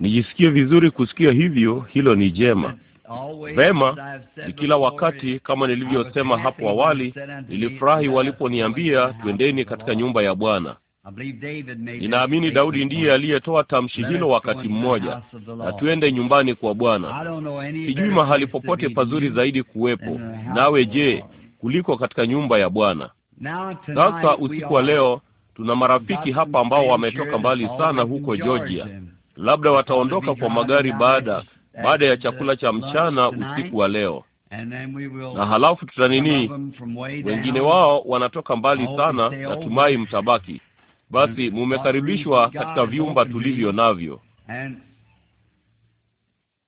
Nijisikie vizuri kusikia hivyo, hilo ni jema. Vema, ni kila wakati, kama nilivyosema hapo awali, nilifurahi waliponiambia twendeni katika nyumba ya Bwana. Ninaamini Daudi ndiye aliyetoa tamshi hilo wakati mmoja, na tuende nyumbani kwa Bwana. Sijui mahali popote pazuri zaidi kuwepo nawe, je, kuliko katika nyumba ya Bwana. Sasa usiku wa leo Tuna marafiki hapa ambao wametoka mbali sana huko Georgia, labda wataondoka kwa magari baada baada ya uh, chakula cha mchana usiku wa leo, na uh, halafu tuta nini, wengine wao wanatoka mbali sana, natumai mtabaki. Basi mumekaribishwa katika vyumba tulivyo navyo.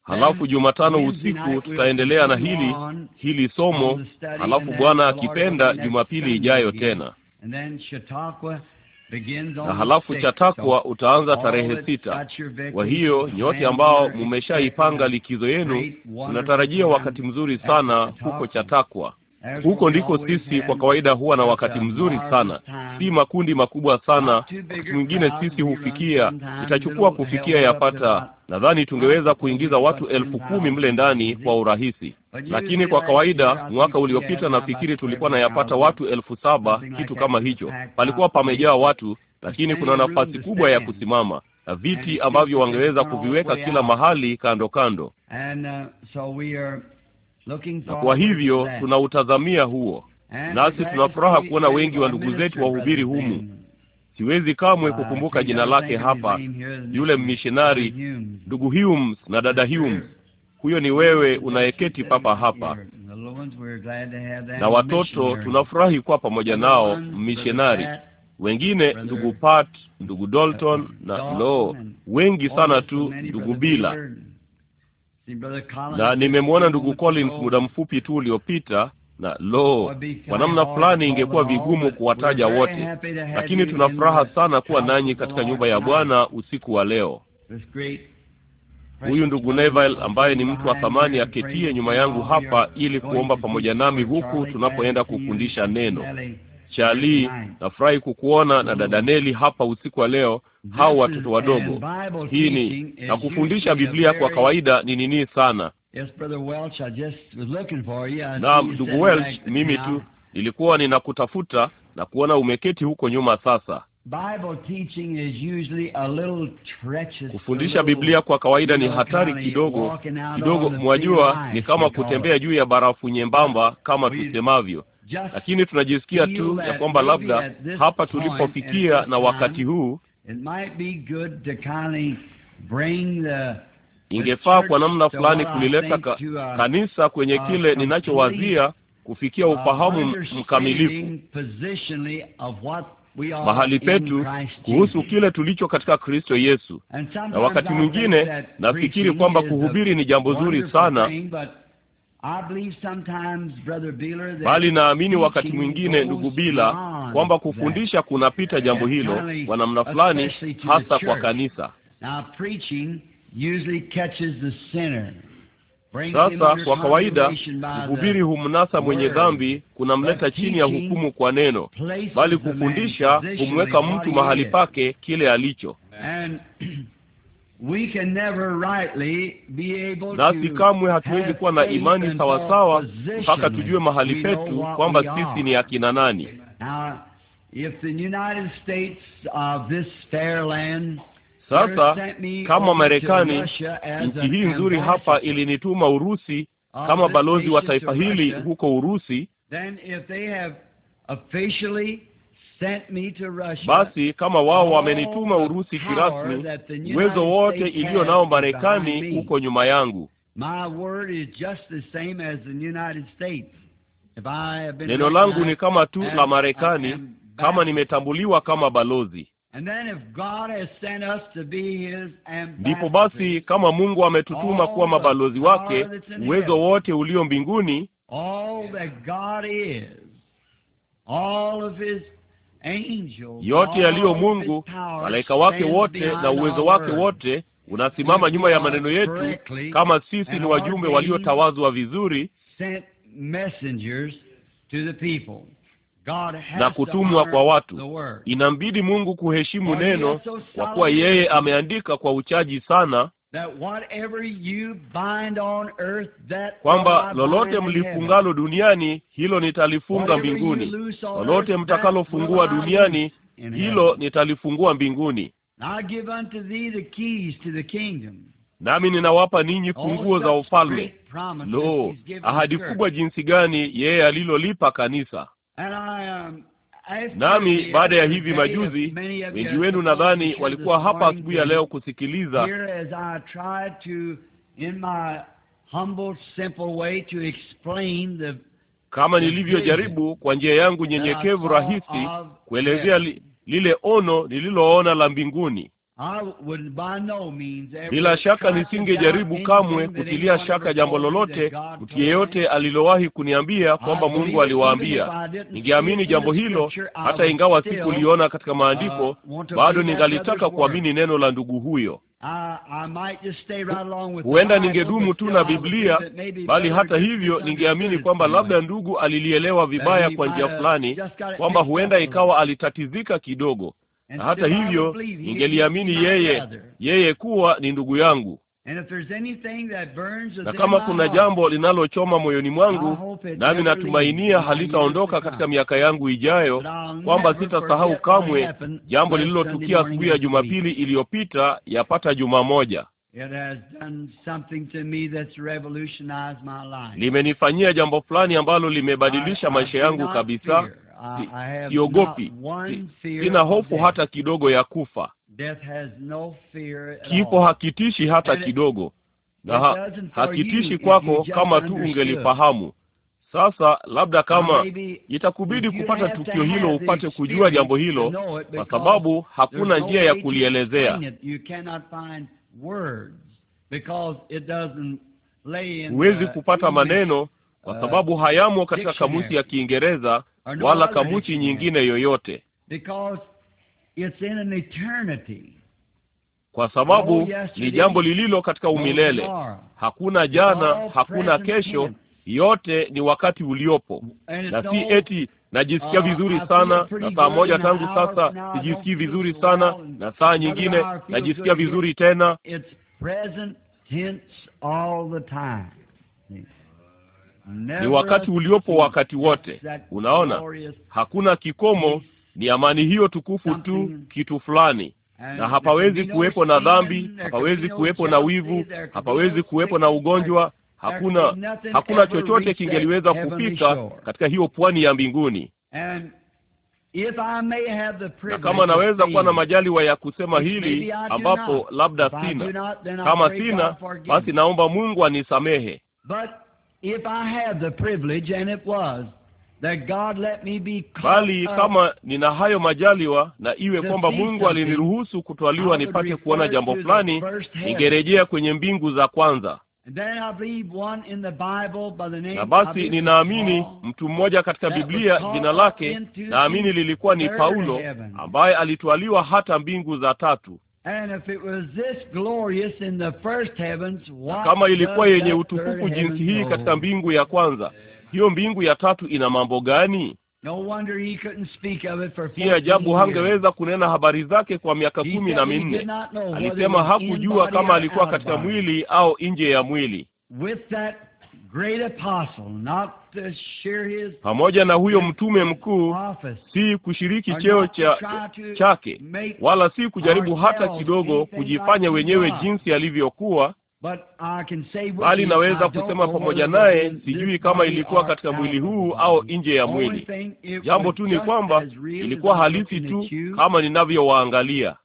Halafu Jumatano usiku tutaendelea na hili hili somo, halafu Bwana akipenda Jumapili ijayo tena na halafu cha takwa utaanza tarehe sita. Kwa hiyo nyote ambao mmeshaipanga likizo yenu, tunatarajia wakati mzuri sana huko cha takwa. Huko ndiko sisi kwa kawaida huwa na wakati mzuri sana, si makundi makubwa sana. Wakati mwingine sisi hufikia, itachukua kufikia yapata, nadhani tungeweza kuingiza watu elfu kumi mle ndani kwa urahisi, lakini kwa kawaida mwaka uliopita nafikiri tulikuwa na yapata watu elfu saba kitu kama hicho. Palikuwa pamejaa watu, lakini kuna nafasi kubwa ya kusimama na viti ambavyo wangeweza kuviweka kila mahali kando kando. And, uh, so we are na kwa hivyo tunautazamia huo, eh, nasi tunafuraha kuona wengi wa ndugu zetu wahubiri humu. Siwezi kamwe uh, kukumbuka jina lake hapa, yule mmishinari ndugu Humes na dada Humes. Huyo ni wewe unayeketi papa hapa, na watoto tunafurahi kuwa pamoja nao, mmishinari wengine ndugu Pat, ndugu Dalton na lo, wengi sana tu, ndugu Bila na nimemwona ndugu Collins muda mfupi tu uliopita, na lo, kwa namna fulani ingekuwa vigumu kuwataja wote, lakini tuna furaha sana kuwa nanyi katika nyumba ya Bwana usiku wa leo. Huyu ndugu Neville ambaye ni mtu wa thamani aketie nyuma yangu hapa ili kuomba pamoja nami huku tunapoenda kufundisha neno. Chali, nafurahi kukuona na dada mm. Neli hapa usiku wa leo, hao watoto wadogo. Hii ni na kufundisha Biblia kwa kawaida ni nini sana. Naam, ndugu Welch, mimi tu nilikuwa ninakutafuta na kuona umeketi huko nyuma. Sasa kufundisha Biblia kwa kawaida ni hatari kidogo kidogo, mwajua, ni kama kutembea juu ya barafu nyembamba, kama tusemavyo lakini tunajisikia tu ya kwamba labda hapa tulipofikia na wakati huu ingefaa kwa namna fulani kulileta ka, uh, kanisa kwenye kile ninachowazia kufikia uh, ufahamu mkamilifu mahali petu kuhusu kile tulicho katika Kristo Yesu. Na wakati mwingine nafikiri kwamba kuhubiri ni jambo zuri sana, bali naamini wakati mwingine, ndugu Bila, kwamba kufundisha kunapita jambo hilo kwa namna fulani, hasa kwa kanisa. Sasa kwa kawaida mhubiri humnasa mwenye dhambi, kunamleta chini ya hukumu kwa neno, bali kufundisha humweka mtu mahali pake kile alicho nasi kamwe hatuwezi kuwa na imani sawasawa mpaka tujue mahali petu kwamba sisi ni akina nani. Sasa kama Marekani, nchi hii nzuri hapa, ilinituma Urusi kama balozi wa taifa hili huko Urusi, basi kama wao wamenituma Urusi kirasmi, uwezo wote iliyo nao Marekani uko nyuma yangu. Neno langu ni kama tu la Marekani, kama nimetambuliwa kama balozi ndipo basi, kama Mungu ametutuma kuwa mabalozi wake, uwezo wote ulio mbinguni, all that God is, all of his yote yaliyo Mungu, malaika wake wote na uwezo wake wote unasimama nyuma ya maneno yetu, kama sisi ni wajumbe waliotawazwa vizuri na kutumwa kwa watu. Inambidi Mungu kuheshimu neno, kwa kuwa yeye ameandika kwa uchaji sana kwamba lolote mlifungalo duniani hilo nitalifunga mbinguni, lolote mtakalofungua duniani hilo nitalifungua mbinguni. Nami ninawapa ninyi funguo za ufalme. Lo, ahadi kubwa jinsi gani yeye alilolipa kanisa! And I, um, Nami baada ya hivi majuzi, wengi wenu nadhani walikuwa hapa asubuhi ya leo kusikiliza kama nilivyojaribu kwa njia yangu nyenyekevu rahisi kuelezea li, lile ono nililoona la mbinguni. Bila shaka nisingejaribu kamwe kutilia shaka jambo lolote mtu yeyote alilowahi kuniambia kwamba Mungu aliwaambia. Ningeamini jambo hilo, hata ingawa sikuliona katika uh, maandiko, bado ningalitaka kuamini neno la ndugu huyo. Huenda ningedumu tu na Biblia, bali hata hivyo ningeamini kwamba labda ndugu alilielewa vibaya kwa njia uh, fulani, kwamba huenda ikawa alitatizika kidogo na hata hivyo ningeliamini yeye yeye kuwa ni ndugu yangu, na kama kuna jambo linalochoma moyoni mwangu, nami natumainia halitaondoka katika miaka yangu ijayo, kwamba sitasahau kamwe jambo lililotukia siku ya Jumapili iliyopita yapata juma moja. Limenifanyia jambo fulani ambalo limebadilisha maisha yangu kabisa, siogopi, sina hofu hata kidogo ya kufa. Kifo hakitishi hata kidogo, na ha, hakitishi kwako kama tu ungelifahamu. Sasa labda kama itakubidi kupata tukio hilo, upate kujua jambo hilo, kwa sababu hakuna njia ya kulielezea. Huwezi kupata maneno, kwa sababu uh, hayamo katika kamusi ya Kiingereza wala kamuchi nyingine yoyote, kwa sababu oh, ni jambo lililo katika umilele. Hakuna jana, hakuna kesho, yote ni wakati uliopo, na si eti najisikia uh, vizuri sana na saa moja tangu sasa sijisikii vizuri sana, na saa nyingine najisikia vizuri tena. Ni wakati uliopo wakati wote. Unaona, hakuna kikomo. Ni amani hiyo tukufu tu, kitu fulani na hapawezi kuwepo na dhambi, hapawezi kuwepo na wivu, hapawezi kuwepo na ugonjwa. Hakuna, hakuna chochote kingeliweza kufika katika hiyo pwani ya mbinguni. Na kama naweza kuwa na majaliwa ya kusema hili, ambapo labda sina, kama sina, basi naomba Mungu anisamehe bali kama nina hayo majaliwa na iwe kwamba Mungu aliniruhusu kutwaliwa nipate kuona jambo fulani, ningerejea kwenye mbingu za kwanza. Na basi ninaamini mtu mmoja katika Biblia, jina lake naamini lilikuwa ni Paulo, ambaye alitwaliwa hata mbingu za tatu. Na kama ilikuwa yenye utukufu jinsi hii katika mbingu ya kwanza, hiyo mbingu ya tatu ina mambo gani? Si ajabu hangeweza kunena habari zake kwa miaka kumi na minne. Alisema hakujua kama alikuwa katika mwili au nje ya mwili pamoja na huyo mtume mkuu, si kushiriki cheo cha chake, wala si kujaribu hata kidogo kujifanya wenyewe jinsi alivyokuwa, bali naweza kusema pamoja naye. Sijui kama ilikuwa katika mwili huu au nje ya mwili. Jambo tu ni kwamba ilikuwa halisi tu kama ninavyowaangalia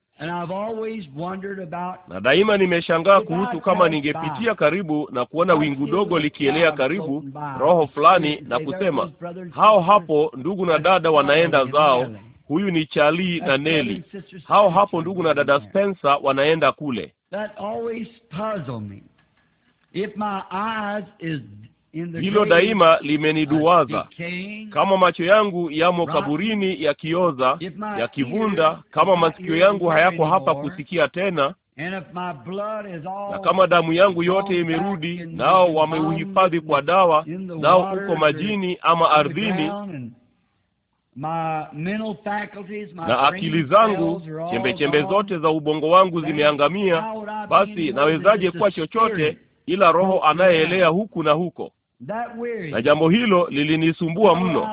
na daima nimeshangaa kuhusu kama ningepitia karibu na kuona wingu dogo likielea karibu, roho fulani na kusema, hao hapo ndugu na dada wanaenda zao, huyu ni chali na neli hao hapo ndugu na dada Spencer wanaenda kule. Hilo daima limeniduwaza. Kama macho yangu yamo kaburini yakioza, yakivunda, kama masikio yangu hayako hapa kusikia tena, na kama damu yangu yote imerudi, nao wameuhifadhi kwa dawa, nao uko majini ama ardhini na akili zangu chembechembe zote za ubongo wangu zimeangamia, basi nawezaje kuwa chochote ila roho anayeelea huku na huko? na jambo hilo lilinisumbua mno,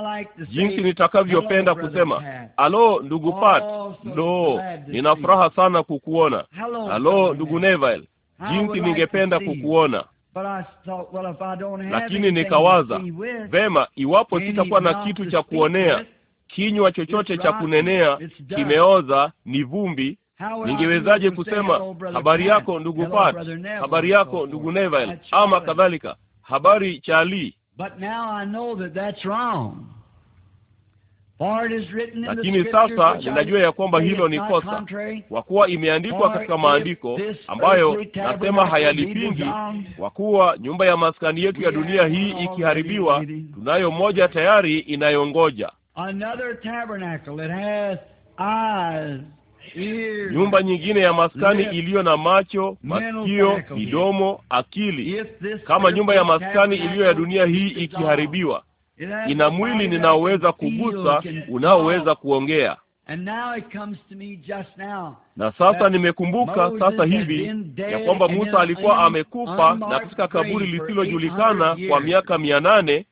jinsi nitakavyopenda kusema alo, ndugu oh, Pat, ndo nina furaha sana kukuona. Alo, ndugu Neville, jinsi ningependa kukuona. Lakini nikawaza vema, iwapo sitakuwa na kitu cha kuonea, kinywa chochote cha kunenea kimeoza, ni vumbi, ningewezaje kusema habari yako ndugu Pat, habari yako ndugu Neville, ama kadhalika? habari cha Ali, lakini sasa ninajua ya kwamba hilo ni kosa, kwa kuwa imeandikwa katika maandiko ambayo nasema hayalipingi, kwa kuwa nyumba ya maskani yetu ya dunia hii ikiharibiwa, tunayo moja tayari inayongoja nyumba nyingine ya maskani iliyo na macho, masikio, midomo, akili, kama nyumba ya maskani iliyo ya dunia hii ikiharibiwa, ina mwili ninaoweza kugusa, unaoweza kuongea. Na sasa nimekumbuka sasa hivi ya kwamba Musa alikuwa amekufa na katika kaburi lisilojulikana kwa miaka mia nane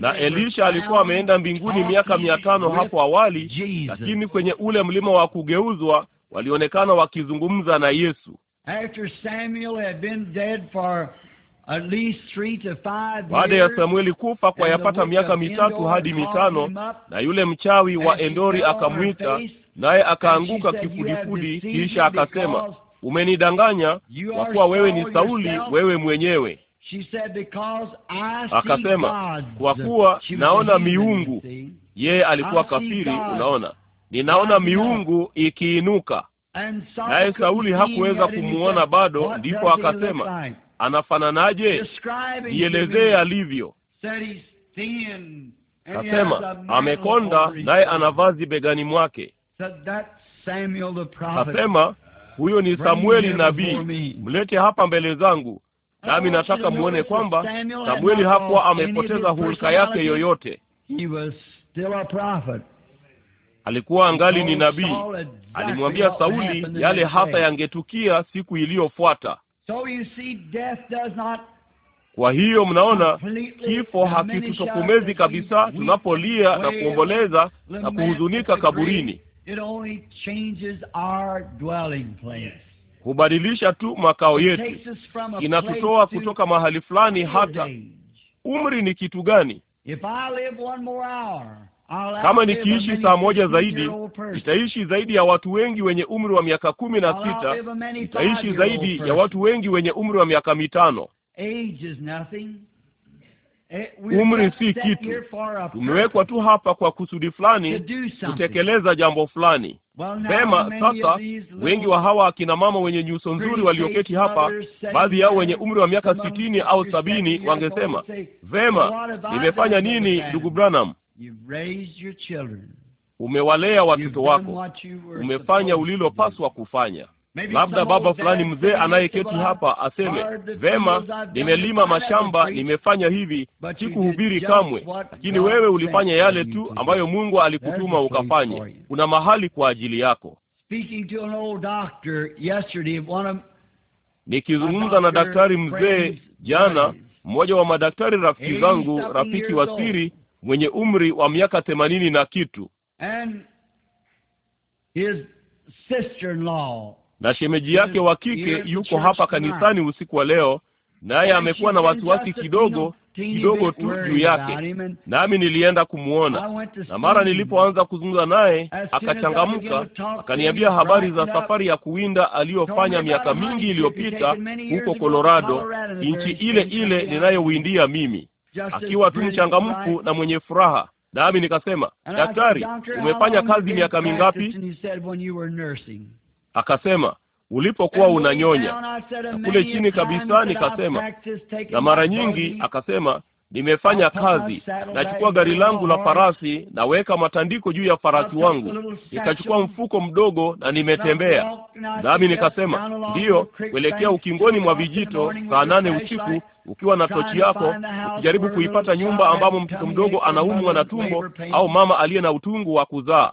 na Elisha alikuwa ameenda mbinguni miaka mia tano hapo awali, lakini kwenye ule mlima wa kugeuzwa walionekana wakizungumza na Yesu baada ya Samueli kufa kwa yapata miaka mitatu hadi mitano, na yule mchawi wa Endori akamwita, naye akaanguka kifudifudi, kisha akasema, umenidanganya kwa kuwa wewe ni Sauli, wewe mwenyewe Akasema, kwa kuwa naona miungu. Yeye alikuwa kafiri, unaona, ninaona miungu ikiinuka. Naye Sauli hakuweza kumwona bado, ndipo akasema, anafananaje? Nielezee alivyo. Akasema amekonda, naye ana vazi begani mwake. Akasema huyo ni Samueli nabii, mlete hapa mbele zangu nami nataka muone kwamba Samueli hakuwa amepoteza hulka yake yoyote. Alikuwa angali ni nabii. Alimwambia Sauli yale hasa yangetukia siku iliyofuata. Kwa hiyo mnaona, kifo hakitutokomezi kabisa tunapolia na kuomboleza na kuhuzunika kaburini hubadilisha tu makao yetu, inatutoa kutoka mahali fulani hata. Umri ni kitu gani? Kama nikiishi saa moja zaidi, nitaishi zaidi ya watu wengi wenye umri wa miaka kumi na sita. Nitaishi zaidi ya watu wengi wenye umri wa miaka mitano. Eh, umri si kitu, tumewekwa tu hapa kwa kusudi fulani, kutekeleza jambo fulani. Vema, sasa wengi wa hawa akina mama wenye nyuso nzuri walioketi hapa, baadhi yao wenye umri wa miaka sitini au sabini, wangesema vema, nimefanya nini ndugu Branham? Umewalea watoto wako, umefanya ulilopaswa kufanya. Labda baba fulani mzee anayeketi hapa aseme, vema, nimelima mashamba, nimefanya hivi, sikuhubiri kamwe, lakini wewe ulifanya yale tu ambayo Mungu alikutuma ukafanye. Kuna mahali kwa ajili yako. Nikizungumza na daktari mzee jana, mmoja wa madaktari rafiki zangu, rafiki wa siri, mwenye umri wa miaka themanini na kitu na shemeji yake wa kike yuko hapa kanisani usiku wa leo, naye amekuwa na wasiwasi kidogo kidogo tu juu yake, nami nilienda kumwona, na mara nilipoanza kuzungumza naye akachangamka, akaniambia habari za safari ya kuwinda aliyofanya miaka mingi iliyopita huko Colorado, nchi ile ile ninayowindia mimi, akiwa tu mchangamfu na mwenye furaha. Nami nikasema, daktari, umefanya kazi miaka mingapi? Akasema, ulipokuwa unanyonya na kule chini kabisa. Nikasema, na mara nyingi, akasema nimefanya kazi, nachukua gari langu la farasi, naweka matandiko juu ya farasi wangu, nikachukua mfuko mdogo na nimetembea. Nami nikasema ndiyo, kuelekea ukingoni mwa vijito saa nane usiku, ukiwa na tochi yako, ukijaribu kuipata nyumba ambamo mtoto mdogo anaumwa na tumbo au mama aliye na utungu wa kuzaa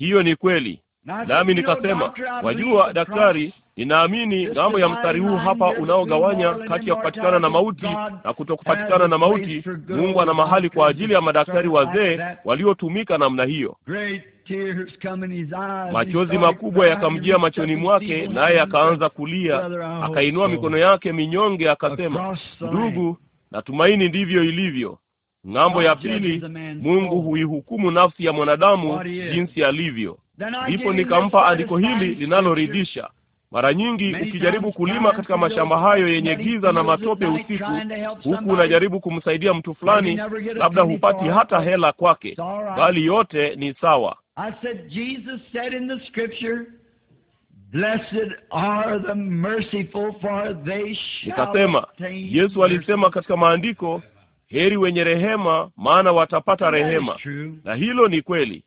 hiyo ni kweli. Nami nikasema, wajua daktari, ninaamini ng'ambo ya mstari huu hapa unaogawanya kati ya kupatikana na mauti na kutokupatikana na mauti, Mungu ana mahali kwa ajili ya madaktari wazee waliotumika namna hiyo. Machozi makubwa yakamjia machoni mwake, naye akaanza kulia, akainua mikono yake minyonge, akasema, ndugu, natumaini ndivyo ilivyo. Ng'ambo ya pili, Mungu huihukumu nafsi ya mwanadamu jinsi alivyo. Ndipo nikampa andiko hili linaloridhisha. Mara nyingi ukijaribu kulima katika mashamba hayo yenye giza na matope usiku, huku unajaribu kumsaidia mtu fulani, labda hupati hata hela kwake, bali yote ni sawa. Nikasema Yesu alisema katika maandiko Heri wenye rehema, maana watapata rehema. Na hilo ni kweli.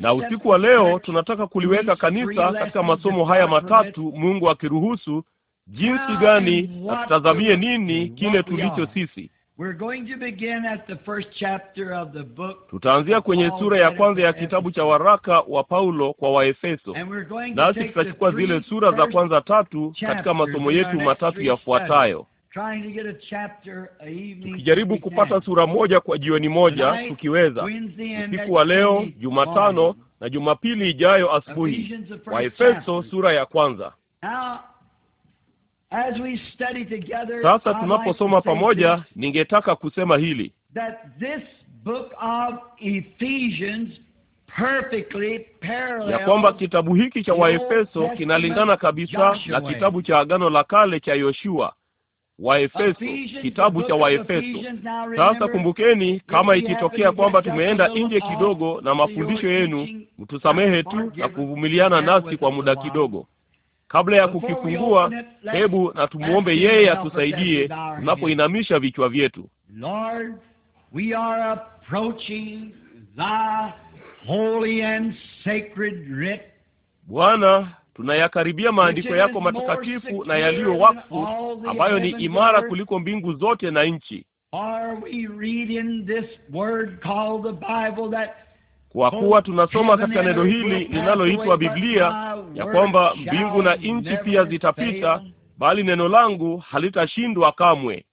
Na usiku wa leo tunataka kuliweka kanisa katika masomo haya matatu, Mungu akiruhusu, jinsi gani na tutazamie nini kile tulicho sisi. Tutaanzia kwenye sura ya kwanza ya kitabu cha waraka wa Paulo kwa Waefeso, nasi tutachukua zile sura za kwanza tatu katika masomo yetu matatu yafuatayo tukijaribu kupata sura moja kwa jioni moja tukiweza, usiku wa leo Jumatano na Jumapili ijayo asubuhi. Waefeso sura ya kwanza. Sasa tunaposoma pamoja, ningetaka kusema hili ya kwamba kitabu hiki cha Waefeso kinalingana kabisa na kitabu cha Agano la Kale cha Yoshua Waefeso, kitabu cha Waefeso. Sasa kumbukeni, kama ikitokea kwamba tumeenda nje kidogo na mafundisho yenu, mtusamehe tu na kuvumiliana nasi kwa muda kidogo. Kabla ya kukifungua, hebu na tumuombe yeye atusaidie tunapoinamisha vichwa vyetu. Bwana, tunayakaribia maandiko yako matakatifu na yaliyo wakfu, ambayo ni imara kuliko mbingu zote na nchi, kwa kuwa tunasoma katika neno hili linaloitwa Biblia ya kwamba mbingu na nchi pia zitapita, bali neno langu halitashindwa kamwe.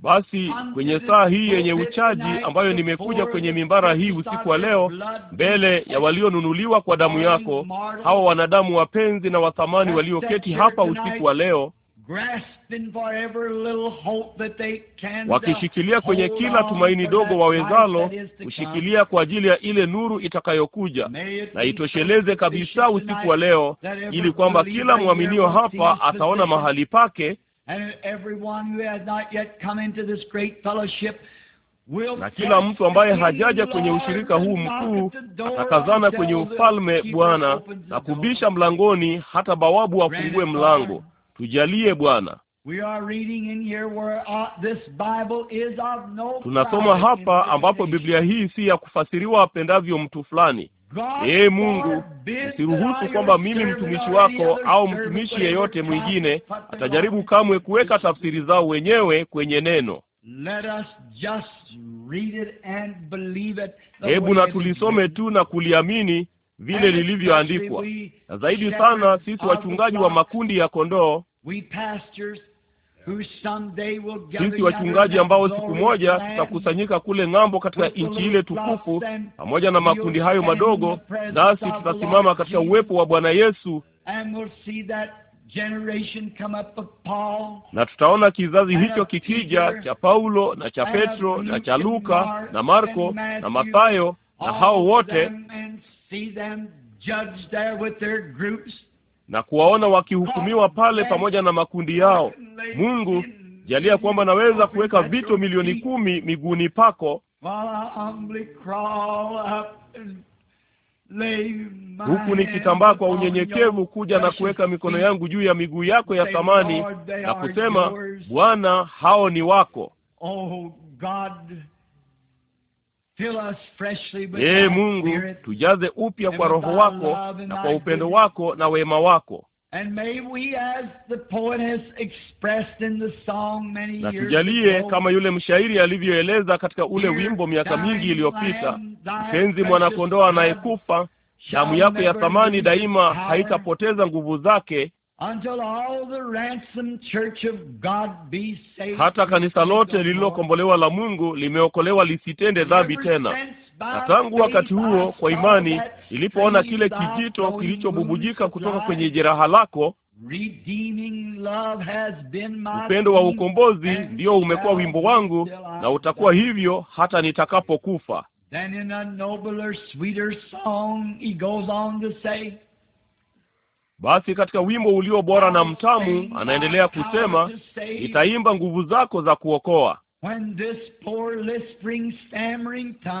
Basi kwenye saa hii yenye uchaji ambayo nimekuja kwenye mimbara hii usiku wa leo, mbele ya walionunuliwa kwa damu yako, hawa wanadamu wapenzi na wathamani walioketi hapa usiku wa leo, wakishikilia kwenye kila tumaini dogo wawezalo kushikilia kwa ajili ya ile nuru itakayokuja, na itosheleze kabisa usiku wa leo, ili kwamba kila mwaminio hapa ataona mahali pake And everyone who has not yet come into this great fellowship na kila mtu ambaye hajaja kwenye ushirika huu mkuu atakazana kwenye ufalme Bwana na kubisha mlangoni hata bawabu afungue mlango. Tujalie Bwana. Uh, Tunasoma hapa ambapo Biblia hii si ya kufasiriwa apendavyo mtu fulani, Ee Mungu, usiruhusu kwamba mimi mtumishi wako au mtumishi yeyote mwingine atajaribu kamwe kuweka tafsiri zao wenyewe kwenye neno. Hebu na tulisome tu na kuliamini vile lilivyoandikwa, na zaidi sana sisi wachungaji wa makundi ya kondoo jinsi wachungaji ambao siku moja tutakusanyika kule ng'ambo katika nchi ile tukufu pamoja na makundi hayo madogo, nasi tutasimama katika uwepo wa Bwana Yesu na tutaona kizazi hicho kikija cha Paulo na cha Petro na cha Luka na Marko na Mathayo na hao wote na kuwaona wakihukumiwa pale pamoja na makundi yao. Mungu jalia kwamba naweza kuweka vito milioni kumi miguuni pako huku nikitambaa kwa unyenyekevu kuja na kuweka mikono yangu juu ya miguu yako ya thamani na kusema, Bwana, hao ni wako. Ee Mungu, tujaze upya kwa Roho wako na kwa upendo wako na wema wako, na tujalie kama yule mshairi alivyoeleza katika ule wimbo miaka mingi iliyopita, mpenzi mwanakondoo anayekufa, damu yako ya thamani daima haitapoteza nguvu zake hata kanisa lote lililokombolewa la Mungu limeokolewa lisitende dhambi tena. Na tangu wakati huo, kwa imani, ilipoona kile kijito kilichobubujika kutoka kwenye jeraha lako, upendo wa ukombozi ndio umekuwa wimbo wangu, na utakuwa hivyo hata nitakapokufa. Basi katika wimbo ulio bora na mtamu anaendelea kusema, nitaimba nguvu zako za kuokoa.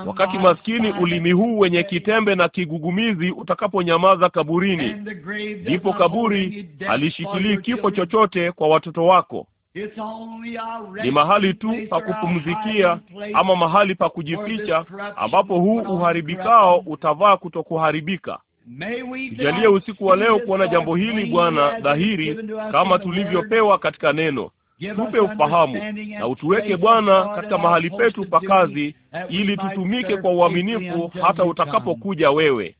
Wakati maskini ulimi huu wenye kitembe na kigugumizi utakaponyamaza kaburini, ndipo kaburi alishikilii kifo chochote kwa watoto wako. Ni mahali tu pa kupumzikia ama mahali pa kujificha ambapo huu uharibikao utavaa kutokuharibika. Tujalie usiku wa leo kuona jambo hili Bwana dhahiri kama tulivyopewa katika neno. Tupe ufahamu na utuweke Bwana katika mahali petu pa kazi, ili tutumike kwa uaminifu hata utakapokuja wewe.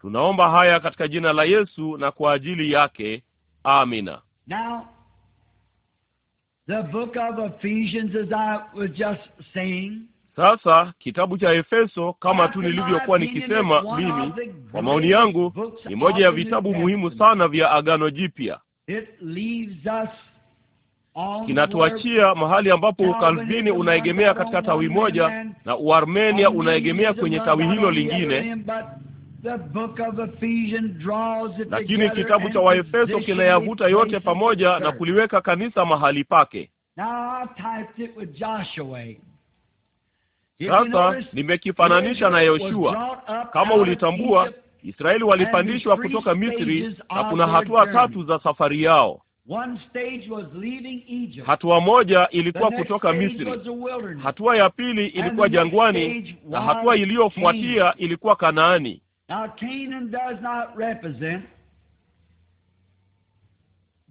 Tunaomba haya katika jina la Yesu na kwa ajili yake, amina. Sasa kitabu cha Efeso, kama tu nilivyokuwa nikisema mimi, kwa maoni yangu, ni moja ya vitabu muhimu sana vya Agano Jipya. Kinatuachia mahali ambapo Ukalvini unaegemea katika tawi moja na Uarmenia unaegemea kwenye tawi hilo lingine, lakini kitabu cha Waefeso kinayavuta yote pamoja na kuliweka kanisa mahali pake. Sasa nimekifananisha na Yoshua. Kama ulitambua, Israeli walipandishwa kutoka Misri na kuna hatua tatu za safari yao. Hatua moja ilikuwa kutoka Misri, hatua ya pili ilikuwa jangwani, na hatua iliyofuatia ilikuwa Kanaani. Now, Canaan does not represent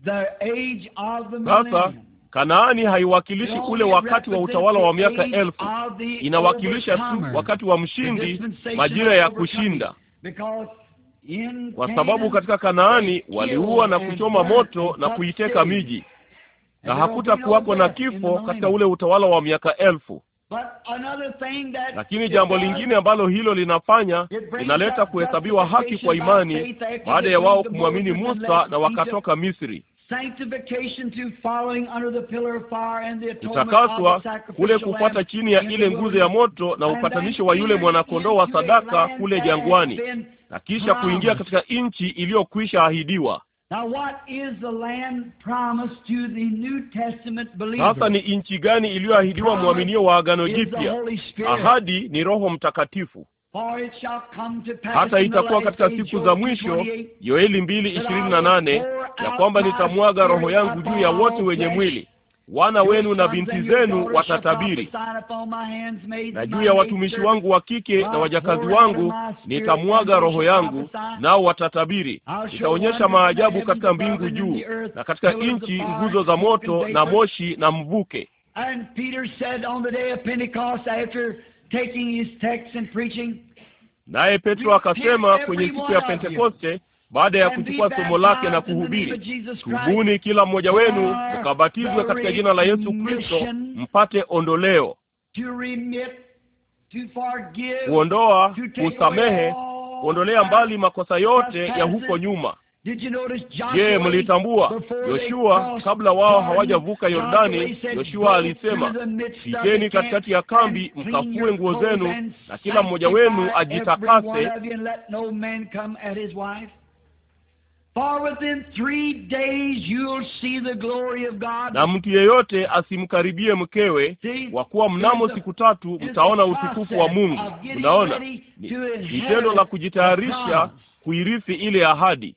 the age of the millennium. Kanaani haiwakilishi ule wakati wa utawala wa miaka elfu, inawakilisha tu wakati wa mshindi, majira ya kushinda, kwa sababu katika Kanaani waliua na kuchoma moto na kuiteka miji, na hakutakuwako na kifo katika ule utawala wa miaka elfu. Lakini jambo lingine ambalo hilo linafanya linaleta kuhesabiwa haki kwa imani baada ya wao kumwamini Musa na wakatoka Misri kutakaswa kule kufuata chini ya ile nguzo ya moto na upatanisho wa yule mwanakondoo wa sadaka kule jangwani, na kisha kuingia katika nchi iliyokwisha ahidiwa. Sasa ni nchi gani iliyoahidiwa mwaminio wa agano jipya? Ahadi ni Roho Mtakatifu. Hata itakuwa katika siku za mwisho, Yoeli mbili ishirini na nane, ya kwamba nitamwaga roho yangu juu ya wote wenye mwili wana wenu na binti zenu watatabiri, na juu ya watumishi wangu wa kike na wajakazi wangu nitamwaga roho yangu, nao watatabiri. Nitaonyesha maajabu katika mbingu juu, na katika nchi nguzo za moto na moshi na mvuke. Naye Petro akasema kwenye siku ya Pentekoste baada ya kuchukua somo lake na kuhubiri, tubuni kila mmoja wenu mkabatizwe katika jina la Yesu Kristo mpate ondoleo, kuondoa, kusamehe, kuondolea mbali makosa yote ya huko nyuma. Je, mlitambua Yoshua kabla wao hawajavuka Yordani? Yoshua alisema, pigeni katikati ya kambi mkafue nguo zenu, na kila mmoja wenu ajitakase na mtu yeyote asimkaribie mkewe, kwa kuwa mnamo siku tatu mtaona utukufu wa Mungu. Mnaona, ni tendo la kujitayarisha kuirithi ile ahadi.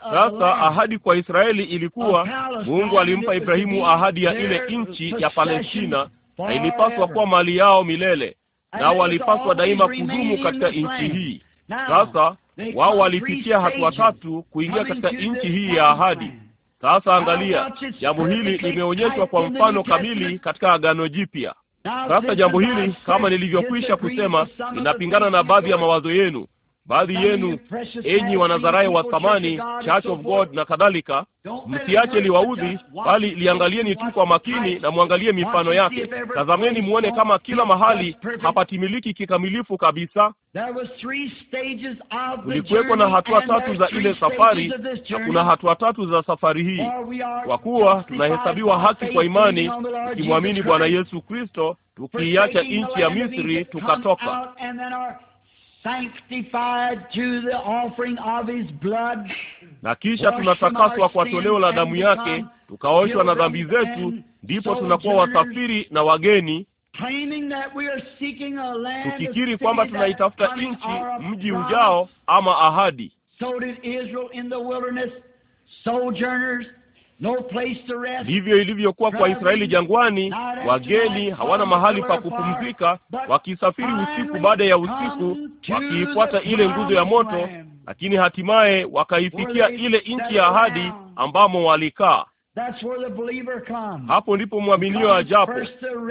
Sasa ahadi kwa Israeli ilikuwa Mungu alimpa Ibrahimu ahadi ya ile nchi ya Palestina, na ilipaswa kuwa mali yao milele nao walipaswa daima kudumu katika nchi hii. Sasa wao walipitia hatua tatu kuingia katika nchi hii ya ahadi. Sasa angalia, jambo hili limeonyeshwa kwa mfano kamili katika Agano Jipya. Sasa jambo hili, kama nilivyokwisha kusema, linapingana na baadhi ya mawazo yenu. Baadhi yenu enyi wanadharai wa thamani, Church of God na kadhalika, msiache liwaudhi, bali liangalieni tu kwa makini na mwangalie mifano yake. Tazameni muone kama kila mahali hapatimiliki kikamilifu kabisa. Kulikuweko na hatua tatu za ile safari na kuna hatua tatu za safari hii, kwa kuwa tunahesabiwa haki kwa imani tukimwamini Bwana Yesu Kristo, tukiiacha nchi ya Misri tukatoka na kisha tunatakaswa kwa toleo la damu yake, tukaoshwa na dhambi zetu, ndipo tunakuwa wasafiri na wageni, tukikiri kwamba tunaitafuta nchi, mji ujao ama ahadi. So did Israel in the wilderness, sojourners Ndivyo ilivyokuwa kwa Israeli jangwani, wageni hawana mahali pa kupumzika, wakisafiri usiku baada ya usiku, wakiifuata ile nguzo ya moto, lakini hatimaye wakaifikia ile nchi ya ahadi ambamo walikaa. Hapo ndipo mwaminio ajapo.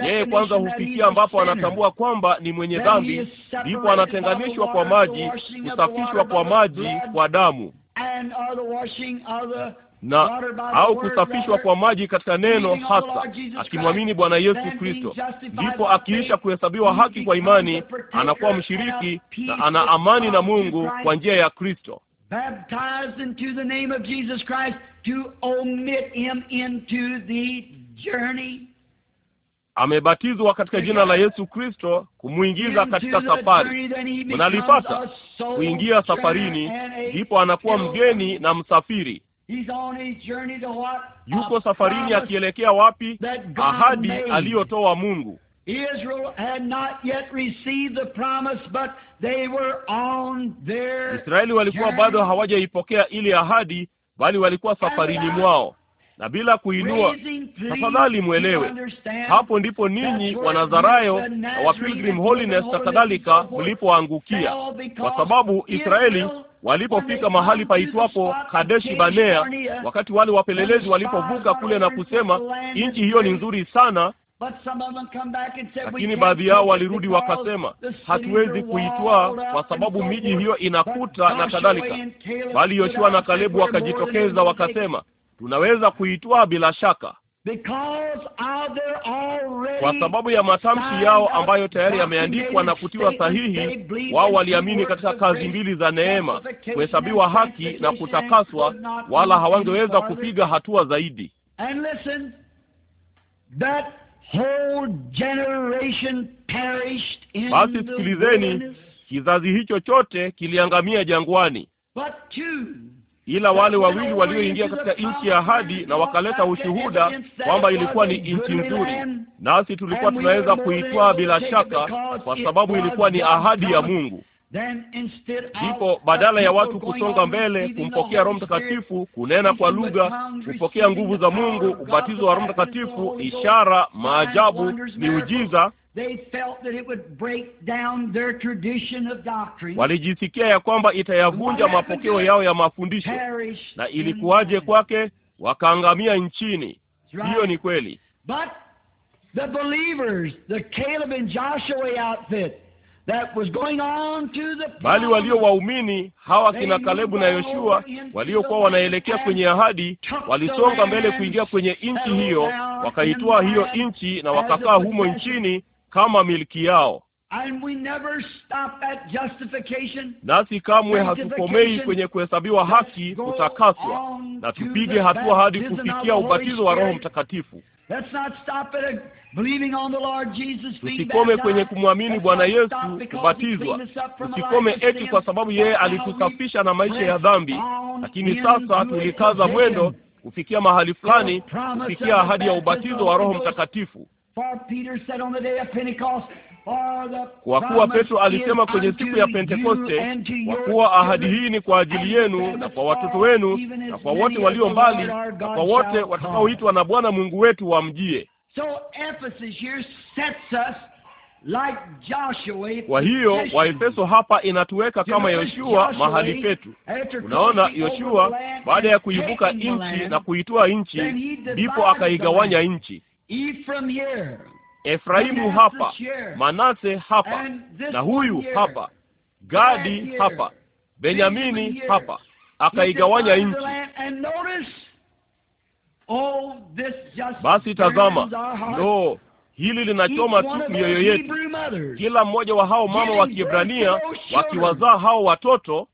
Yeye kwanza hufikia ambapo anatambua kwamba ni mwenye dhambi, ndipo anatenganishwa kwa maji, kusafishwa kwa maji, kwa damu uh, na au kusafishwa kwa maji katika neno hasa, akimwamini Bwana Yesu Kristo, ndipo akiisha kuhesabiwa haki kwa imani, anakuwa mshiriki na ana amani na Mungu kwa njia ya Kristo. Amebatizwa katika jina la Yesu Kristo kumwingiza katika safari. Mnalipata kuingia safarini, ndipo anakuwa mgeni na msafiri. Yuko safarini akielekea wapi? Ahadi aliyotoa Mungu. Israeli walikuwa bado hawajaipokea ile ahadi, bali walikuwa safarini mwao na bila kuinua. Tafadhali mwelewe, hapo ndipo ninyi Wanazarayo na wa Pilgrim Holiness na kadhalika mlipoangukia, kwa sababu Israeli walipofika mahali paitwapo Kadeshi Banea, wakati wale wapelelezi walipovuka kule na kusema nchi hiyo ni nzuri sana, lakini baadhi yao walirudi wakasema, hatuwezi kuitwaa kwa sababu miji hiyo inakuta na kadhalika. Bali Yoshua na Kalebu wakajitokeza wakasema, tunaweza kuitwaa bila shaka kwa sababu ya matamshi yao ambayo tayari yameandikwa na kutiwa sahihi. Wao waliamini katika kazi mbili za neema, kuhesabiwa haki na kutakaswa, wala hawangeweza kupiga hatua zaidi. Basi sikilizeni, kizazi hicho chote kiliangamia jangwani ila wale wawili walioingia katika nchi ya ahadi na wakaleta ushuhuda kwamba ilikuwa ni nchi nzuri, nasi tulikuwa tunaweza kuitwaa bila shaka, kwa sababu ilikuwa ni ahadi ya Mungu. Ndipo badala ya watu kusonga mbele kumpokea Roho Mtakatifu, kunena kwa lugha, kupokea nguvu za Mungu, ubatizo wa Roho Mtakatifu, ishara, maajabu, miujiza, Walijisikia ya kwamba itayavunja mapokeo yao ya mafundisho. Na ilikuwaje kwake? Wakaangamia nchini. Hiyo ni kweli. bali walio waumini hawa kina Kalebu na Yoshua waliokuwa wanaelekea kwenye ahadi, walisonga mbele kuingia kwenye nchi hiyo, wakaitoa hiyo nchi na wakakaa humo nchini kama milki yao. And we never stop at justification. Nasi kamwe hatukomei kwenye kuhesabiwa haki, kutakaswa, na tupige hatua hadi kufikia ubatizo wa Roho Mtakatifu. Tusikome kwenye kumwamini Bwana Yesu kubatizwa. Tusikome eti kwa sababu yeye alitusafisha na maisha ya dhambi, lakini sasa tulikaza mwendo kufikia mahali fulani, kufikia ahadi ya ubatizo wa Roho Mtakatifu. Kwa kuwa Petro alisema kwenye siku ya Pentekoste, kwa kuwa ahadi hii ni kwa ajili yenu na kwa watoto wenu na kwa wote walio mbali na kwa wote watakaoitwa na Bwana Mungu wetu wamjie. Kwa hiyo Waefeso hapa inatuweka kama Yoshua mahali petu. Unaona, Yoshua baada ya kuivuka nchi na kuitoa nchi, ndipo akaigawanya nchi. Efraimu hapa, Manase hapa, na huyu hapa, Gadi hapa, Benyamini hapa, akaigawanya nchi. Basi tazama, ndoo hili linachoma tu mioyo yetu. Kila mmoja wa hao mama wa Kiebrania wakiwazaa hao watoto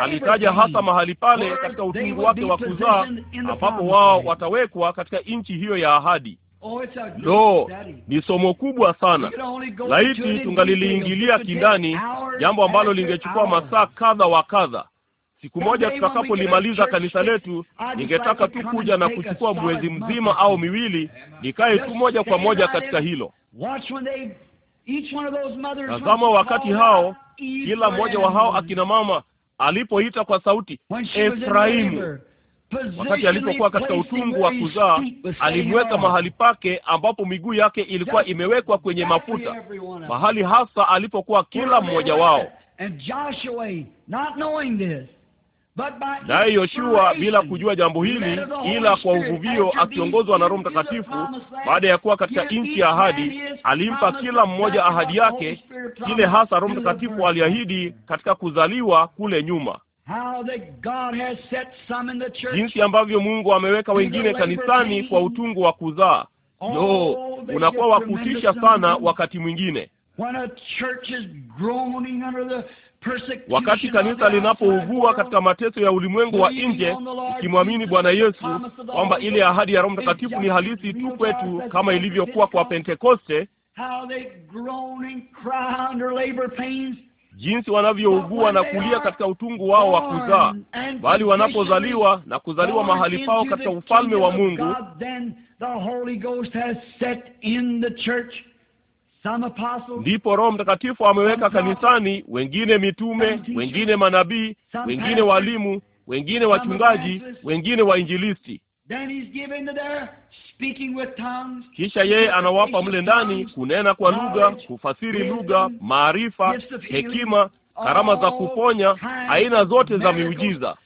Alitaja hasa mahali pale katika utungu wake wa kuzaa ambapo wao watawekwa katika nchi hiyo ya ahadi. Oh, Lo, ni somo kubwa sana. Laiti tungaliliingilia kindani, jambo ambalo lingechukua masaa kadha wa kadha. Siku moja tutakapolimaliza kanisa letu, ningetaka tu kuja na kuchukua mwezi mzima au miwili, nikae tu moja kwa moja katika hilo. Tazama, wakati hao kila mmoja wa hao akina mama alipoita kwa sauti Efraimu, wakati alipokuwa katika utungu wa kuzaa, alimweka mahali pake ambapo miguu yake ilikuwa imewekwa kwenye mafuta, mahali hasa alipokuwa kila mmoja wao naye Yoshua bila kujua jambo hili, ila kwa uvuvio akiongozwa na Roho Mtakatifu, baada ya kuwa katika nchi ya ahadi, alimpa kila mmoja ahadi yake, kile hasa Roho Mtakatifu aliahidi katika kuzaliwa kule nyuma. Jinsi ambavyo Mungu ameweka wengine kanisani kwa utungu wa kuzaa. No, unakuwa wa kutisha sana wakati mwingine Wakati kanisa linapougua katika mateso ya ulimwengu wa nje, ikimwamini Bwana Yesu kwamba ile ahadi ya Roho Mtakatifu ni halisi tu kwetu kama ilivyokuwa kwa Pentekoste, jinsi wanavyougua na kulia katika utungu wao wa kuzaa, bali wanapozaliwa na kuzaliwa mahali pao katika ufalme wa Mungu Ndipo Roho Mtakatifu ameweka kanisani wengine mitume, wengine manabii, wengine walimu, wengine wachungaji, wengine wainjilisti. Kisha yeye anawapa mle ndani kunena kwa lugha, kufasiri lugha, maarifa, hekima, karama za kuponya, aina zote za miujiza.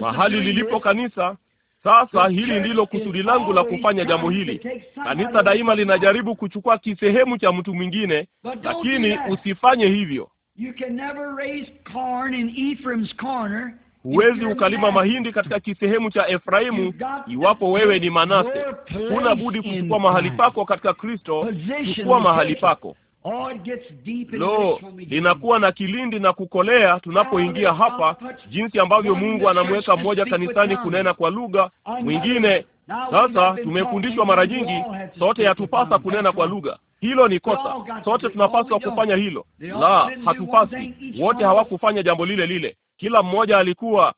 Mahali lilipo kanisa sasa hili ndilo kusudi langu la kufanya jambo hili. Kanisa daima linajaribu kuchukua kisehemu cha mtu mwingine, lakini usifanye hivyo. Huwezi ukalima mahindi katika kisehemu cha Efraimu iwapo wewe ni Manase. Huna budi kuchukua mahali pako katika Kristo, chukua mahali pako. Lo, linakuwa na kilindi na kukolea tunapoingia hapa, jinsi ambavyo Mungu anamweka mmoja kanisani kunena kwa lugha, mwingine sasa. Tumefundishwa mara nyingi, sote yatupasa kunena kwa lugha. Hilo ni kosa, sote tunapaswa kufanya hilo. La, hatupasi. Wote hawakufanya jambo lile lile. Kila mmoja alikuwa,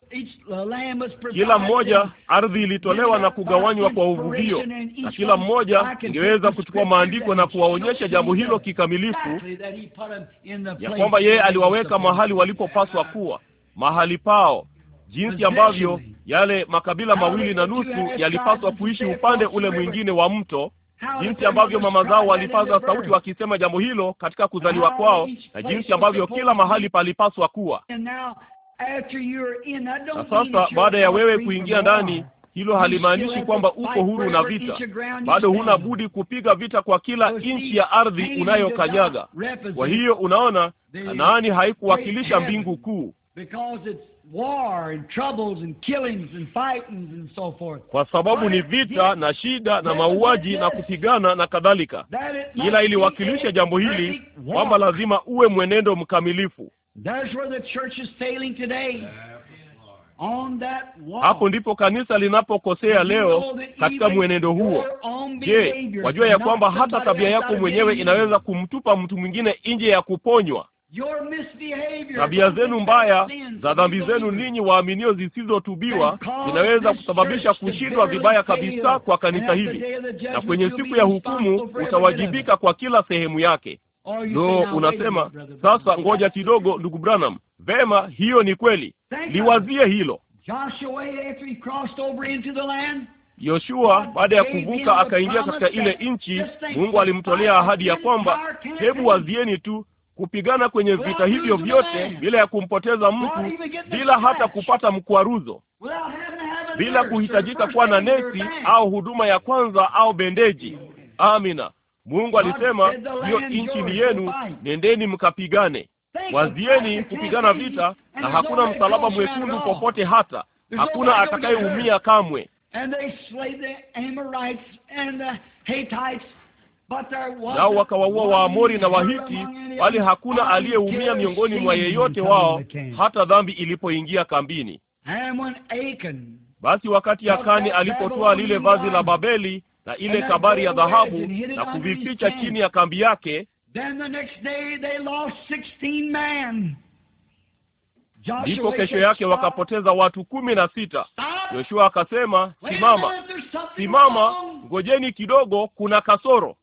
kila mmoja ardhi ilitolewa na kugawanywa kwa uvuvio, na kila mmoja ingeweza kuchukua maandiko na kuwaonyesha jambo hilo kikamilifu, ya kwamba yeye aliwaweka mahali walipopaswa kuwa, mahali pao, jinsi ambavyo yale makabila mawili na nusu yalipaswa kuishi upande ule mwingine wa mto jinsi ambavyo mama zao walipaza sauti wakisema jambo hilo katika kuzaliwa kwao, na jinsi ambavyo kila mahali palipaswa kuwa. Na sasa baada ya wewe kuingia ndani, hilo halimaanishi kwamba uko huru na vita. Bado huna budi kupiga vita kwa kila oh, inchi ya ardhi unayokanyaga. Kwa hiyo unaona, Kanaani haikuwakilisha mbingu kuu kwa sababu ni vita na shida na mauaji na kupigana na kadhalika, ila iliwakilisha jambo hili kwamba lazima uwe mwenendo mkamilifu. Hapo ndipo kanisa linapokosea leo katika mwenendo huo. Je, wajua ya kwamba hata tabia yako mwenyewe inaweza kumtupa mtu mwingine nje ya kuponywa? Tabia zenu mbaya za dhambi zenu ninyi waaminio zisizotubiwa zinaweza kusababisha kushindwa vibaya kabisa kwa kanisa hili, na kwenye siku ya hukumu utawajibika kwa kila sehemu yake no, unasema sasa, ngoja kidogo, ndugu Branham. Vema, hiyo ni kweli, liwazie hilo. Yoshua baada ya kuvuka akaingia katika ile nchi Mungu alimtolea ahadi ya kwamba, hebu wazieni tu kupigana kwenye vita hivyo vyote bila ya kumpoteza mtu, bila hata kupata mkwaruzo, bila kuhitajika kuwa na nesi au huduma ya kwanza au bendeji. Amina. Mungu alisema hiyo nchi ni yenu, nendeni mkapigane. Wazieni kupigana vita, na hakuna msalaba mwekundu popote, hata hakuna atakayeumia kamwe. Nao wakawaua Waamori na Wahiti, bali hakuna aliyeumia miongoni mwa yeyote wao, hata dhambi ilipoingia kambini. Basi wakati Akani alipotoa lile vazi la Babeli na ile kabari ya dhahabu na kuvificha chini ya kambi yake. Ndipo kesho yake wakapoteza watu kumi na sita. Yoshua akasema, simama, simama, ngojeni kidogo, kuna kasoro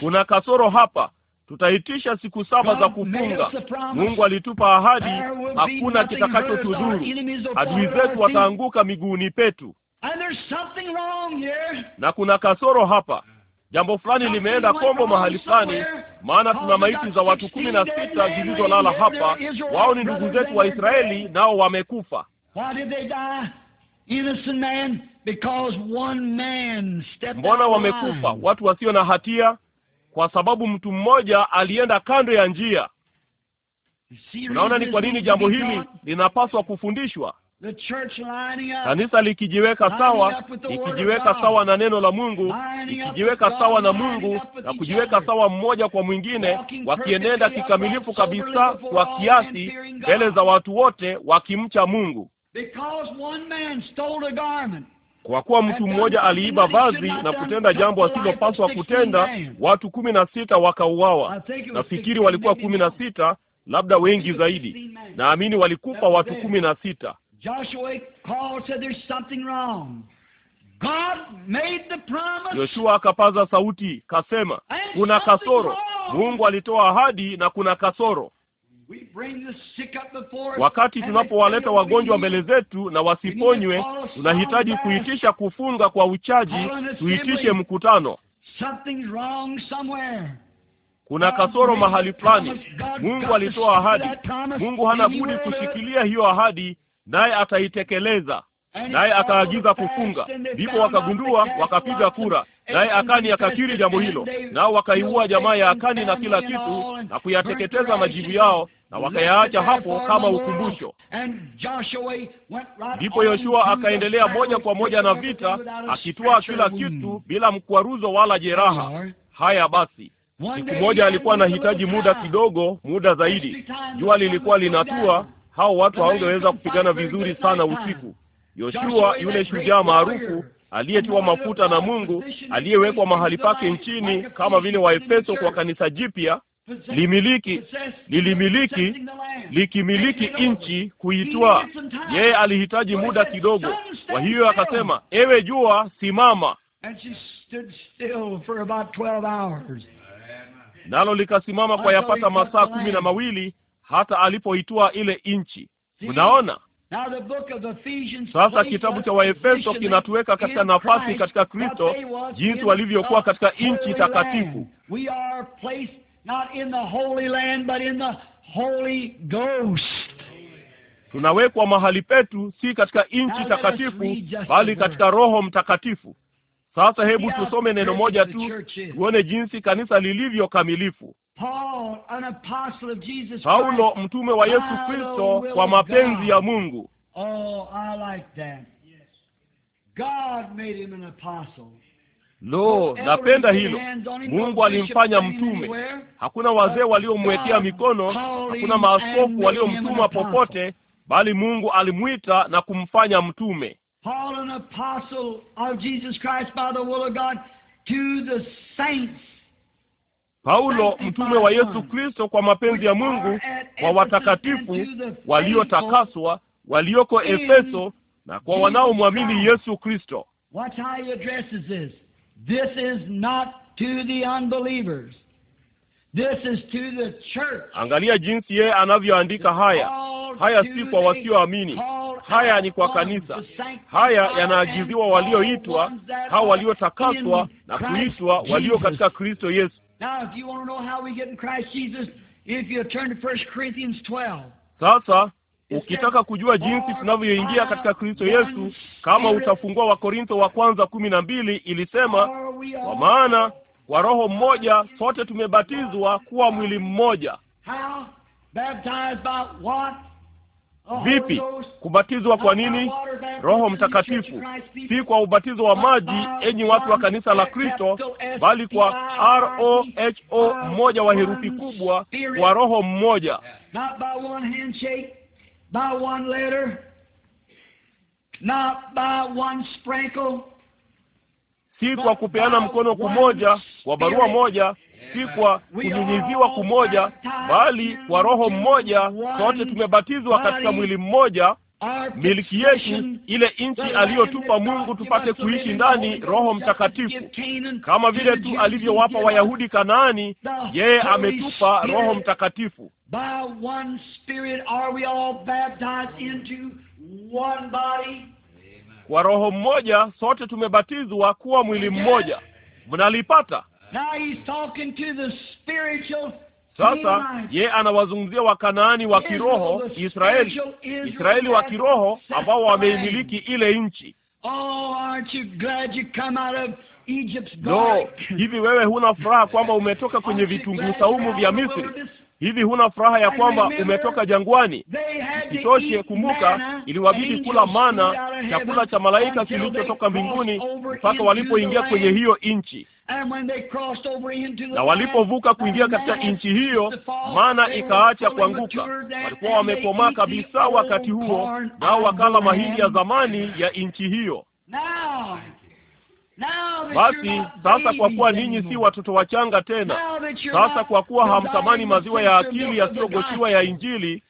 kuna kasoro hapa, tutaitisha siku saba za kufunga. Mungu alitupa ahadi, hakuna kitakachotudhuru. Adui zetu wataanguka miguuni petu. Na kuna kasoro hapa, jambo fulani limeenda kombo mahali fulani, maana tuna maiti za watu kumi na sita zilizolala hapa. Wao ni ndugu zetu wa Israeli, nao wamekufa. Mbona wamekufa? Watu wasio na hatia kwa sababu mtu mmoja alienda kando ya njia. Unaona ni kwa nini jambo hili linapaswa kufundishwa, kanisa likijiweka sawa, likijiweka sawa na neno la Mungu, likijiweka sawa na Mungu na kujiweka sawa mmoja kwa mwingine, wakienenda kikamilifu kabisa kwa kiasi mbele za watu wote, wakimcha Mungu. Kwa kuwa mtu mmoja aliiba vazi na kutenda jambo asilopaswa kutenda, watu kumi na sita wakauawa. Nafikiri walikuwa kumi na sita, labda wengi zaidi. Naamini walikufa watu kumi na sita. Yoshua akapaza sauti kasema, kuna kasoro. Mungu alitoa ahadi na kuna kasoro. Wakati tunapowaleta wagonjwa mbele zetu na wasiponywe, tunahitaji kuitisha kufunga kwa uchaji, tuitishe mkutano. Kuna kasoro mahali fulani. Mungu alitoa ahadi. Mungu hana budi kushikilia hiyo ahadi, naye ataitekeleza naye akaagiza kufunga. Ndipo wakagundua, wakapiga kura, naye Akani akakiri jambo hilo, nao wakaiua jamaa ya Akani na kila kitu na kuyateketeza majivu yao na wakayaacha hapo kama ukumbusho. Ndipo Yoshua akaendelea moja kwa moja na vita, akitoa kila kitu bila mkwaruzo wala jeraha. Haya basi, siku moja alikuwa anahitaji muda kidogo, muda zaidi. Jua lilikuwa linatua, hao watu hawangeweza kupigana vizuri sana usiku. Yoshua yule shujaa maarufu aliyetiwa mafuta na Mungu, aliyewekwa mahali pake nchini, kama vile Waefeso kwa kanisa jipya, limiliki lilimiliki likimiliki nchi kuitwaa. Yeye alihitaji muda kidogo, kwa hiyo akasema, ewe jua simama, nalo likasimama kwa yapata masaa kumi na mawili hata alipoitwaa ile nchi. Mnaona sasa kitabu cha Waefeso kinatuweka katika nafasi katika Kristo, jinsi walivyokuwa katika nchi takatifu. Tunawekwa mahali petu si katika nchi takatifu, bali katika Roho Mtakatifu. Sasa hebu tusome neno moja tu tuone jinsi kanisa lilivyo kamilifu. Paulo mtume wa Yesu Kristo kwa mapenzi ya Mungu. Oh, God made him an apostle. Lo, napenda hilo. Mungu alimfanya mtume. Hakuna wazee waliomwekea mikono, hakuna maaskofu waliomtuma popote, bali Mungu alimwita na kumfanya mtume. Paul, an apostle of Jesus Christ by the will of God, to the saints. Paulo mtume wa Yesu Kristo kwa mapenzi ya Mungu kwa watakatifu waliotakaswa walioko Efeso na kwa wanaomwamini Yesu Kristo. Watch how he addresses this. This is not to the unbelievers. This is to the church. Angalia jinsi yeye anavyoandika haya. Haya si kwa wasioamini, Haya ni kwa kanisa, haya yanaagiziwa walioitwa, hao waliotakaswa na kuitwa, walio katika Kristo Yesu. Sasa ukitaka kujua jinsi tunavyoingia katika Kristo Yesu, kama utafungua Wakorintho wa kwanza kumi na mbili, ilisema kwa maana kwa roho mmoja sote tumebatizwa kuwa mwili mmoja. Vipi kubatizwa? Kwa nini? Roho Mtakatifu, si kwa ubatizo wa maji, enyi watu wa kanisa la Kristo, bali kwa O mmoja wa herufi kubwa, kwa Roho mmoja si kwa kupeana mkono kumoja kwa barua moja, si kwa kunyunyiziwa kumoja, bali kwa Roho mmoja, sote tumebatizwa katika mwili mmoja miliki yetu ile nchi aliyotupa Mungu tupate kuishi ndani Roho Mtakatifu. Kama vile tu alivyowapa Wayahudi Kanaani, yeye ametupa Roho Mtakatifu. Kwa Roho mmoja sote tumebatizwa kuwa mwili mmoja. Mnalipata? Sasa ye anawazungumzia Wakanaani wa kiroho, Israeli, Israeli wa kiroho ambao wameimiliki ile nchi. Oh, no, hivi wewe huna furaha kwamba umetoka kwenye vitunguu saumu vya Misri? Hivi huna furaha ya kwamba umetoka jangwani? Kitoshe, kumbuka, iliwabidi kula mana, chakula cha malaika kilichotoka mbinguni, mpaka walipoingia kwenye hiyo nchi na walipovuka kuingia katika nchi hiyo, maana ikaacha kuanguka. Walikuwa wamekomaa kabisa wakati huo, nao wakala mahindi ya zamani ya nchi hiyo. Basi sasa, kwa kuwa ninyi si watoto wachanga tena, sasa kwa kuwa hamtamani maziwa ya akili yasiyogoshiwa ya Injili,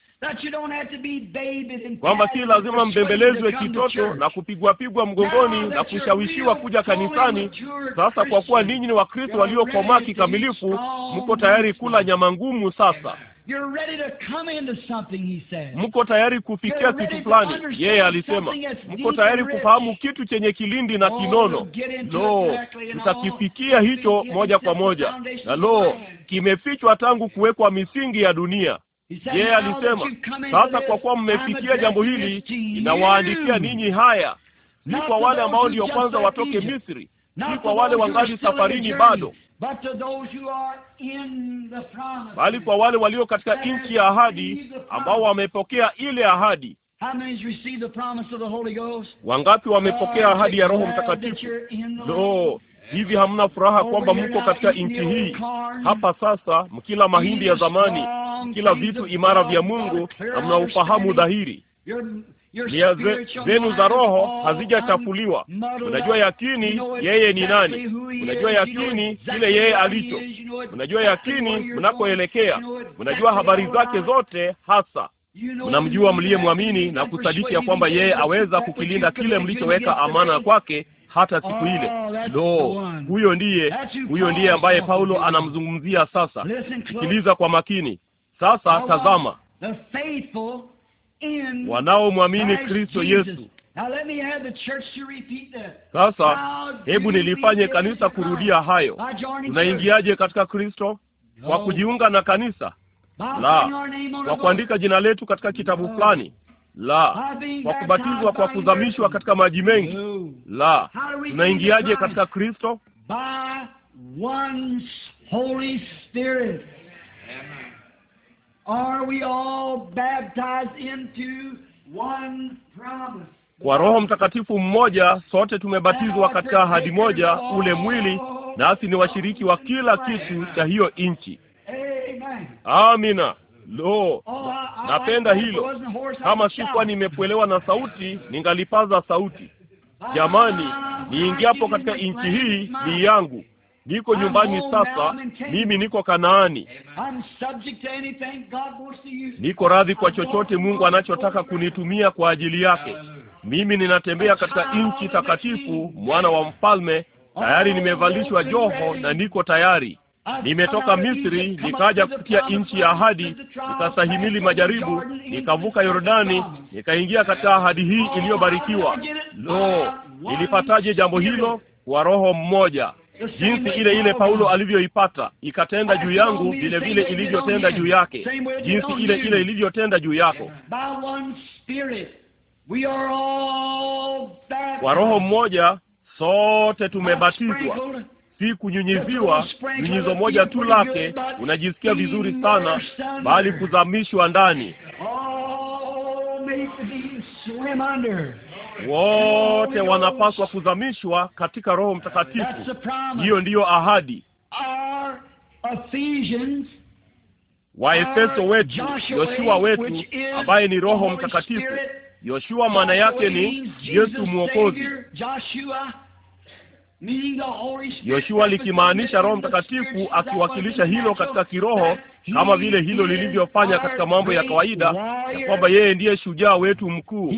kwamba si lazima mbembelezwe kitoto na kupigwapigwa mgongoni na kushawishiwa kuja kanisani. Sasa kwa kuwa ninyi ni Wakristo waliokomaa kikamilifu, mko tayari kula nyama ngumu sasa mko tayari kufikia kitu fulani, yeye alisema. Mko tayari kufahamu kitu chenye kilindi na oh, kinono. Lo, mtakifikia hicho moja kwa moja, na lo, kimefichwa tangu kuwekwa misingi ya dunia. Yeye alisema sasa, kwa kuwa mmefikia jambo hili, inawaandikia ninyi haya, ni kwa wale ambao ndio kwanza watoke Misri, ni kwa wale wangali safarini bado, bali kwa wale walio katika nchi ya ahadi, ambao wamepokea ile ahadi. Wangapi wamepokea ahadi ya Roho Mtakatifu? Hivi hamna furaha kwamba mko katika nchi hii hapa sasa, mkila mahindi ya zamani, kila vitu imara vya Mungu, na ufahamu dhahiri nia zenu za roho hazijachafuliwa. Unajua yakini yeye ni nani, unajua yakini kile yeye alicho, unajua yakini mnakoelekea, unajua habari zake zote hasa mnamjua mliyemwamini na kusadiki ya kwamba yeye aweza kukilinda kile mlichoweka amana kwake hata siku oh, ile. Lo, huyo ndiye, huyo ndiye ambaye Paulo anamzungumzia sasa. Sikiliza kwa makini sasa. Tazama, wanaomwamini Kristo Yesu. Sasa hebu nilifanye kanisa kurudia hayo. Unaingiaje katika Kristo? Kwa kujiunga na kanisa la, kwa kuandika jina letu katika kitabu fulani la kwa kubatizwa kwa kuzamishwa katika maji mengi la tunaingiaje katika Kristo kwa Roho Mtakatifu mmoja, sote tumebatizwa katika ahadi moja, ule mwili, nasi ni washiriki wa kila kitu cha hiyo nchi. Amina. Lo, oh, napenda hilo. Kama sikuwa nimepwelewa na sauti, ningalipaza sauti. Ah, Jamani, niingiapo katika nchi hii ni yangu. Niko nyumbani sasa, mimi niko Kanaani. Niko radhi kwa chochote Mungu anachotaka kunitumia kwa ajili yake. Mimi ninatembea katika nchi takatifu, mwana wa mfalme. Tayari nimevalishwa joho na niko tayari Nimetoka Misri nikaja kupitia nchi ya ahadi, nikastahimili majaribu, nikavuka Yordani, nikaingia katika ahadi hii oh, iliyobarikiwa. Lo, nilipataje jambo hilo? Kwa Roho mmoja, jinsi ile ile Paulo alivyoipata ikatenda juu yangu vile vile ilivyotenda juu yake, jinsi ile ile ilivyotenda juu yako. Kwa Roho mmoja sote tumebatizwa si kunyunyiziwa nyunyizo moja tu lake, unajisikia vizuri sana, bali kuzamishwa ndani oh, wote oh, wanapaswa kuzamishwa katika Roho Mtakatifu. Hiyo ndiyo ahadi. Waefeso wetu, Yoshua wetu ambaye ni Roho Mtakatifu. Yoshua maana yake ni Yesu Mwokozi. Yoshua likimaanisha Roho Mtakatifu akiwakilisha hilo katika kiroho, kama vile hilo lilivyofanya katika mambo ya kawaida, ya kwamba yeye ndiye shujaa wetu mkuu,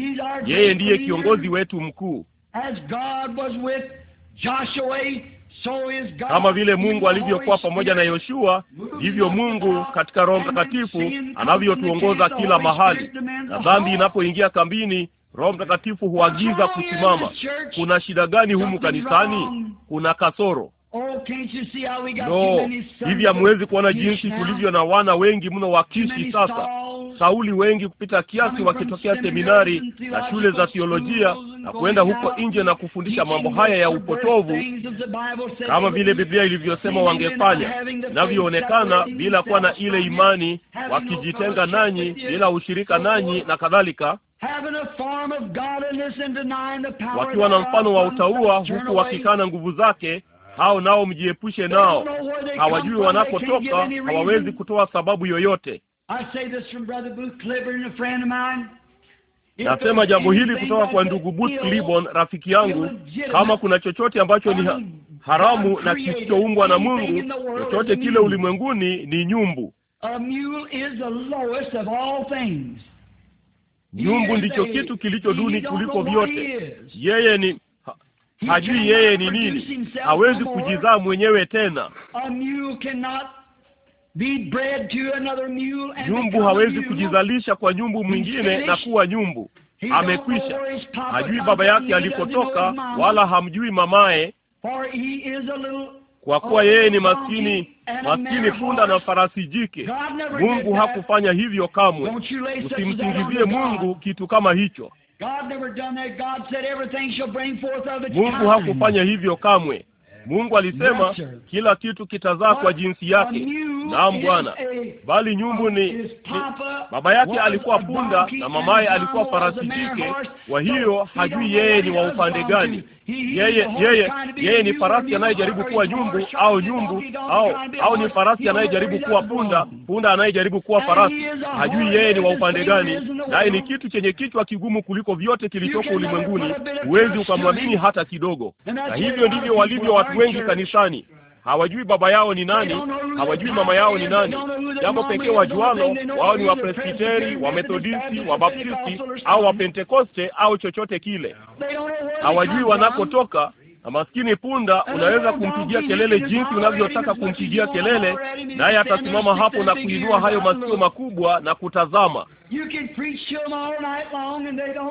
yeye ndiye kiongozi wetu mkuu. Kama vile Mungu alivyokuwa pamoja na Yoshua, ndivyo Mungu katika Roho Mtakatifu anavyotuongoza kila mahali, na dhambi inapoingia kambini Roho Mtakatifu huagiza kusimama. Kuna shida gani humu kanisani? Kuna kasoro. Oh, no, hivi hamwezi kuona jinsi tulivyo na wana wengi mno wa Kishi sasa, Sauli wengi kupita kiasi, wakitokea seminari na shule za theolojia na kuenda huko nje na kufundisha mambo haya ya upotovu, kama vile Biblia ilivyosema wangefanya, inavyoonekana bila kuwa na ile imani, wakijitenga nanyi, bila ushirika nanyi na kadhalika wakiwa na mfano wa utaua huku wakikana nguvu zake hao nao mjiepushe nao, hawajui wanapotoka, hawawezi kutoa sababu yoyote. Nasema jambo hili kutoka kwa ndugu Booth Cliburn, rafiki yangu. Kama kuna chochote ambacho ni ha haramu na kisichoumbwa na Mungu, chochote kile ulimwenguni ni nyumbu. Nyumbu ndicho kitu kilicho duni kuliko vyote. Yeye ni hajui yeye ni nini, hawezi kujizaa mwenyewe tena. Nyumbu hawezi kujizalisha kwa nyumbu mwingine na kuwa nyumbu, amekwisha. Hajui baba yake alikotoka, wala hamjui mamaye, kwa kuwa yeye ni maskini, maskini punda na farasi jike. Mungu hakufanya hivyo kamwe. Usimsingizie Mungu kitu kama hicho. Mungu hakufanya hivyo kamwe. Mungu alisema kila kitu kitazaa kwa jinsi yake. Naam Bwana, bali nyumbu ni, uh, ni baba yake alikuwa punda na mamaye alikuwa farasi jike. Kwa hiyo hajui yeye ni wa upande gani. Yeye yeye yeye ni farasi anayejaribu kuwa nyumbu au nyumbu au au ni farasi anayejaribu kuwa punda, punda anayejaribu kuwa farasi. Hajui yeye ni wa upande gani, naye ni kitu chenye kichwa kigumu kuliko vyote kilichoko ulimwenguni. Huwezi ukamwamini hata kidogo, na hivyo ndivyo walivyo watu wengi kanisani hawajui baba yao ni nani, hawajui mama yao ni nani. Jambo pekee wajualo wao ni Wapresbiteri, Wamethodisti, Wabaptisti au Wapentekoste au chochote kile. Hawajui wanakotoka, na maskini punda, unaweza kumpigia kelele jinsi unavyotaka kumpigia kelele, naye atasimama hapo na kuinua hayo masikio makubwa na kutazama.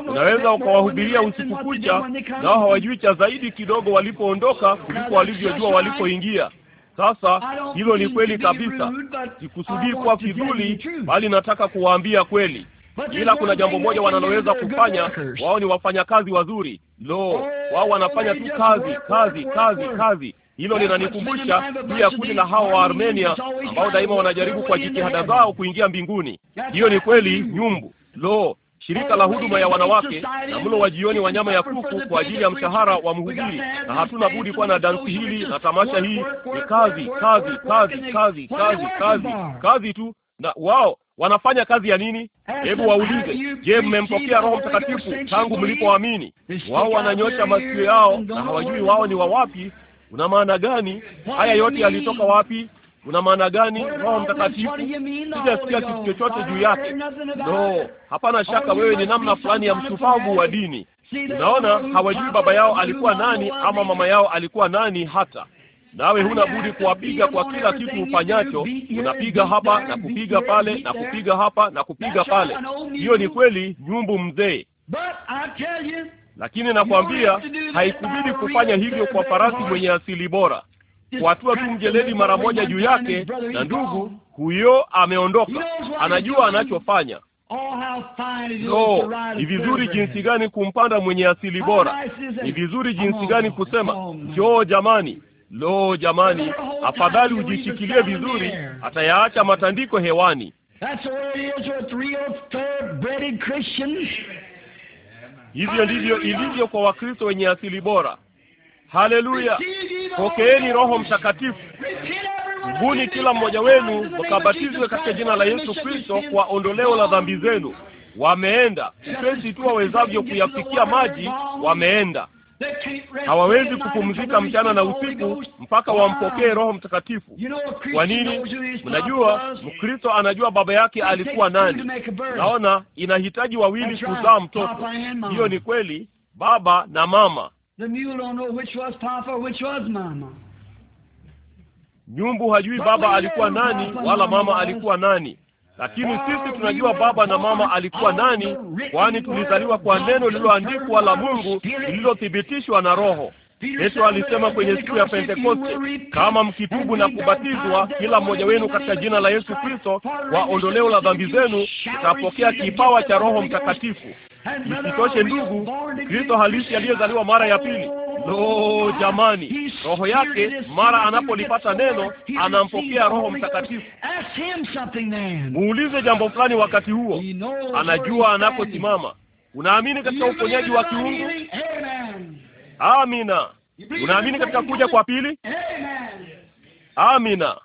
Unaweza ukawahubiria usiku kucha, nao hawajui cha zaidi kidogo walipoondoka kuliko walivyojua walipoingia. Sasa hilo ni kweli kabisa. Sikusudii kuwa kidhuli, bali nataka kuwaambia kweli ila kuna jambo moja wanaloweza kufanya. Wao ni wafanyakazi wazuri. Lo, oh, wao wanafanya tu kazi, kazi, kazi, kazi. Hilo linanikumbusha juu ya kundi la hao wa Armenia ambao daima wanajaribu kwa jitihada zao kuingia mbinguni. Hiyo ni kweli nyumbu. Lo, shirika la huduma ya wanawake na mlo wa jioni wa nyama ya kuku kwa ajili ya mshahara wa mhubiri, na hatuna budi kuwa na dansi hili na tamasha hii. Ni kazi, kazi, kazi, kazi, kazi, kazi, kazi tu na wao wanafanya kazi ya nini? Hebu waulize, je, mmempokea Roho Mtakatifu tangu mlipoamini? Wao wananyosha masikio yao na hawajui wao ni wa wapi. Una maana gani? Haya yote yalitoka wapi? Una maana gani? Roho Mtakatifu, sijasikia kitu chochote juu yake. No, hapana shaka wewe ni namna fulani ya mshupavu wa dini. Unaona, hawajui baba yao alikuwa nani ama mama yao alikuwa nani hata nawe huna budi kuwapiga kwa kila kitu ufanyacho. Unapiga hapa na kupiga pale na kupiga hapa na kupiga pale. Hiyo ni kweli, nyumbu mzee, lakini nakwambia haikubidi kufanya hivyo kwa farasi mwenye asili bora kuatua tu mjeledi mara moja juu yake, na ndugu huyo ameondoka, anajua anachofanya. No, ni vizuri jinsi gani kumpanda mwenye asili bora. Ni vizuri jinsi gani kusema njoo jamani, Lo, jamani, afadhali ujishikilie vizuri, atayaacha matandiko hewani. Hivyo ndivyo ilivyo kwa Wakristo wenye asili bora. Haleluya! Pokeeni Roho Mtakatifu, mbuni kila mmoja wenu, wakabatizwe katika jina la Yesu Kristo kwa ondoleo la dhambi zenu. Wameenda upesi tu wawezavyo kuyafikia maji, wameenda hawawezi kupumzika mchana na usiku mpaka wampokee Roho Mtakatifu. Kwa nini? Mnajua, Mkristo anajua baba yake alikuwa nani. Naona inahitaji wawili kuzaa mtoto, hiyo ni kweli, baba na mama. Nyumbu hajui baba alikuwa nani wala mama alikuwa nani. Lakini sisi tunajua baba na mama alikuwa nani, kwani tulizaliwa kwa neno lililoandikwa la Mungu lililothibitishwa na Roho. Yesu alisema kwenye siku ya Pentekoste, kama mkitubu na kubatizwa kila mmoja wenu katika jina la Yesu Kristo kwa ondoleo la dhambi zenu, utapokea kipawa cha Roho Mtakatifu. Isitoshe ndugu, Kristo halisi aliyezaliwa mara ya pili Lo, jamani, roho yake mara anapolipata neno anampokea Roho Mtakatifu. Muulize jambo fulani, wakati huo anajua anaposimama. Unaamini katika uponyaji wa kiungu? Amina. Unaamini katika kuja kwa pili? Amina.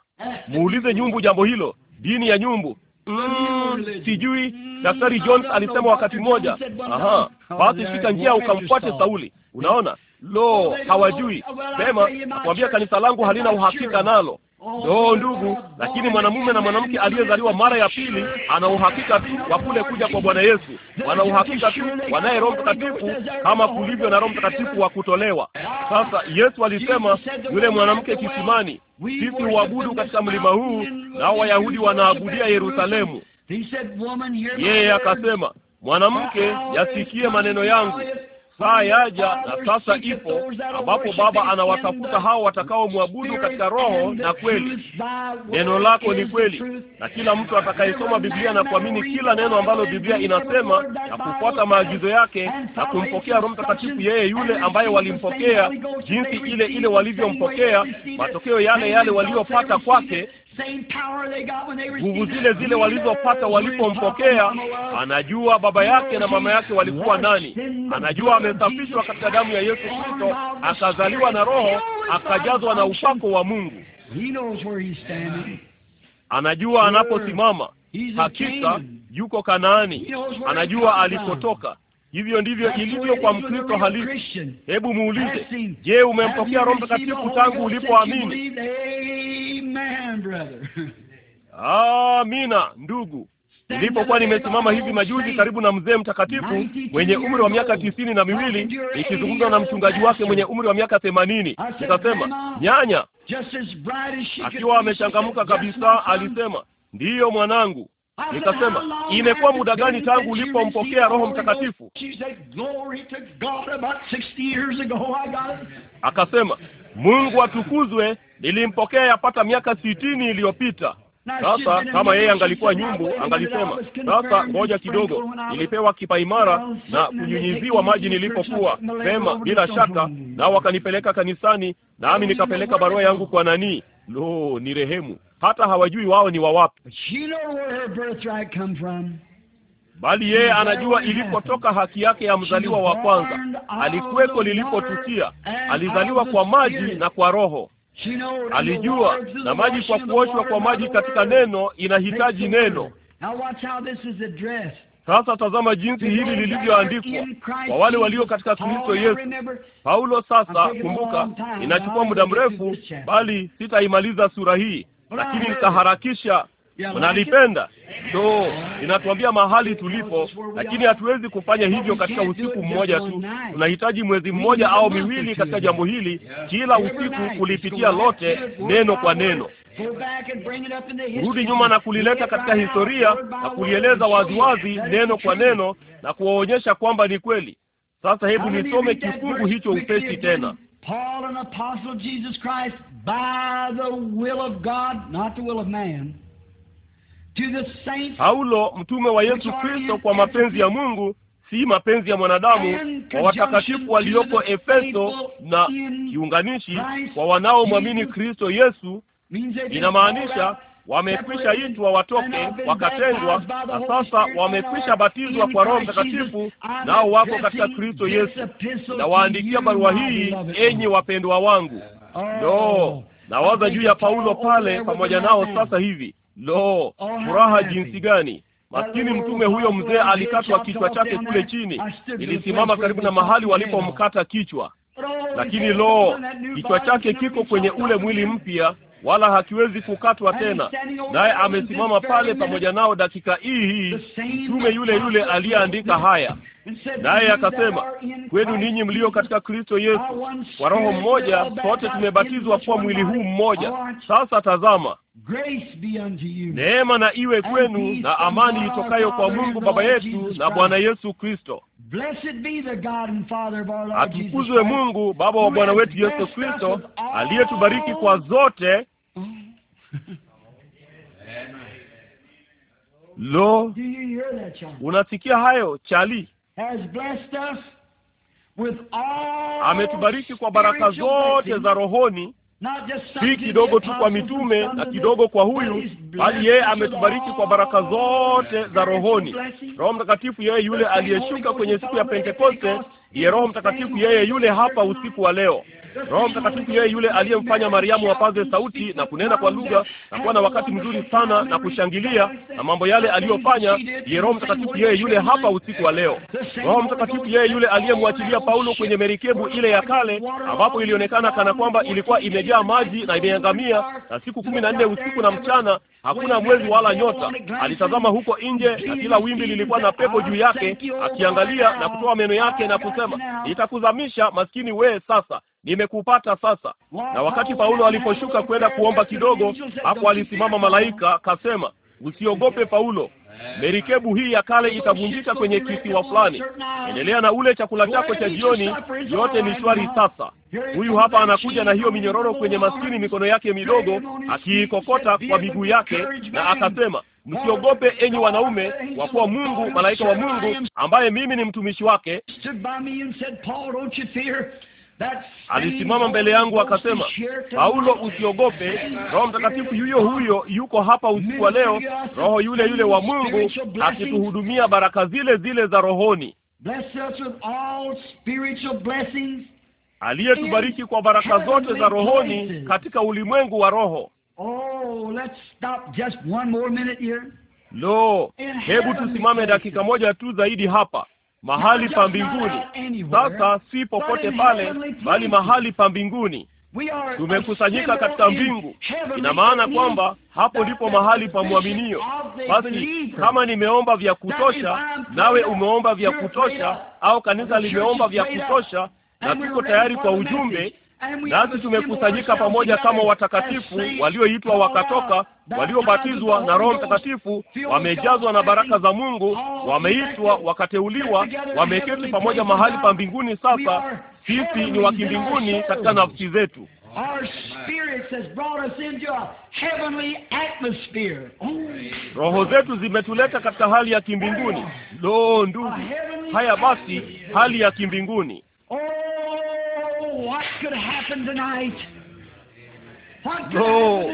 Muulize nyumbu jambo hilo, dini ya nyumbu. Mm, sijui mm, Daktari Jones alisema wakati mmoja, aha, basi shika njia ukamfuate Sauli. Unaona, Lo, hawajui sema, nakwambia kanisa langu halina uhakika nalo. Lo, ndugu, lakini mwanamume na mwanamke aliyezaliwa mara ya pili ana uhakika tu wa kule kuja kwa Bwana Yesu, wana uhakika tu, wanaye Roho Mtakatifu kama kulivyo na Roho Mtakatifu wa kutolewa. Sasa Yesu alisema yule mwanamke kisimani, sisi huabudu katika mlima huu, nao Wayahudi wanaabudia Yerusalemu. Yeye akasema, mwanamke, yasikie maneno yangu saa yaja na sasa ipo, ambapo Baba anawatafuta hao watakaomwabudu katika roho na kweli. Neno lako ni kweli, na kila mtu atakayesoma Biblia na kuamini kila neno ambalo Biblia inasema na kufuata maagizo yake na kumpokea Roho Mtakatifu yeye yule ambaye walimpokea, jinsi ile ile walivyompokea, matokeo yale yale waliyopata kwake nguvu zile zile walizopata walipompokea. Anajua baba yake na mama yake walikuwa nani, anajua amesafishwa katika damu ya Yesu Kristo, akazaliwa na Roho, akajazwa na upako wa Mungu. Anajua anaposimama, hakika yuko Kanaani, anajua alipotoka, Hivyo ndivyo ilivyo kwa Mkristo halisi. Hebu muulize, je, umempokea Roho Mtakatifu tangu ulipoamini? Amina, ndugu. Nilipokuwa nimesimama hivi majuzi karibu na mzee mtakatifu mwenye umri wa miaka tisini na miwili nikizungumza na mchungaji wake mwenye umri wa miaka themanini nikasema, nyanya, akiwa amechangamka kabisa, alisema ndiyo mwanangu, Nikasema, imekuwa muda gani tangu ulipompokea Roho Mtakatifu? Akasema, Mungu atukuzwe, nilimpokea yapata miaka sitini iliyopita. Sasa kama yeye angalikuwa nyumbu, angalisema sasa, ngoja kidogo, nilipewa kipaimara na kunyunyiziwa maji nilipokuwa sema, bila shaka, nao wakanipeleka kanisani, nami nikapeleka barua yangu kwa nanii Lo, ni rehemu! Hata hawajui wao ni wawapi, bali yeye anajua ilipotoka haki yake ya mzaliwa wa kwanza. Alikuweko lilipotukia, alizaliwa kwa maji na kwa Roho. Alijua na maji kwa kuoshwa kwa maji katika neno, inahitaji neno. Sasa tazama jinsi hili lilivyoandikwa kwa wale walio katika Kristo Yesu. Paulo, sasa kumbuka, inachukua muda mrefu, bali sitaimaliza sura hii, lakini nitaharakisha. Mnalipenda so inatuambia mahali tulipo, lakini hatuwezi kufanya hivyo katika usiku mmoja tu. Tunahitaji mwezi mmoja au miwili katika jambo hili, kila usiku kulipitia lote neno kwa neno kurudi nyuma na kulileta katika historia na kulieleza waziwazi neno kwa neno na kuwaonyesha kwamba ni kweli. Sasa hebu nisome kifungu hicho upesi tena. Paul, an apostle of Jesus Christ, by the will of God, not the will of man, to the saints. Paulo, mtume wa Yesu Kristo, kwa mapenzi ya Mungu, si mapenzi ya mwanadamu, kwa watakatifu walioko Efeso na kiunganishi, kwa wanaomwamini Kristo Yesu inamaanisha wamekwisha itwa watoke, wakatengwa, na sasa wamekwisha batizwa kwa Roho Mtakatifu, nao wako katika Kristo Yesu. Nawaandikia barua hii, enyi wapendwa wangu. Oh, lo, nawaza juu ya Paulo pale pamoja nao sasa hivi. Lo, oh, furaha jinsi gani! Maskini mtume huyo mzee alikatwa kichwa chake kule chini. Nilisimama karibu na mahali walipomkata kichwa, lakini lo, kichwa chake kiko kwenye ule mwili mpya wala hakiwezi kukatwa tena. Naye amesimama pale pamoja nao dakika hii hii, mtume yule yule aliyeandika haya, naye akasema, kwenu ninyi mlio katika Kristo Yesu, kwa roho mmoja sote tumebatizwa kwa mwili huu mmoja. Sasa tazama, neema na iwe kwenu na amani itokayo kwa Mungu Baba yetu na Bwana Yesu Kristo. Atukuzwe Mungu Baba wa Bwana wetu Yesu Kristo, aliyetubariki kwa zote Lo, unasikia hayo Chali? Ametubariki kwa baraka zote za rohoni, si kidogo tu kwa mitume na kidogo kwa huyu, bali yeye ametubariki kwa baraka zote za rohoni. Roho Mtakatifu yeye yule aliyeshuka kwenye siku ya Pentekoste ndiye Roho Mtakatifu yeye yule hapa usiku wa leo. Roho Mtakatifu yeye yule aliyemfanya Mariamu apaze sauti na kunena kwa lugha na kuwa na wakati mzuri sana na kushangilia na mambo yale aliyofanya, ye Roho Mtakatifu yeye yule hapa usiku wa leo. Roho Mtakatifu yeye yule aliyemwachilia Paulo kwenye merikebu ile ya kale, ambapo ilionekana kana kwamba ilikuwa imejaa maji na imeangamia, na siku kumi na nne usiku na mchana hakuna mwezi wala nyota. Alitazama huko nje na kila wimbi lilikuwa na pepo juu yake, akiangalia na kutoa meno yake na kusema, nitakuzamisha maskini wewe sasa nimekupata sasa. Na wakati Paulo aliposhuka kwenda kuomba kidogo, hapo alisimama malaika kasema, usiogope Paulo, merikebu hii ya kale itavunjika kwenye kisiwa fulani. Endelea na ule chakula chako cha jioni, yote ni shwari sasa. Huyu hapa anakuja na hiyo minyororo kwenye maskini mikono yake midogo, akiikokota kwa miguu yake, na akasema Msiogope enyi wanaume, kwa kuwa Mungu, malaika wa Mungu ambaye mimi ni mtumishi wake, Alisimama mbele yangu akasema, Paulo, usiogope. Roho Mtakatifu yuyo huyo yuko hapa usiku wa leo, Roho yule yule wa Mungu akituhudumia baraka zile zile za rohoni, aliyetubariki kwa baraka zote za rohoni katika ulimwengu wa roho. Oh, Lo, hebu tusimame dakika moja tu zaidi hapa mahali pa mbinguni. Sasa si popote pale, bali mahali pa mbinguni. Tumekusanyika katika mbingu, ina maana kwamba hapo ndipo mahali pa mwaminio. Basi kama nimeomba vya kutosha, nawe umeomba vya kutosha, au kanisa limeomba vya kutosha, na tuko tayari kwa ujumbe nasi tumekusanyika pamoja kama watakatifu walioitwa wakatoka, waliobatizwa na Roho Mtakatifu, wamejazwa na baraka za Mungu, wameitwa, wakateuliwa, wameketi pamoja mahali pa mbinguni. Sasa sisi ni wa kimbinguni katika nafsi zetu. Roho zetu zimetuleta katika hali ya kimbinguni. Lo, ndugu, haya basi, hali ya kimbinguni Bro,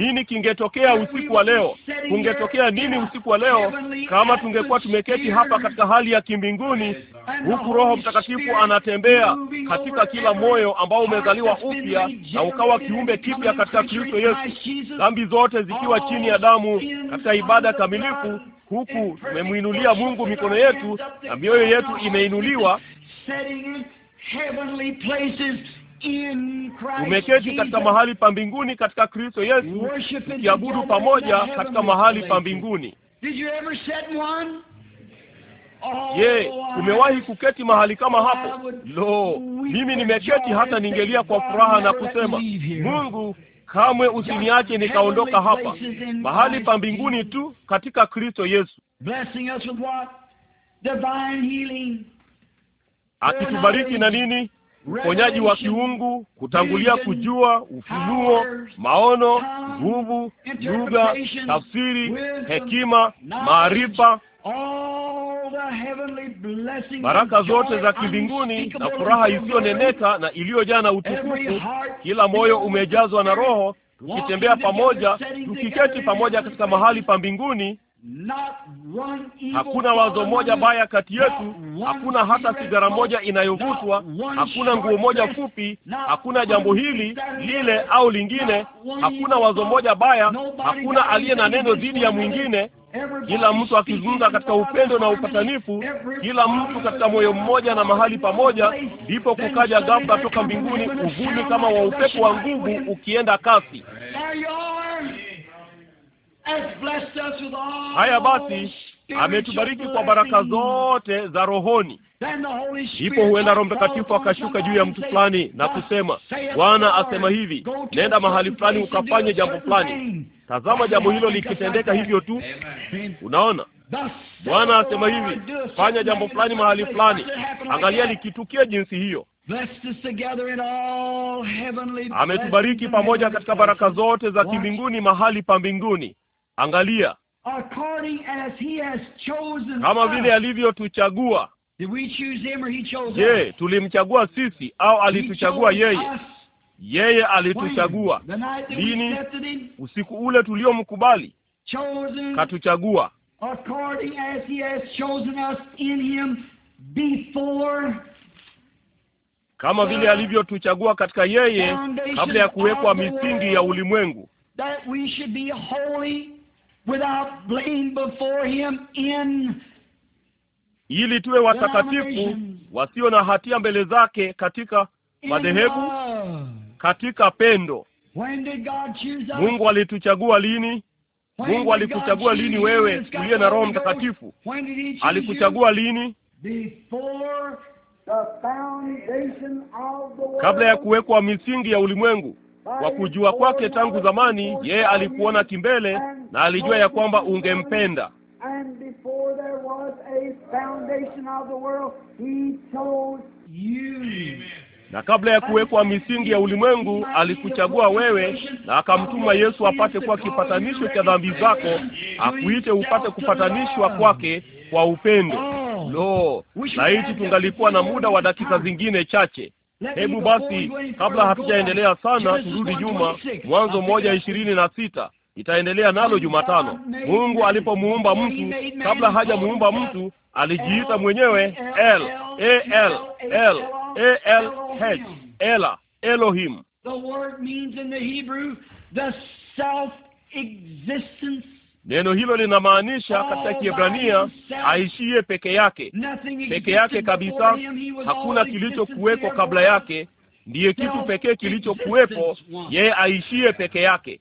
nini kingetokea usiku wa leo? Kungetokea nini usiku wa leo kama tungekuwa tumeketi hapa katika hali ya kimbinguni, huku Roho Mtakatifu anatembea katika kila moyo ambao umezaliwa upya na ukawa kiumbe kipya katika Kristo Yesu, dhambi zote zikiwa chini ya damu, katika ibada kamilifu, huku tumemwinulia Mungu mikono yetu na mioyo yetu imeinuliwa Umeketi katika mahali pa mbinguni katika Kristo Yesu, ukiabudu pamoja katika mahali pa mbinguni. Je, oh, umewahi kuketi mahali kama hapo? Lo, mimi nimeketi hata ningelia kwa furaha na kusema, Mungu kamwe usiniache nikaondoka hapa. Mahali pa mbinguni tu katika Kristo Yesu akitubariki na nini? Uponyaji wa kiungu, kutangulia kujua, ufunuo, maono, nguvu, lugha, tafsiri, hekima, maarifa, baraka zote za kimbinguni na furaha isiyoneneka na iliyojaa na utukufu, kila moyo umejazwa na Roho, tukitembea pamoja, tukiketi pamoja katika mahali pa mbinguni Hakuna wazo moja baya kati yetu, hakuna hata sigara moja inayovutwa, hakuna nguo moja fupi, hakuna jambo hili lile au lingine, hakuna wazo moja baya, hakuna aliye na neno dhidi ya mwingine, kila mtu akizungumza katika upendo na upatanifu, kila mtu katika moyo mmoja na mahali pamoja. Ndipo kukaja ghafla toka mbinguni uvuni kama wa upepo wa nguvu ukienda kasi. Haya basi, ametubariki kwa baraka zote za rohoni. Ndipo huenda Roho Mtakatifu akashuka juu ya mtu fulani na kusema, Bwana asema hivi, nenda mahali fulani ukafanye jambo fulani. Tazama jambo hilo likitendeka hivyo tu. Unaona, Bwana asema hivi, fanya jambo fulani mahali fulani, angalia likitukia jinsi hiyo. Ametubariki pamoja katika baraka zote za kimbinguni mahali pa mbinguni. Angalia kama vile alivyotuchagua. Je, tulimchagua sisi au alituchagua yeye? Yeye alituchagua lini? Usiku ule tuliomkubali, katuchagua kama vile alivyotuchagua katika yeye kabla ya kuwekwa misingi ya ulimwengu, without blame before him in ili tuwe watakatifu wasio na hatia mbele zake katika madhehebu, katika pendo. Mungu alituchagua lini? Mungu alikuchagua lini wewe uliye na Roho Mtakatifu? Alikuchagua lini? Kabla ya kuwekwa misingi ya ulimwengu. Kwa kujua kwake tangu zamani, yeye alikuona kimbele na alijua ya kwamba ungempenda na kabla ya kuwekwa misingi ya ulimwengu alikuchagua wewe, na akamtuma Yesu apate kuwa kipatanisho cha dhambi zako, akuite upate kupatanishwa kwake kwa upendo. Oh, Lo, laiti tungalikuwa na muda wa dakika zingine chache. Hebu basi, kabla hatujaendelea sana, turudi nyuma. Mwanzo moja ishirini na sita itaendelea nalo Jumatano. Mungu alipomuumba mtu, kabla hajamuumba mtu, alijiita mwenyewe El A L L A L H Ela Elohim. Neno hilo linamaanisha katika Kiebrania, aishiye peke yake, peke yake kabisa, hakuna kilichokuweko kabla yake, ndiye kitu pekee kilichokuwepo, yeye aishiye peke yake.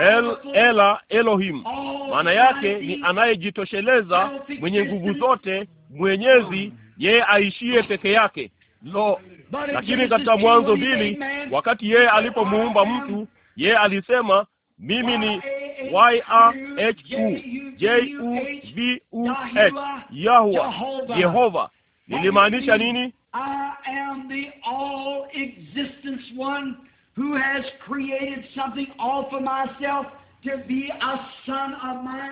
El, uh, ela Elohim maana yake ni anayejitosheleza, mwenye nguvu zote, mwenyezi, yeye aishiye peke yake. Lo, lakini katika Mwanzo mbili, wakati yeye alipomuumba mtu, yeye alisema mimi ni Y A H U J U V U H Yahwa, Yehova. Nilimaanisha nini?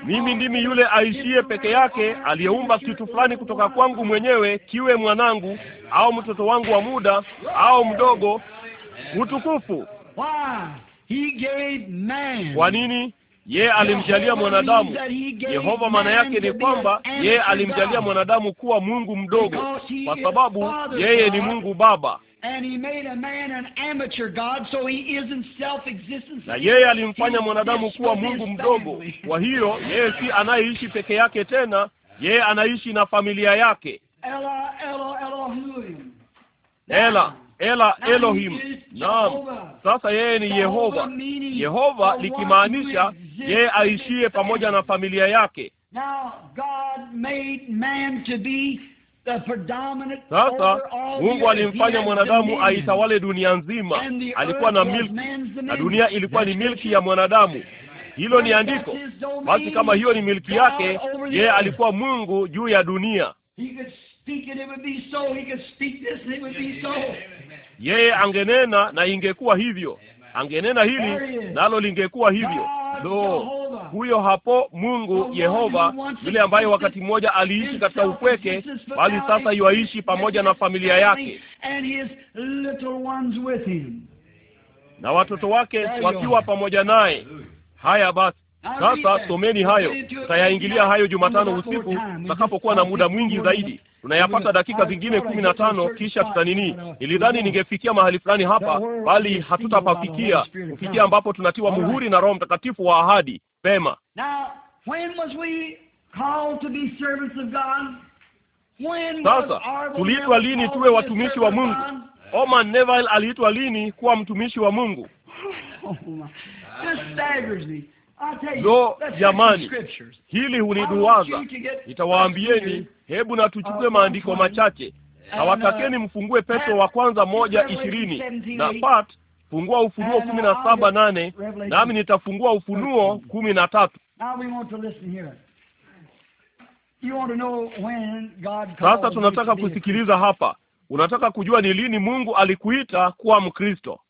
Mimi ndimi oh, yule aishiye peke yake aliyeumba kitu fulani kutoka kwangu mwenyewe, kiwe mwanangu au mtoto wangu wa muda au mdogo. Utukufu! Kwa nini? Yeye alimjalia mwanadamu. Yehova maana yake ni kwamba yeye alimjalia mwanadamu kuwa Mungu mdogo, kwa sababu yeye ni Mungu Baba na yeye alimfanya mwanadamu kuwa Mungu mdogo. Kwa hiyo yeye si anayeishi peke yake tena, yeye anaishi na familia yake. Ela, ela, Elohim. Ela, ela Elohim. Naam, sasa yeye ni Yehova. Yehova likimaanisha yeye aishie pamoja na familia yake. Now, God made man to be sasa Mungu alimfanya mwanadamu aitawale dunia nzima, alikuwa na milki na dunia ilikuwa ni milki ya mwanadamu. Hilo ni andiko. Basi kama hiyo ni milki yake, yeye alikuwa Mungu juu ya dunia. Yeye angenena na ingekuwa hivyo, angenena hili nalo lingekuwa hivyo. Lo, huyo hapo Mungu Yehova, yule ambaye wakati mmoja aliishi katika upweke, bali sasa yuaishi pamoja na familia yake na watoto wake wakiwa pamoja naye. Haya basi sasa someni hayo, tutayaingilia hayo Jumatano usiku tutakapokuwa na muda mwingi zaidi. Tunayapata dakika zingine kumi na tano, kisha tutanini. Nilidhani ningefikia mahali fulani hapa, bali hatutapafikia kufikia ambapo tunatiwa muhuri na Roho Mtakatifu wa ahadi. Pema, sasa tuliitwa lini tuwe watumishi wa Mungu? Oman Neville aliitwa lini kuwa mtumishi wa Mungu? Lo, jamani, hili huniduwaza. Nitawaambieni, hebu na tuchukue uh, maandiko machache. Uh, Hawatakeni mfungue Petro wa kwanza moja ishirini na pat fungua Ufunuo uh, kumi na saba nane nami nitafungua Ufunuo kumi na tatu. Sasa tunataka kusikiliza hapa. Unataka kujua ni lini Mungu alikuita kuwa Mkristo?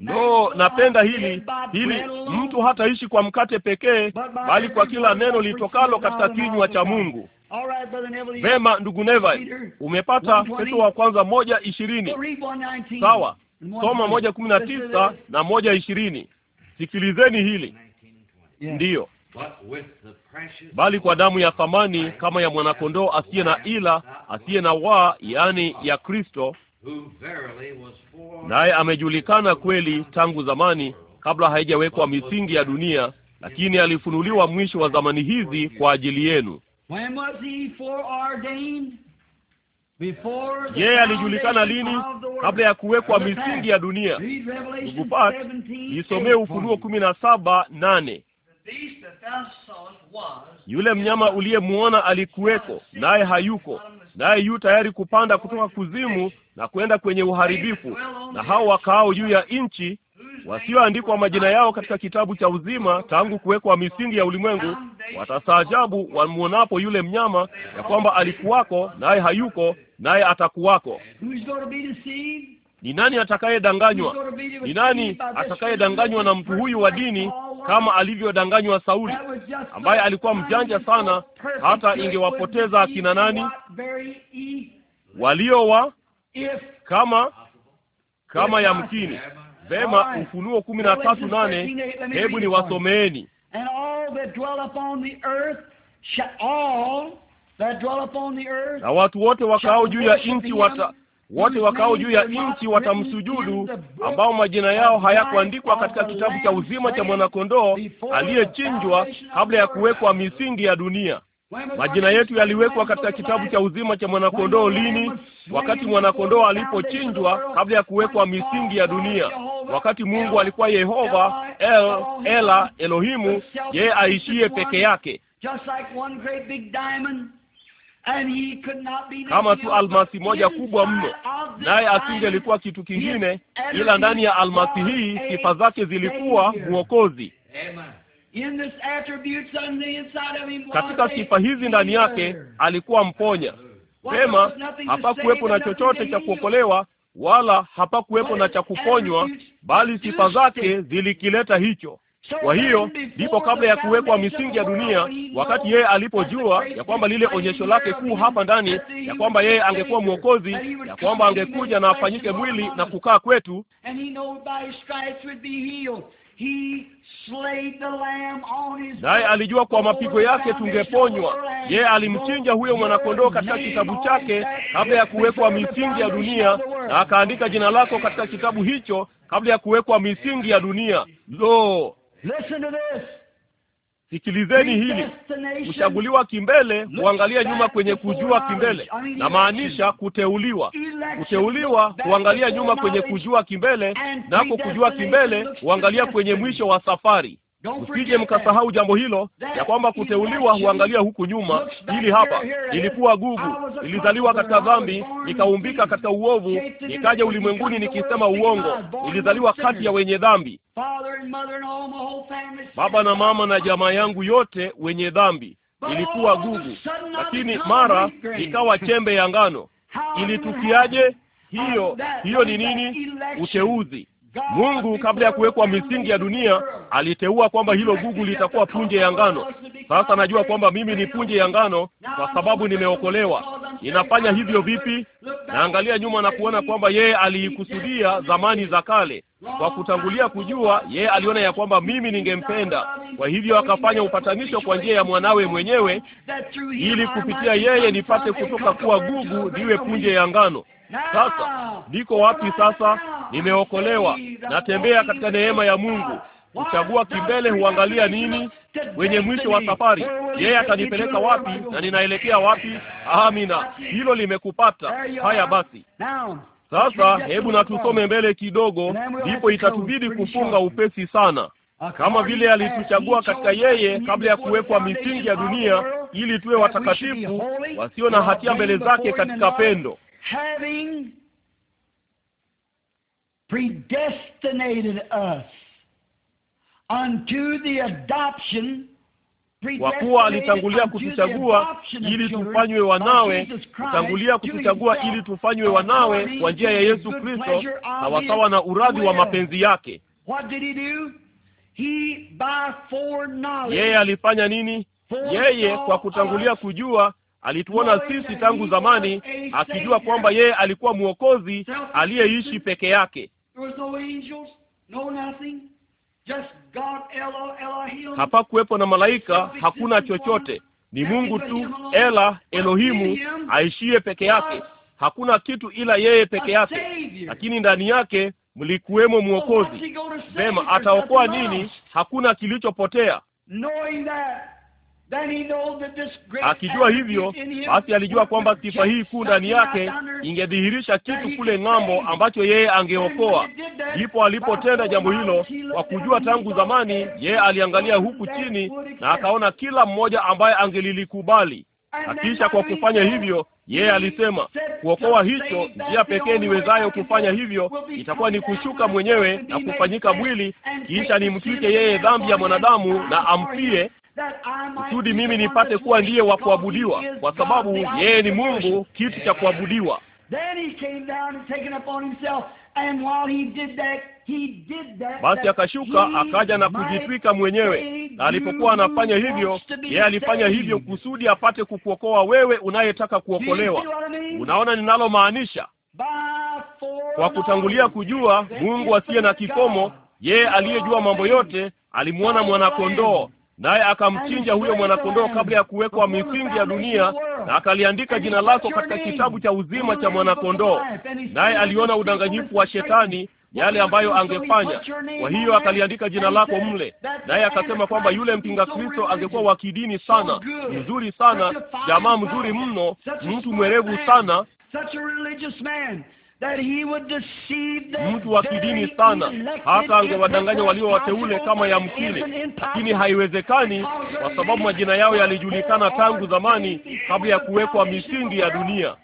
No, napenda hili hili, mtu hataishi kwa mkate pekee, bali kwa kila neno litokalo katika kinywa cha Mungu. Vema, ndugu Neva, umepata Petro wa kwanza moja ishirini. Sawa, soma moja kumi na tisa na moja ishirini. Sikilizeni hili ndiyo bali kwa damu ya thamani kama ya mwanakondoo asiye na ila asiye na waa, yaani ya Kristo, naye amejulikana kweli tangu zamani, kabla haijawekwa misingi ya dunia, lakini alifunuliwa mwisho wa zamani hizi kwa ajili yenu. Yeye alijulikana lini? Kabla ya kuwekwa misingi ya dunia. Ndugu Pat, isomee Ufunuo kumi na saba nane. Yule mnyama uliyemwona alikuweko, naye hayuko, naye yu tayari kupanda kutoka kuzimu na kwenda kwenye uharibifu, na hao wakaao juu ya nchi wasioandikwa majina yao katika kitabu cha uzima tangu kuwekwa misingi ya ulimwengu watastaajabu wamwonapo yule mnyama, ya kwamba alikuwako naye hayuko naye atakuwako. Ni nani atakayedanganywa? Ni nani atakayedanganywa na mtu huyu wa dini kama alivyodanganywa Sauli, ambaye alikuwa mjanja sana, hata ingewapoteza akina nani walio wa kama kama yamkini vema. Ufunuo kumi na tatu nane hebu ni wasomeeni na watu wote wakao juu ya nchi wata wote wakao juu ya nchi watamsujudu, ambao majina yao hayakuandikwa katika kitabu cha uzima cha mwanakondoo aliyechinjwa kabla ya kuwekwa misingi ya dunia. Majina yetu yaliwekwa katika kitabu cha uzima cha mwanakondoo lini? Wakati mwanakondoo alipochinjwa kabla ya kuwekwa misingi ya dunia, wakati Mungu alikuwa Yehova El Ela Elohimu, yeye aishiye peke yake kama tu almasi moja kubwa mno, naye asinge alikuwa kitu kingine, ila ndani ya almasi hii sifa zake zilikuwa Mwokozi. Katika sifa hizi ndani yake alikuwa mponya. Sema hapakuwepo na chochote cha kuokolewa wala hapakuwepo na cha kuponywa, bali sifa zake zilikileta hicho. Kwa hiyo ndipo kabla ya kuwekwa misingi ya dunia, wakati yeye alipojua ya kwamba lile onyesho lake kuu hapa ndani, ya kwamba yeye angekuwa Mwokozi, ya kwamba angekuja na afanyike mwili na kukaa kwetu naye alijua kwa mapigo yake tungeponywa. Yeye alimchinja huyo mwanakondoo katika kitabu chake kabla ya kuwekwa misingi ya dunia, na akaandika jina lako katika kitabu hicho kabla ya kuwekwa misingi ya dunia. Lo, Sikilizeni hili, mchaguliwa kimbele huangalia nyuma kwenye kujua kimbele, na maanisha kuteuliwa. Kuteuliwa huangalia nyuma kwenye kujua kimbele, nako kujua kimbele huangalia kwenye mwisho wa safari msije mkasahau jambo hilo, ya kwamba kuteuliwa huangalia huku nyuma. Hili hapa ilikuwa gugu, ilizaliwa katika dhambi, nikaumbika katika uovu, nikaja ulimwenguni nikisema uongo, ilizaliwa kati ya wenye dhambi, baba na mama na jamaa yangu yote wenye dhambi. Ilikuwa gugu, lakini mara ikawa chembe ya ngano. Ilitukiaje hiyo? Hiyo ni nini? Uteuzi. Mungu kabla ya kuwekwa misingi ya dunia aliteua kwamba hilo gugu litakuwa punje ya ngano. Sasa najua kwamba mimi ni punje ya ngano kwa sababu nimeokolewa. inafanya hivyo vipi? Naangalia nyuma na kuona kwamba yeye aliikusudia zamani za kale. Kwa kutangulia kujua, yeye aliona ya kwamba mimi ningempenda, kwa hivyo akafanya upatanisho kwa njia ya mwanawe mwenyewe, ili kupitia yeye nipate kutoka kuwa gugu niwe punje ya ngano. Sasa niko wapi sasa? Nimeokolewa, natembea katika neema ya Mungu. Kuchagua kimbele huangalia nini? Wenye mwisho wa safari, yeye atanipeleka wapi na ninaelekea wapi? Amina, hilo limekupata. Haya basi. Sasa hebu na tusome mbele kidogo, ndipo itatubidi kufunga upesi sana, kama vile alituchagua katika yeye kabla ya kuwekwa misingi ya dunia, ili tuwe watakatifu wasio na hatia mbele zake katika pendo having predestinated us unto the adoption kwa kuwa alitangulia kutuchagua ili tufanywe wanawe, kutangulia kutuchagua ili tufanywe wanawe kwa njia ya Yesu Kristo, na wakawa na uradhi wa mapenzi yake. Yeye alifanya nini? Yeye kwa kutangulia kujua Alituona sisi tangu zamani, akijua kwamba yeye alikuwa mwokozi aliyeishi peke yake. Hapakuwepo na malaika, hakuna chochote, ni Mungu tu, Ela Elohimu, aishie peke yake. Hakuna kitu ila yeye peke yake, lakini ndani yake mlikuwemo mwokozi. vema ataokoa nini? Hakuna kilichopotea. Akijua hivyo basi, alijua kwamba sifa hii kuu ndani yake ingedhihirisha kitu kule ng'ambo ambacho yeye angeokoa. Ndipo alipotenda jambo hilo kwa kujua tangu zamani. Yeye aliangalia huku chini na akaona kila mmoja ambaye angelilikubali, na kisha kwa kufanya hivyo yeye alisema, kuokoa hicho, njia pekee niwezayo kufanya hivyo itakuwa ni kushuka mwenyewe na kufanyika mwili, kisha nimtwike yeye dhambi ya mwanadamu na amfie kusudi mimi nipate kuwa ndiye wa kuabudiwa, kwa sababu yeye ni Mungu, kitu cha kuabudiwa. Basi akashuka akaja na kujitwika mwenyewe, na alipokuwa anafanya hivyo, yeye alifanya hivyo kusudi apate kukuokoa wewe unayetaka kuokolewa. Unaona ninalomaanisha? Kwa kutangulia kujua Mungu asiye na kikomo, yeye aliyejua mambo yote alimwona mwanakondoo naye akamchinja huyo mwanakondoo kabla ya kuwekwa misingi ya dunia, na akaliandika jina lako katika kitabu cha uzima cha mwanakondoo. Naye aliona udanganyifu wa shetani, yale ambayo angefanya. Kwa hiyo akaliandika jina lako mle, naye akasema kwamba yule mpinga Kristo angekuwa wa kidini sana, mzuri sana, jamaa mzuri mno, mtu mwerevu sana mtu wa kidini sana, hata angewadanganya walio wateule kama mkile lakini haiwezekani, kwa sababu majina yao yalijulikana tangu zamani, kabla ya kuwekwa misingi ya dunia.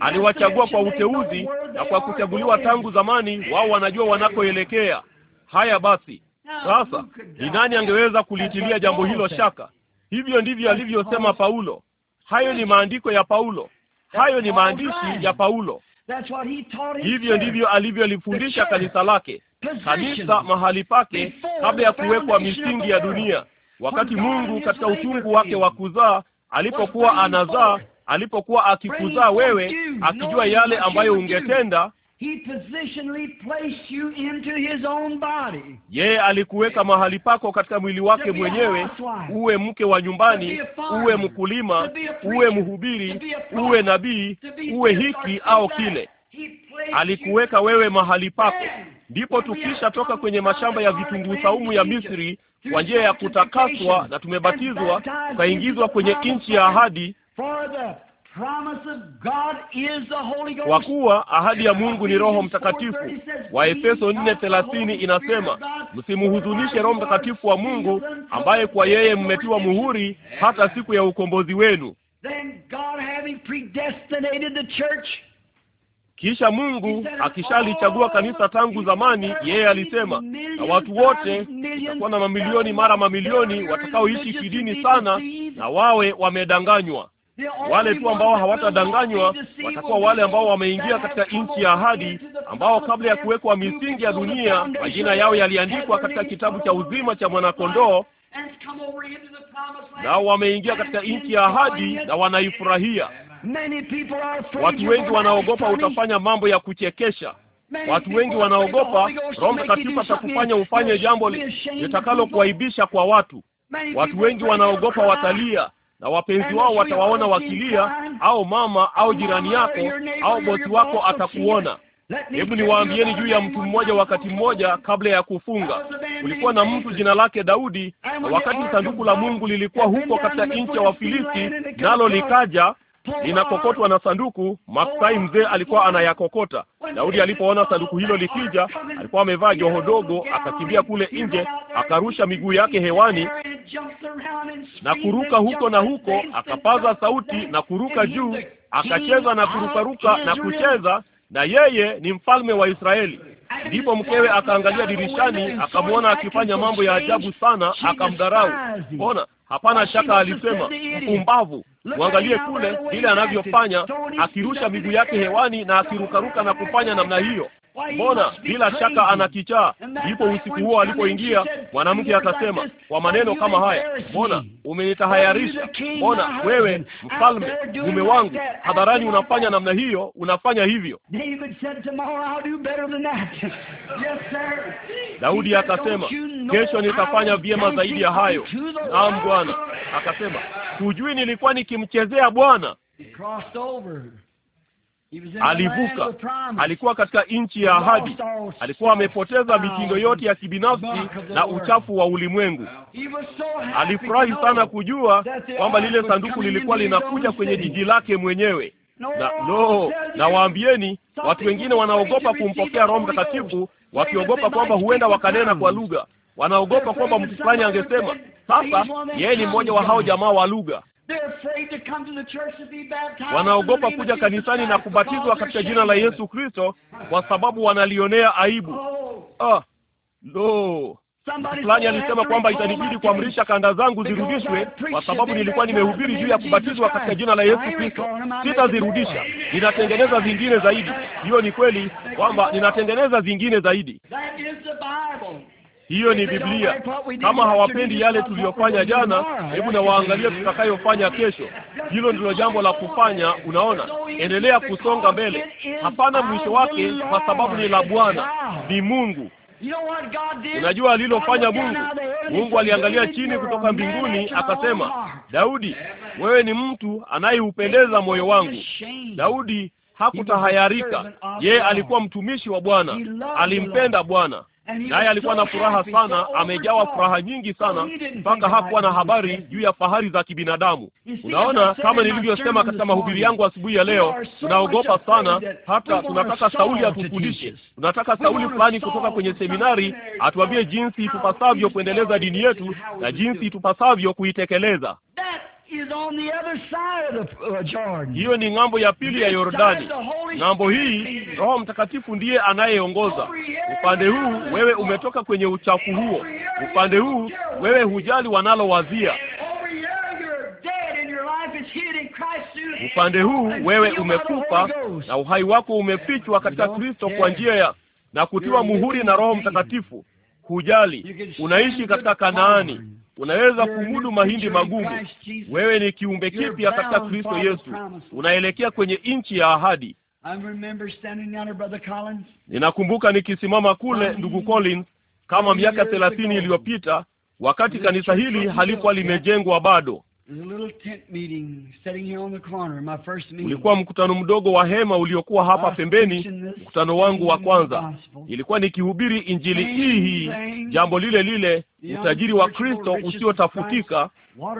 Aliwachagua kwa uteuzi na kwa kuchaguliwa tangu zamani, wao wanajua wanakoelekea. Haya basi, sasa ni nani angeweza kulitilia jambo hilo shaka? Hivyo ndivyo alivyosema Paulo. Hayo ni maandiko ya Paulo, hayo ni maandishi ya Paulo. Hivyo ndivyo alivyolifundisha kanisa lake, kanisa mahali pake kabla ya kuwekwa misingi ya dunia, wakati Mungu katika uchungu wake wa kuzaa, alipokuwa anazaa, alipokuwa akikuzaa wewe, akijua yale ambayo ungetenda yeye alikuweka mahali pako katika mwili wake mwenyewe, uwe mke wa nyumbani, uwe mkulima, uwe mhubiri, uwe nabii, uwe hiki au kile. Alikuweka wewe mahali pako. Ndipo tukisha toka kwenye mashamba ya vitunguu saumu ya Misri kwa njia ya kutakaswa na tumebatizwa, tukaingizwa kwenye nchi ya ahadi kwa kuwa ahadi ya Mungu ni Roho Mtakatifu. Waefeso nne thelathini inasema msimuhuzunishe Roho Mtakatifu wa Mungu ambaye kwa yeye mmetiwa muhuri hata siku ya ukombozi wenu. Kisha Mungu akishalichagua oh, kanisa tangu zamani, yeye alisema, na watu wote watakuwa na mamilioni mara mamilioni watakaoishi kidini sana na wawe wamedanganywa. Wale tu ambao hawatadanganywa watakuwa wale ambao wameingia katika nchi ya ahadi, ambao kabla ya kuwekwa misingi ya dunia majina yao yaliandikwa katika kitabu cha uzima cha mwanakondoo, nao wameingia katika nchi ya ahadi na wanaifurahia. Watu wengi wanaogopa utafanya mambo ya kuchekesha. Watu wengi wanaogopa Roho Mtakatifu atakufanya ufanye jambo litakalo kuaibisha kwa watu. Watu wengi wanaogopa watalia na wapenzi wao watawaona wakilia, au mama au jirani yako au bosi wako atakuona. Hebu niwaambieni juu ya mtu mmoja. Wakati mmoja kabla ya kufunga, kulikuwa na mtu jina lake Daudi, na wakati sanduku la Mungu lilikuwa huko katika nchi ya Wafilisti, nalo likaja linakokotwa na sanduku. Maksai mzee alikuwa anayakokota. Daudi alipoona sanduku hilo likija, alikuwa amevaa joho dogo, akakimbia kule nje, akarusha miguu yake hewani na kuruka huko na huko, akapaza sauti na kuruka juu, akacheza na kurukaruka na kucheza, na yeye ni mfalme wa Israeli. Ndipo mkewe akaangalia dirishani, akamwona akifanya mambo ya ajabu sana, akamdharau. Mbona Hapana shaka alisema, mpumbavu, mwangalie kule vile anavyofanya, akirusha miguu yake hewani na akirukaruka na kufanya namna hiyo mbona bila shaka ana kichaa. Ndipo usiku huo alipoingia mwanamke akasema kwa maneno kama haya, mbona umenitahayarisha? Mbona wewe mfalme, mume wangu, hadharani unafanya namna hiyo, unafanya hivyo? Oh, Daudi akasema, kesho nitafanya vyema zaidi ya hayo. Naam Bwana. Akasema, hujui nilikuwa nikimchezea Bwana alivuka, alikuwa katika nchi ya ahadi, alikuwa amepoteza mitindo yote ya kibinafsi na uchafu wa ulimwengu. Alifurahi sana kujua kwamba lile sanduku lilikuwa linakuja kwenye jiji lake mwenyewe. Na lo, nawaambieni, watu wengine wanaogopa kumpokea Roho Mtakatifu, wakiogopa kwamba huenda wakanena kwa lugha, wanaogopa kwamba mtu fulani angesema sasa yeye ni mmoja wa hao jamaa wa lugha. Wanaogopa kuja kanisani na kubatizwa katika jina la Yesu Kristo kwa sababu wanalionea aibu. Oh. Ah, lo fulani alisema kwamba itanibidi kuamrisha kanda zangu zirudishwe kwa sababu nilikuwa nimehubiri juu ya kubatizwa katika jina la Yesu Kristo. Sitazirudisha, ninatengeneza zingine zaidi. Hiyo ni kweli kwamba ninatengeneza zingine zaidi. Hiyo ni Biblia. Kama hawapendi yale tuliyofanya jana, hebu na waangalie tutakayofanya kesho. Hilo ndilo jambo la kufanya. Unaona, endelea kusonga mbele, hapana mwisho wake, kwa sababu ni la Bwana, ni Mungu. Unajua alilofanya Mungu? Mungu aliangalia chini kutoka mbinguni akasema, Daudi, wewe ni mtu anayeupendeza moyo wangu. Daudi hakutahayarika. Yeye alikuwa mtumishi wa Bwana, alimpenda Bwana naye alikuwa na furaha sana, amejawa furaha nyingi sana, mpaka hakuwa na habari juu ya fahari za kibinadamu. Unaona, kama nilivyosema katika mahubiri yangu asubuhi ya leo, tunaogopa sana, hata tunataka Sauli atufundishe, tunataka Sauli fulani kutoka kwenye seminari atuambie jinsi tupasavyo kuendeleza dini yetu na jinsi tupasavyo kuitekeleza. Uh, hiyo ni ng'ambo ya pili ya Yordani. Ng'ambo hii Roho Mtakatifu ndiye anayeongoza. Upande huu wewe umetoka kwenye uchafu huo, upande huu wewe hujali wanalowazia upande huu wewe umekufa na uhai wako umefichwa katika Kristo kwa njia ya na kutiwa muhuri na Roho Mtakatifu. Hujali, unaishi katika Kanaani, Unaweza kumudu mahindi magumu. Wewe ni kiumbe kipya katika Kristo Yesu, unaelekea kwenye nchi ya ahadi. Ninakumbuka nikisimama kule, ndugu Collins, kama miaka thelathini iliyopita wakati kanisa hili halikuwa limejengwa bado. Ulikuwa mkutano mdogo wa hema uliokuwa hapa pembeni, mkutano wangu wa kwanza. Ilikuwa nikihubiri injili hii hii, jambo lile lile, utajiri wa Kristo usiotafutika,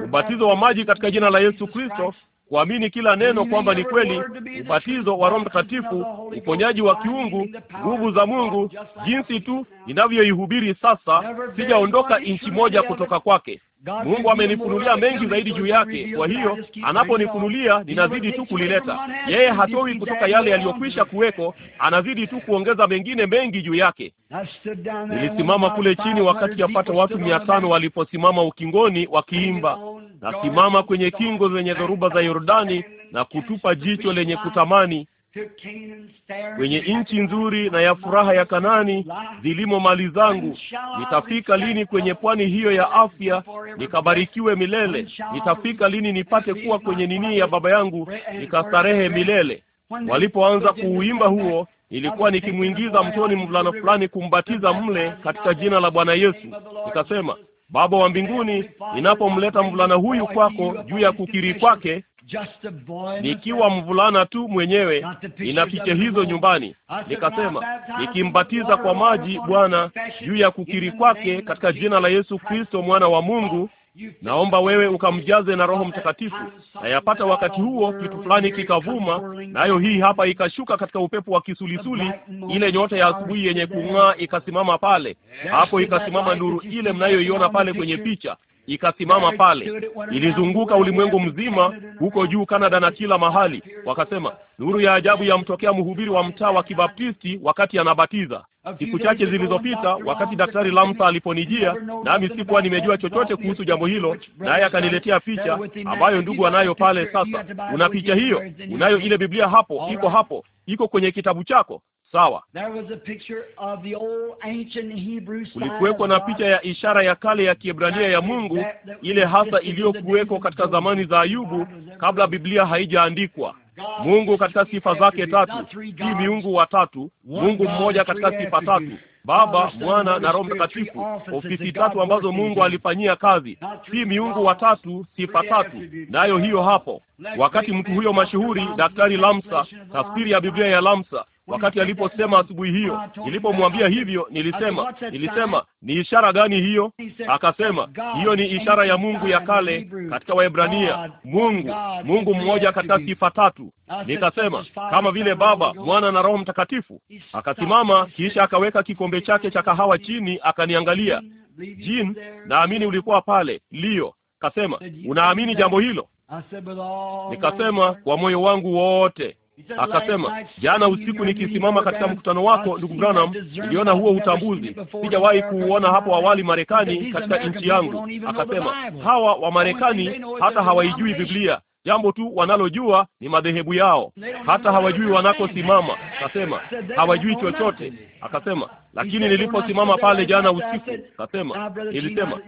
ubatizo wa maji katika jina la Yesu Kristo, kuamini kila neno kwamba ni kweli, ubatizo wa Roho Mtakatifu, uponyaji wa kiungu, nguvu za Mungu, jinsi tu inavyoihubiri sasa. Sijaondoka inchi moja kutoka kwake. Mungu amenifunulia mengi zaidi juu yake. Kwa hiyo anaponifunulia, ninazidi tu kulileta. Yeye hatoi kutoka yale yaliyokwisha kuweko, anazidi tu kuongeza mengine mengi juu yake. Nilisimama kule chini wakati yapata watu mia tano waliposimama ukingoni wakiimba, nasimama kwenye kingo zenye dhoruba za Yordani na kutupa jicho lenye kutamani kwenye nchi nzuri na ya furaha ya Kanani zilimo mali zangu. Nitafika lini kwenye pwani hiyo ya afya nikabarikiwe milele? Nitafika lini nipate kuwa kwenye nini ya baba yangu nikastarehe milele? Walipoanza kuuimba huo, nilikuwa nikimwingiza mtoni mvulana fulani kumbatiza mle katika jina la Bwana Yesu. Nikasema, Baba wa mbinguni, ninapomleta mvulana huyu kwako juu ya kukiri kwake nikiwa mvulana tu mwenyewe, nina picha hizo nyumbani. Nikasema, nikimbatiza kwa maji Bwana juu ya kukiri kwake katika jina la Yesu Kristo mwana wa Mungu, naomba wewe ukamjaze na Roho Mtakatifu. Na yapata wakati huo kitu fulani kikavuma, nayo hii hapa ikashuka katika upepo wa kisulisuli. Ile nyota ya asubuhi yenye kung'aa ikasimama pale, hapo ikasimama nuru ile mnayoiona pale kwenye picha ikasimama pale, ilizunguka ulimwengu mzima, huko juu Kanada na kila mahali. Wakasema nuru ya ajabu yamtokea mhubiri wa mtaa wa Kibaptisti wakati anabatiza. Siku chache zilizopita, wakati Daktari Lamsa aliponijia, nami sikuwa nimejua chochote kuhusu jambo hilo, naye akaniletea picha ambayo ndugu anayo pale. Sasa una picha hiyo, unayo ile Biblia hapo, iko hapo, iko kwenye kitabu chako. Sawa, kulikuwekwa na picha ya ishara ya kale ya Kiebrania ya Mungu, ile hasa iliyokuwekwa katika zamani za Ayubu, kabla Biblia haijaandikwa. Mungu katika sifa zake tatu, si miungu watatu. Mungu mmoja katika sifa tatu, Baba, Mwana na Roho Mtakatifu, ofisi tatu ambazo Mungu alifanyia kazi, si miungu watatu, sifa tatu. Nayo hiyo hapo, wakati mtu huyo mashuhuri, Daktari Lamsa, tafsiri ya Biblia ya Lamsa wakati aliposema asubuhi hiyo. Nilipomwambia hivyo, nilisema nilisema, ni ishara gani hiyo? Akasema hiyo ni ishara ya Mungu ya kale katika Waebrania, Mungu Mungu mmoja katika sifa tatu. Nikasema kama vile Baba, Mwana na Roho Mtakatifu. Akasimama kisha akaweka kikombe chake cha kahawa chini, akaniangalia. Jin, naamini ulikuwa pale. Lio kasema, unaamini jambo hilo? Nikasema kwa moyo wangu wote. Akasema, jana usiku nikisimama katika mkutano wako, ndugu Branham, niliona huo utambuzi. Sijawahi kuuona hapo awali Marekani, katika nchi yangu. Akasema hawa wa Marekani hata hawaijui Biblia, jambo tu wanalojua ni madhehebu yao, hata hawajui wanakosimama. Akasema hawajui chochote. Akasema lakini niliposimama pale jana usiku, akasema nilisema,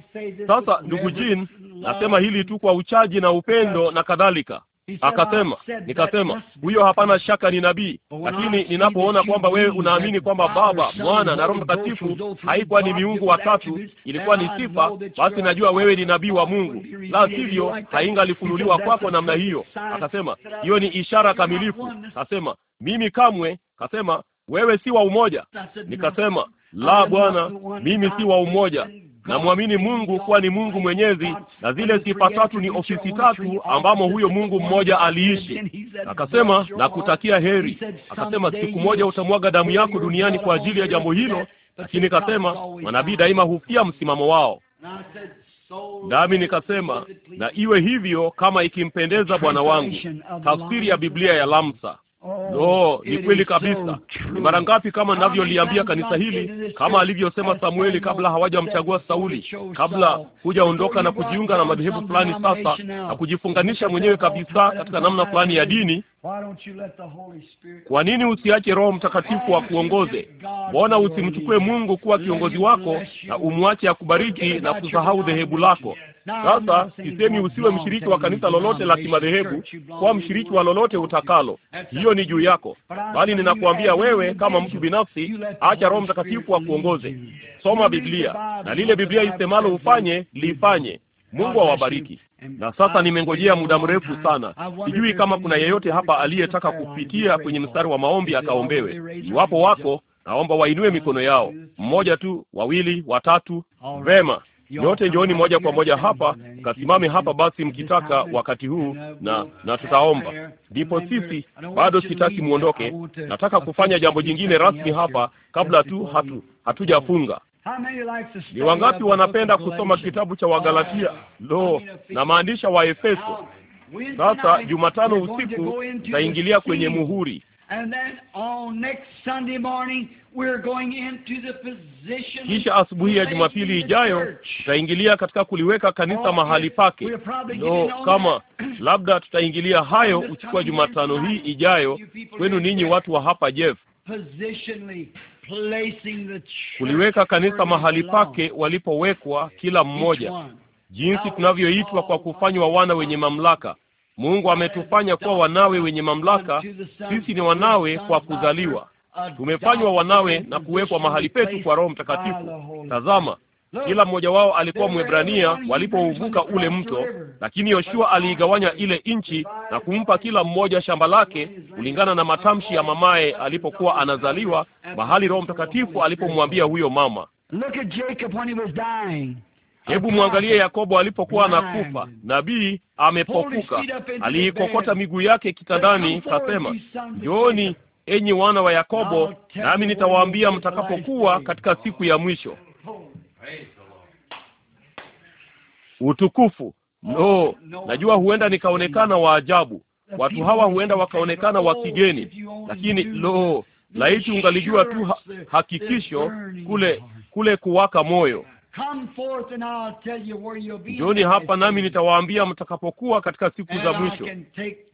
sasa ndugu Jean, nasema hili tu kwa uchaji na upendo na kadhalika Akasema, nikasema huyo hapana shaka ni nabii, lakini ninapoona kwamba wewe unaamini kwamba Baba, Mwana na Roho Mtakatifu haikuwa ni miungu watatu, ilikuwa ni sifa, basi najua wewe ni nabii wa Mungu, la sivyo haingalifunuliwa kwako namna hiyo. Akasema hiyo ni ishara kamilifu. Akasema mimi kamwe, akasema wewe si wa umoja. Nikasema la, Bwana, mimi si wa umoja Namwamini Mungu kuwa ni Mungu mwenyezi, na zile sifa tatu ni ofisi tatu ambamo huyo Mungu mmoja aliishi. Akasema, nakutakia heri. Akasema, siku moja utamwaga damu yako duniani kwa ajili ya jambo hilo, lakini kasema, manabii daima hufia msimamo wao. Nami nikasema, na iwe hivyo kama ikimpendeza Bwana wangu. Tafsiri ya Biblia ya Lamsa. Lo, oh, ni kweli kabisa. Ni mara ngapi kama ninavyoliambia kanisa hili, kama alivyosema Samueli kabla hawajamchagua Sauli, kabla hujaondoka na kujiunga na madhehebu fulani sasa na kujifunganisha mwenyewe kabisa katika namna fulani ya dini. Kwa nini usiache Roho Mtakatifu akuongoze? Mbona usimchukue Mungu kuwa kiongozi wako na umwache akubariki na kusahau dhehebu lako? Sasa sisemi usiwe mshiriki wa kanisa lolote la kimadhehebu, kuwa mshiriki wa lolote utakalo, hiyo ni juu yako, bali ninakuambia wewe kama mtu binafsi, acha Roho Mtakatifu akuongoze. Soma Biblia na lile Biblia isemalo ufanye, lifanye. Mungu awabariki. Na sasa nimengojea muda mrefu sana. Sijui kama kuna yeyote hapa aliyetaka kupitia kwenye mstari wa maombi akaombewe. Iwapo wako, naomba wainue mikono yao, mmoja tu, wawili, watatu. Vema, Nyote njooni moja kwa moja hapa, kasimame hapa basi mkitaka wakati huu, uh, na na tutaomba. Ndipo sisi bado sitaki muondoke, nataka kufanya jambo jingine rasmi hapa kabla tu hatu hatujafunga. Ni wangapi wanapenda kusoma kitabu cha Wagalatia? Lo, na maandisha wa Efeso. Sasa Jumatano usiku tutaingilia kwenye muhuri. Kisha asubuhi ya Jumapili ijayo tutaingilia katika kuliweka kanisa oh, mahali pake. No, kama labda tutaingilia hayo uchukua Jumatano hii ijayo kwenu ninyi watu wa hapa Jeff, kuliweka kanisa mahali pake walipowekwa kila mmoja, jinsi tunavyoitwa kwa kufanywa wana wenye mamlaka Mungu ametufanya kuwa wanawe wenye mamlaka. Sisi ni wanawe kwa kuzaliwa, tumefanywa wanawe na kuwekwa mahali petu kwa Roho Mtakatifu. Tazama, kila mmoja wao alikuwa Mwebrania walipouvuka ule mto, lakini Yoshua aliigawanya ile nchi na kumpa kila mmoja shamba lake kulingana na matamshi ya mamaye alipokuwa anazaliwa, mahali Roho Mtakatifu alipomwambia huyo mama. Hebu mwangalie Yakobo alipokuwa anakufa. Nabii amepofuka, aliikokota miguu yake kitandani, kasema, njooni enyi wana wa Yakobo, nami nitawaambia mtakapokuwa katika siku ya mwisho. Utukufu no, najua huenda nikaonekana wa ajabu, watu hawa huenda wakaonekana wa kigeni, lakini lo, laiti ungalijua tu ha hakikisho kule kule kuwaka moyo Njoni hapa nami nitawaambia mtakapokuwa katika siku za mwisho.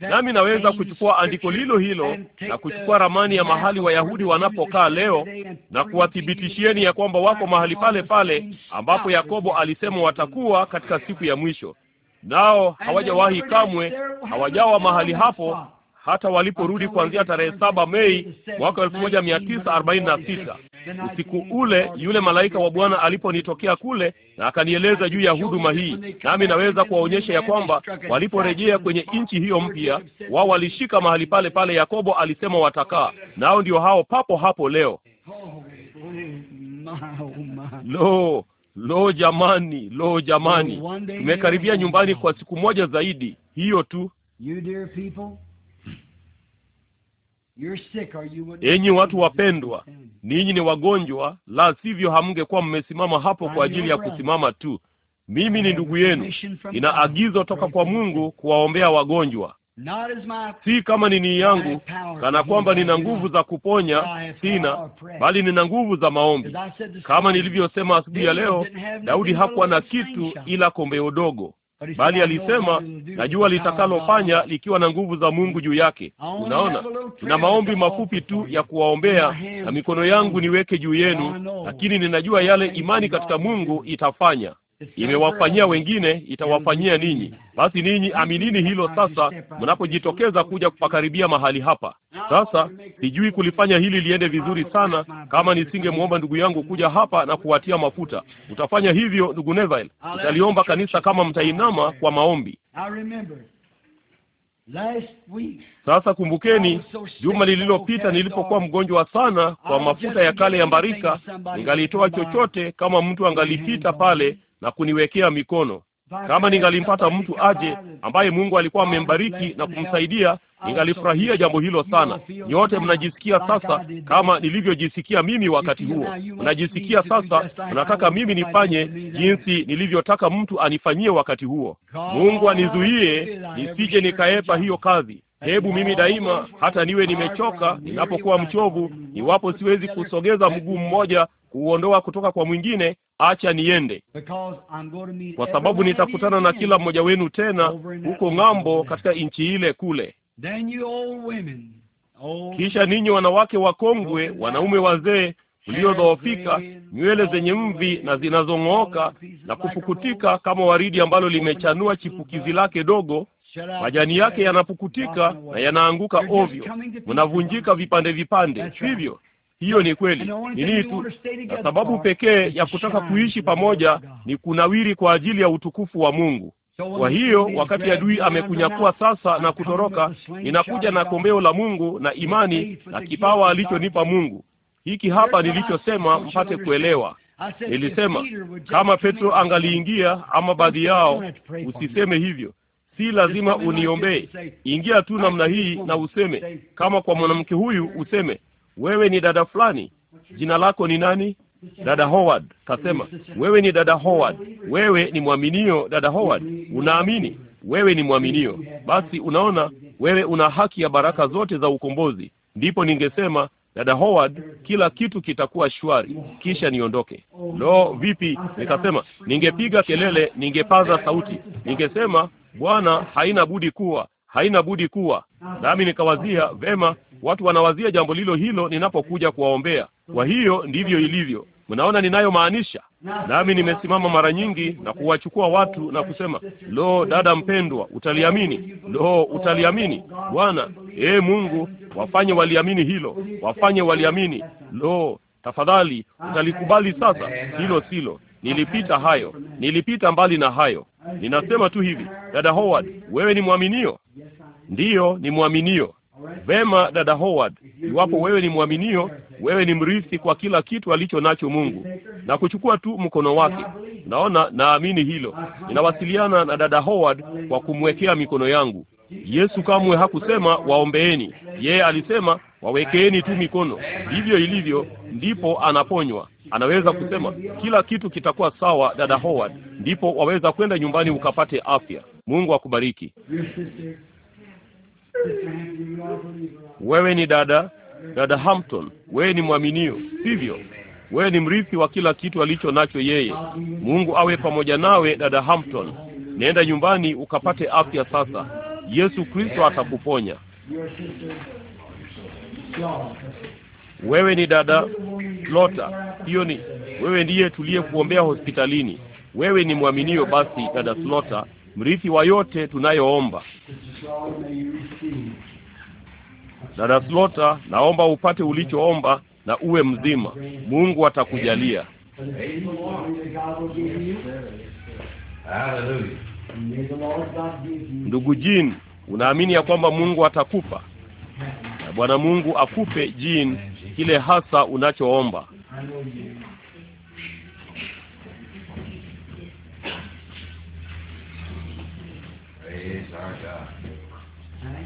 Nami naweza kuchukua andiko lilo hilo na kuchukua ramani ya mahali Wayahudi wanapokaa leo na kuwathibitishieni ya kwamba wako mahali pale pale ambapo Yakobo alisema watakuwa katika siku ya mwisho. Nao hawajawahi kamwe, hawajawa mahali hapo hata waliporudi kuanzia tarehe saba Mei mwaka elfu moja mia tisa arobaini na sita. Usiku ule yule malaika wa Bwana aliponitokea kule na akanieleza juu ya huduma hii, nami naweza kuwaonyesha ya kwamba waliporejea kwenye nchi hiyo mpya, wao walishika mahali pale pale Yakobo alisema watakaa, nao ndio hao papo hapo leo. Lo, lo jamani, lo jamani, tumekaribia nyumbani kwa siku moja zaidi, hiyo tu. Enyi watu wapendwa, ninyi ni wagonjwa, la sivyo hamngekuwa mmesimama hapo kwa ajili ya kusimama tu. Mimi ni ndugu yenu, ina agizo toka kwa Mungu kuwaombea wagonjwa, si kama nini yangu, kana kwamba nina nguvu za kuponya, sina, bali nina nguvu za maombi. Kama nilivyosema asubuhi ya leo, Daudi hakuwa na kitu ila kombeo dogo bali alisema najua litakalofanya likiwa na nguvu za Mungu juu yake. Unaona, tuna maombi mafupi tu ya kuwaombea, na mikono yangu niweke juu yenu, lakini ninajua yale imani katika Mungu itafanya imewafanyia wengine, itawafanyia ninyi. Basi ninyi aminini hilo sasa, mnapojitokeza kuja kupakaribia mahali hapa. Sasa sijui kulifanya hili liende vizuri sana kama nisingemwomba ndugu yangu kuja hapa na kuwatia mafuta. Utafanya hivyo ndugu Neville? Utaliomba kanisa kama mtainama kwa maombi. Sasa kumbukeni, juma lililopita nilipokuwa mgonjwa sana kwa mafuta ya kale ya mbarika, ningalitoa chochote kama mtu angalipita pale na kuniwekea mikono. Kama ningalimpata mtu aje ambaye Mungu alikuwa amembariki na kumsaidia Ah, Ningalifurahia jambo hilo sana. Nyote mnajisikia sasa kama nilivyojisikia mimi wakati huo. Mnajisikia sasa, mnataka mimi nifanye jinsi nilivyotaka mtu anifanyie wakati huo. Mungu anizuie nisije nikaepa hiyo kazi. Hebu mimi daima, hata niwe nimechoka, ninapokuwa mchovu, iwapo siwezi kusogeza mguu mmoja kuuondoa kutoka kwa mwingine, acha niende, kwa sababu nitakutana na kila mmoja wenu tena huko ng'ambo, katika nchi ile kule. Kisha ninyi wanawake wakongwe, wanaume wazee uliodhoofika nywele zenye mvi na zinazong'ooka na kupukutika kama waridi ambalo limechanua chipukizi lake dogo, majani yake yanapukutika na yanaanguka ovyo, mnavunjika vipande vipande, sivyo? Hiyo ni kweli. Nini tu, na sababu pekee ya kutaka kuishi pamoja ni kunawiri kwa ajili ya utukufu wa Mungu. Kwa hiyo wakati adui amekunyakua sasa na kutoroka, ninakuja na kombeo la Mungu na imani na kipawa alichonipa Mungu. Hiki hapa nilichosema mpate kuelewa. Nilisema kama Petro angaliingia ama baadhi yao, usiseme hivyo, si lazima uniombee. Ingia tu namna hii na useme, kama kwa mwanamke huyu useme, wewe ni dada fulani, jina lako ni nani? Dada Howard kasema, wewe ni dada Howard, wewe ni mwaminio. Dada Howard, unaamini wewe ni mwaminio, basi unaona wewe una haki ya baraka zote za ukombozi. Ndipo ningesema dada Howard, kila kitu kitakuwa shwari, kisha niondoke. Lo, vipi! Nikasema ningepiga kelele, ningepaza sauti, ningesema Bwana, haina budi kuwa, haina budi kuwa. Nami nikawazia vema, watu wanawazia jambo lilo hilo ninapokuja kuwaombea kwa hiyo ndivyo ilivyo. Mnaona ninayomaanisha? Nami nimesimama mara nyingi na kuwachukua watu na kusema, lo, dada mpendwa, utaliamini? Lo, utaliamini? Bwana, ee Mungu, wafanye waliamini hilo, wafanye waliamini. Lo, tafadhali, utalikubali sasa? Hilo silo Nilipita hayo, nilipita mbali na hayo. Ninasema tu hivi, dada Howard, wewe ni mwaminio? Ndiyo, ni mwaminio. Vema, dada Howard, iwapo wewe ni mwaminio, wewe ni mrithi kwa kila kitu alicho nacho Mungu, na kuchukua tu mkono wake. Naona, naamini hilo. Ninawasiliana na dada Howard kwa kumwekea mikono yangu. Yesu kamwe hakusema waombeeni, yeye alisema wawekeeni tu mikono. Ndivyo ilivyo, ndipo anaponywa. Anaweza kusema kila kitu kitakuwa sawa, dada Howard, ndipo waweza kwenda nyumbani ukapate afya. Mungu akubariki. Wewe ni dada dada Hampton, wewe ni mwaminio, sivyo? Wewe ni mrithi wa kila kitu alicho nacho yeye. Mungu awe pamoja nawe, dada Hampton. Nenda nyumbani ukapate afya sasa. Yesu Kristo atakuponya. Wewe ni dada Lota, hiyo ni wewe, ndiye tuliyekuombea hospitalini. Wewe ni mwaminio, basi dada Slota, mrithi wa yote tunayoomba. Dada Slota, naomba upate ulichoomba na uwe mzima. Mungu atakujalia. Ndugu Jean, unaamini ya kwamba Mungu atakupa? Na Bwana Mungu akupe Jean kile hasa unachoomba.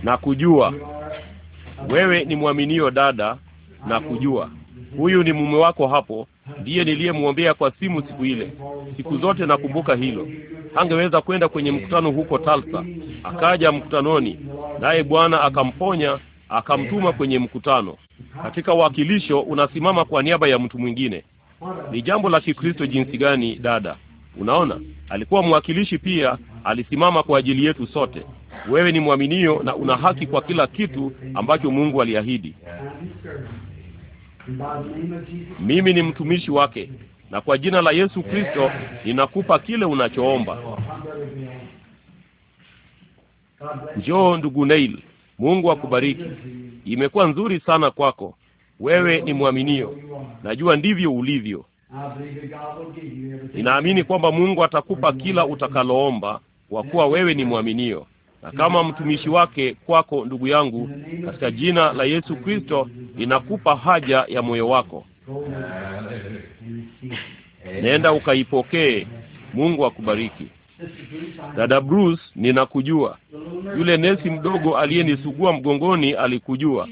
na kujua wewe ni mwaminio dada, na kujua huyu ni mume wako. Hapo ndiye niliyemwombea kwa simu siku ile. Siku zote nakumbuka hilo. Hangeweza kwenda kwenye mkutano huko Talsa, akaja mkutanoni, naye Bwana akamponya akamtuma kwenye mkutano. Katika uwakilisho unasimama kwa niaba ya mtu mwingine. Ni jambo la Kikristo jinsi gani, dada! Unaona, alikuwa mwakilishi pia, alisimama kwa ajili yetu sote. Wewe ni mwaminio na una haki kwa kila kitu ambacho Mungu aliahidi. Mimi ni mtumishi wake na kwa jina la Yesu Kristo ninakupa kile unachoomba. Njoo ndugu Neil, Mungu akubariki. Imekuwa nzuri sana kwako. Wewe ni mwaminio, najua ndivyo ulivyo. Ninaamini kwamba Mungu atakupa kila utakaloomba, kwa kuwa wewe ni mwaminio na kama mtumishi wake kwako, ndugu yangu, katika jina la Yesu Kristo, inakupa haja ya moyo wako. Nenda ukaipokee. Mungu akubariki. Dada Bruce, ninakujua. Yule nesi mdogo aliyenisugua mgongoni alikujua.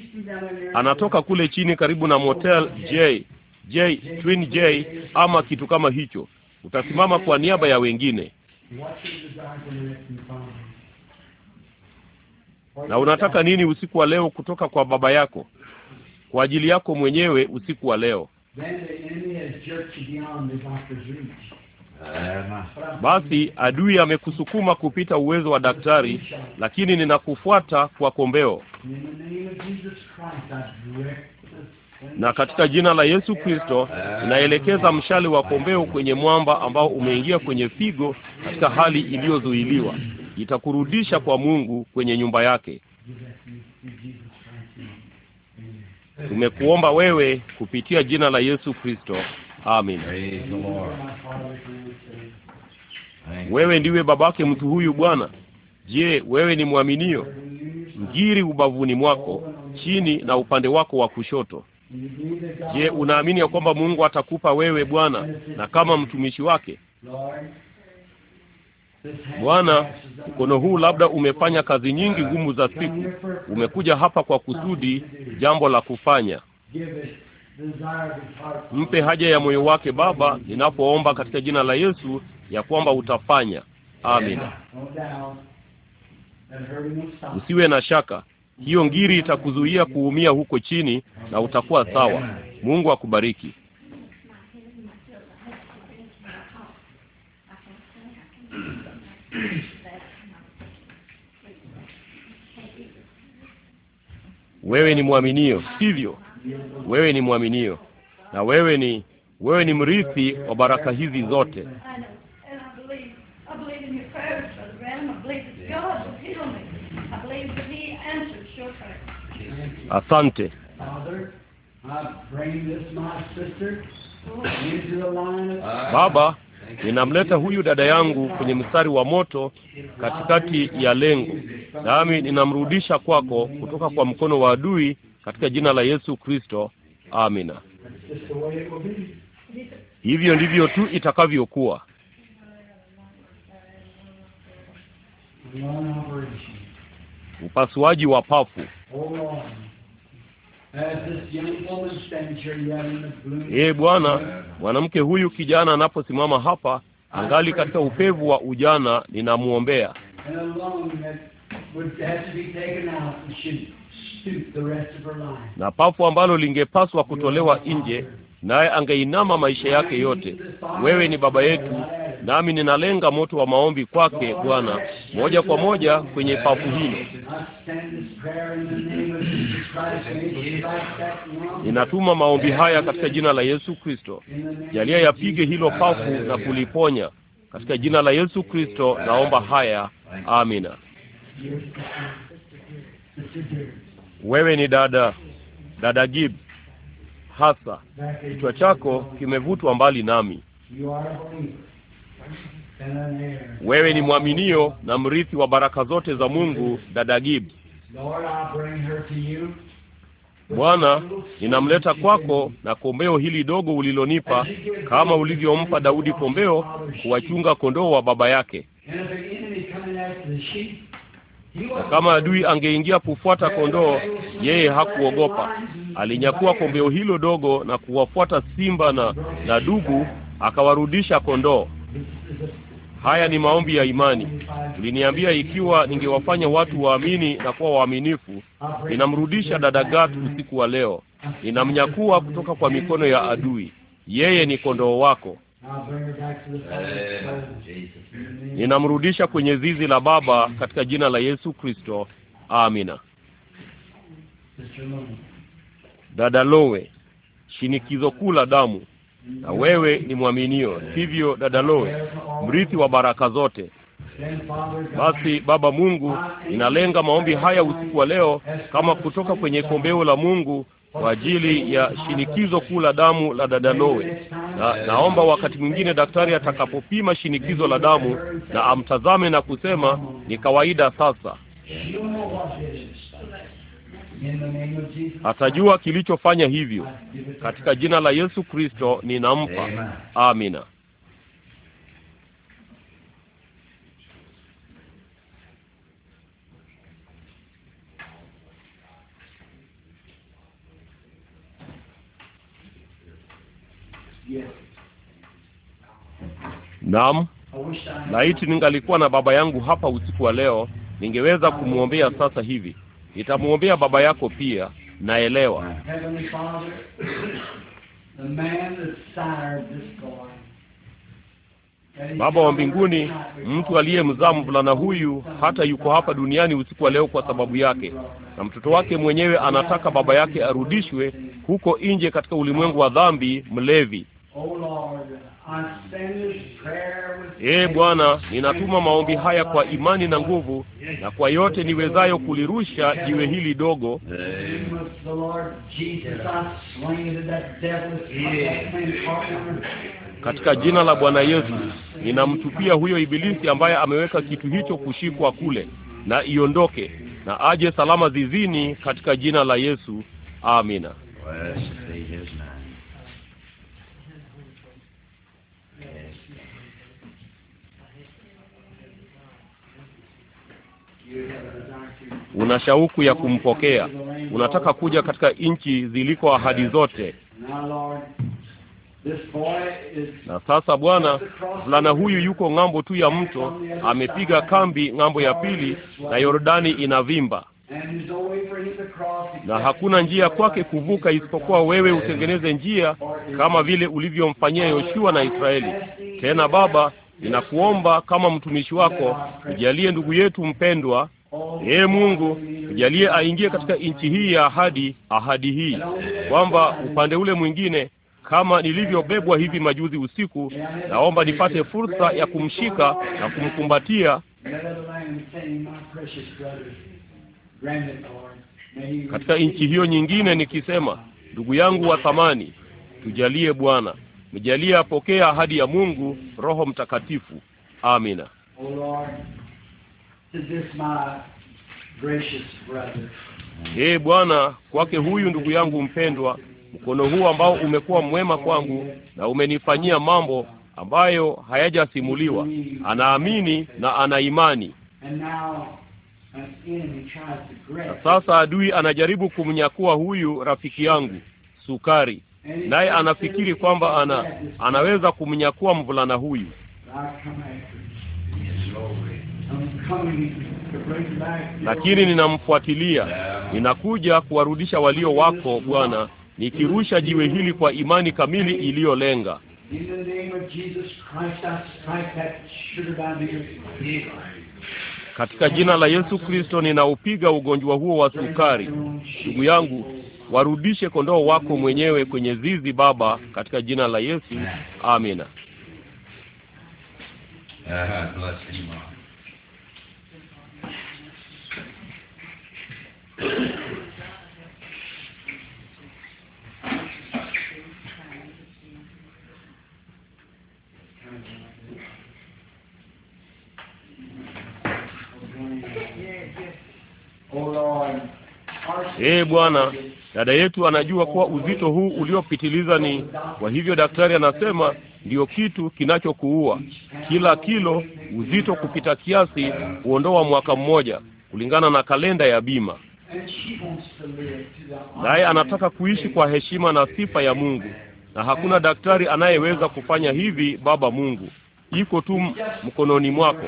Anatoka kule chini karibu na Motel J. J Twin J ama kitu kama hicho. Utasimama kwa niaba ya wengine na unataka nini usiku wa leo kutoka kwa baba yako, kwa ajili yako mwenyewe usiku wa leo? Basi adui amekusukuma kupita uwezo wa daktari, lakini ninakufuata kwa kombeo na katika jina la Yesu Kristo inaelekeza mshale wa kombeo kwenye mwamba ambao umeingia kwenye figo katika hali iliyozuiliwa. Itakurudisha kwa Mungu kwenye nyumba yake. Tumekuomba wewe kupitia jina la Yesu Kristo, amin. Wewe ndiwe babake mtu huyu Bwana. Je, wewe ni mwaminio? Ngiri ubavuni mwako chini na upande wako wa kushoto. Je, unaamini ya kwamba Mungu atakupa wewe bwana na kama mtumishi wake? Bwana, mkono huu labda umefanya kazi nyingi ngumu za siku. Umekuja hapa kwa kusudi, jambo la kufanya. Mpe haja ya moyo wake Baba, ninapoomba katika jina la Yesu ya kwamba utafanya. Amina. Usiwe na shaka. Hiyo ngiri itakuzuia kuumia huko chini na utakuwa sawa. Mungu akubariki. Wewe ni mwaminio, sivyo? Wewe ni mwaminio, na wewe ni wewe ni mrithi wa baraka hizi zote. Asante. Baba, ninamleta huyu dada yangu kwenye mstari wa moto katikati ya lengo, nami ninamrudisha kwako kutoka kwa mkono wa adui katika jina la Yesu Kristo, amina. Hivyo ndivyo tu itakavyokuwa. Upasuaji wa pafu. Ee Bwana, mwanamke huyu kijana anaposimama hapa angali katika upevu wa ujana, ninamwombea na pafu ambalo lingepaswa kutolewa nje, naye angeinama maisha yake yote. Wewe ni baba yetu nami ninalenga moto wa maombi kwake Bwana moja kwa moja kwenye pafu hilo. Ninatuma maombi haya katika jina la Yesu Kristo. Jalia yapige hilo pafu na kuliponya katika jina la Yesu Kristo. Naomba haya, amina. Wewe ni dada dada Gib, hasa kichwa chako kimevutwa mbali nami. Wewe ni mwaminio na mrithi wa baraka zote za Mungu, dada Gib. Bwana, ninamleta kwako na kombeo hili dogo ulilonipa, kama ulivyompa Daudi kombeo kuwachunga kondoo wa baba yake. Na kama adui angeingia kufuata kondoo, yeye hakuogopa. Alinyakua kombeo hilo dogo na kuwafuata simba na na dubu, akawarudisha kondoo. Haya ni maombi ya imani. Uliniambia ikiwa ningewafanya watu waamini na kuwa waaminifu. Ninamrudisha dada Gatu usiku wa leo, ninamnyakua kutoka kwa mikono ya adui. Yeye ni kondoo wako. ninamrudisha kwenye zizi la Baba katika jina la Yesu Kristo, amina. Dada Lowe, shinikizo kuu la damu na wewe ni mwaminio, sivyo dada Lowe, mrithi wa baraka zote. Basi Baba Mungu, ninalenga maombi haya usiku wa leo kama kutoka kwenye kombeo la Mungu kwa ajili ya shinikizo kuu la damu la dada Lowe, na naomba wakati mwingine daktari atakapopima shinikizo la damu na amtazame na kusema ni kawaida sasa atajua kilichofanya hivyo. Katika jina la Yesu Kristo ninampa. Amina. Naam, laiti ningalikuwa na baba yangu hapa usiku wa leo, ningeweza kumwombea sasa hivi itamwombea baba yako pia, naelewa Baba wa mbinguni, mtu aliyemzaa mvulana huyu hata yuko hapa duniani usiku wa leo kwa sababu yake, na mtoto wake mwenyewe anataka baba yake arudishwe huko nje katika ulimwengu wa dhambi mlevi. Ee Bwana, ninatuma maombi haya kwa imani na nguvu na kwa yote niwezayo kulirusha jiwe hili dogo. Katika jina la Bwana Yesu, ninamtupia huyo ibilisi ambaye ameweka kitu hicho kushikwa kule, na iondoke na aje salama zizini katika jina la Yesu. Amina. Una shauku ya kumpokea, unataka kuja katika nchi ziliko ahadi zote. Na sasa Bwana, mvulana huyu yuko ng'ambo tu ya mto, amepiga kambi ng'ambo ya pili, na Yordani inavimba na hakuna njia kwake kuvuka isipokuwa wewe utengeneze njia, kama vile ulivyomfanyia Yoshua na Israeli. Tena Baba, ninakuomba kama mtumishi wako, ujalie ndugu yetu mpendwa Ee Mungu, mjalie aingie katika nchi hii ya ahadi, ahadi hii kwamba upande ule mwingine, kama nilivyobebwa hivi majuzi usiku, naomba nipate fursa ya kumshika na kumkumbatia katika nchi hiyo nyingine, nikisema ndugu yangu wa thamani, tujalie Bwana. Mjalie apokee ahadi ya Mungu Roho Mtakatifu. Amina. Oh Bwana, kwake huyu ndugu yangu mpendwa, mkono huu ambao umekuwa mwema kwangu na umenifanyia mambo ambayo hayajasimuliwa, anaamini na ana imani. Na sasa adui anajaribu kumnyakua huyu rafiki yangu sukari naye anafikiri kwamba ana, anaweza kumnyakua mvulana huyu. Lakini ninamfuatilia, ninakuja kuwarudisha walio wako, Bwana, nikirusha jiwe hili kwa imani kamili iliyolenga. Katika jina la Yesu Kristo ninaupiga ugonjwa huo wa sukari. Ndugu yangu, warudishe kondoo wako mwenyewe kwenye zizi, Baba, katika jina la Yesu, amina. Ee Bwana, Dada yetu anajua kuwa uzito huu uliopitiliza ni kwa hivyo, daktari anasema ndiyo kitu kinachokuua. Kila kilo uzito kupita kiasi huondoa mwaka mmoja kulingana na kalenda ya bima, naye anataka kuishi kwa heshima na sifa ya Mungu, na hakuna daktari anayeweza kufanya hivi. Baba Mungu, iko tu mkononi mwako.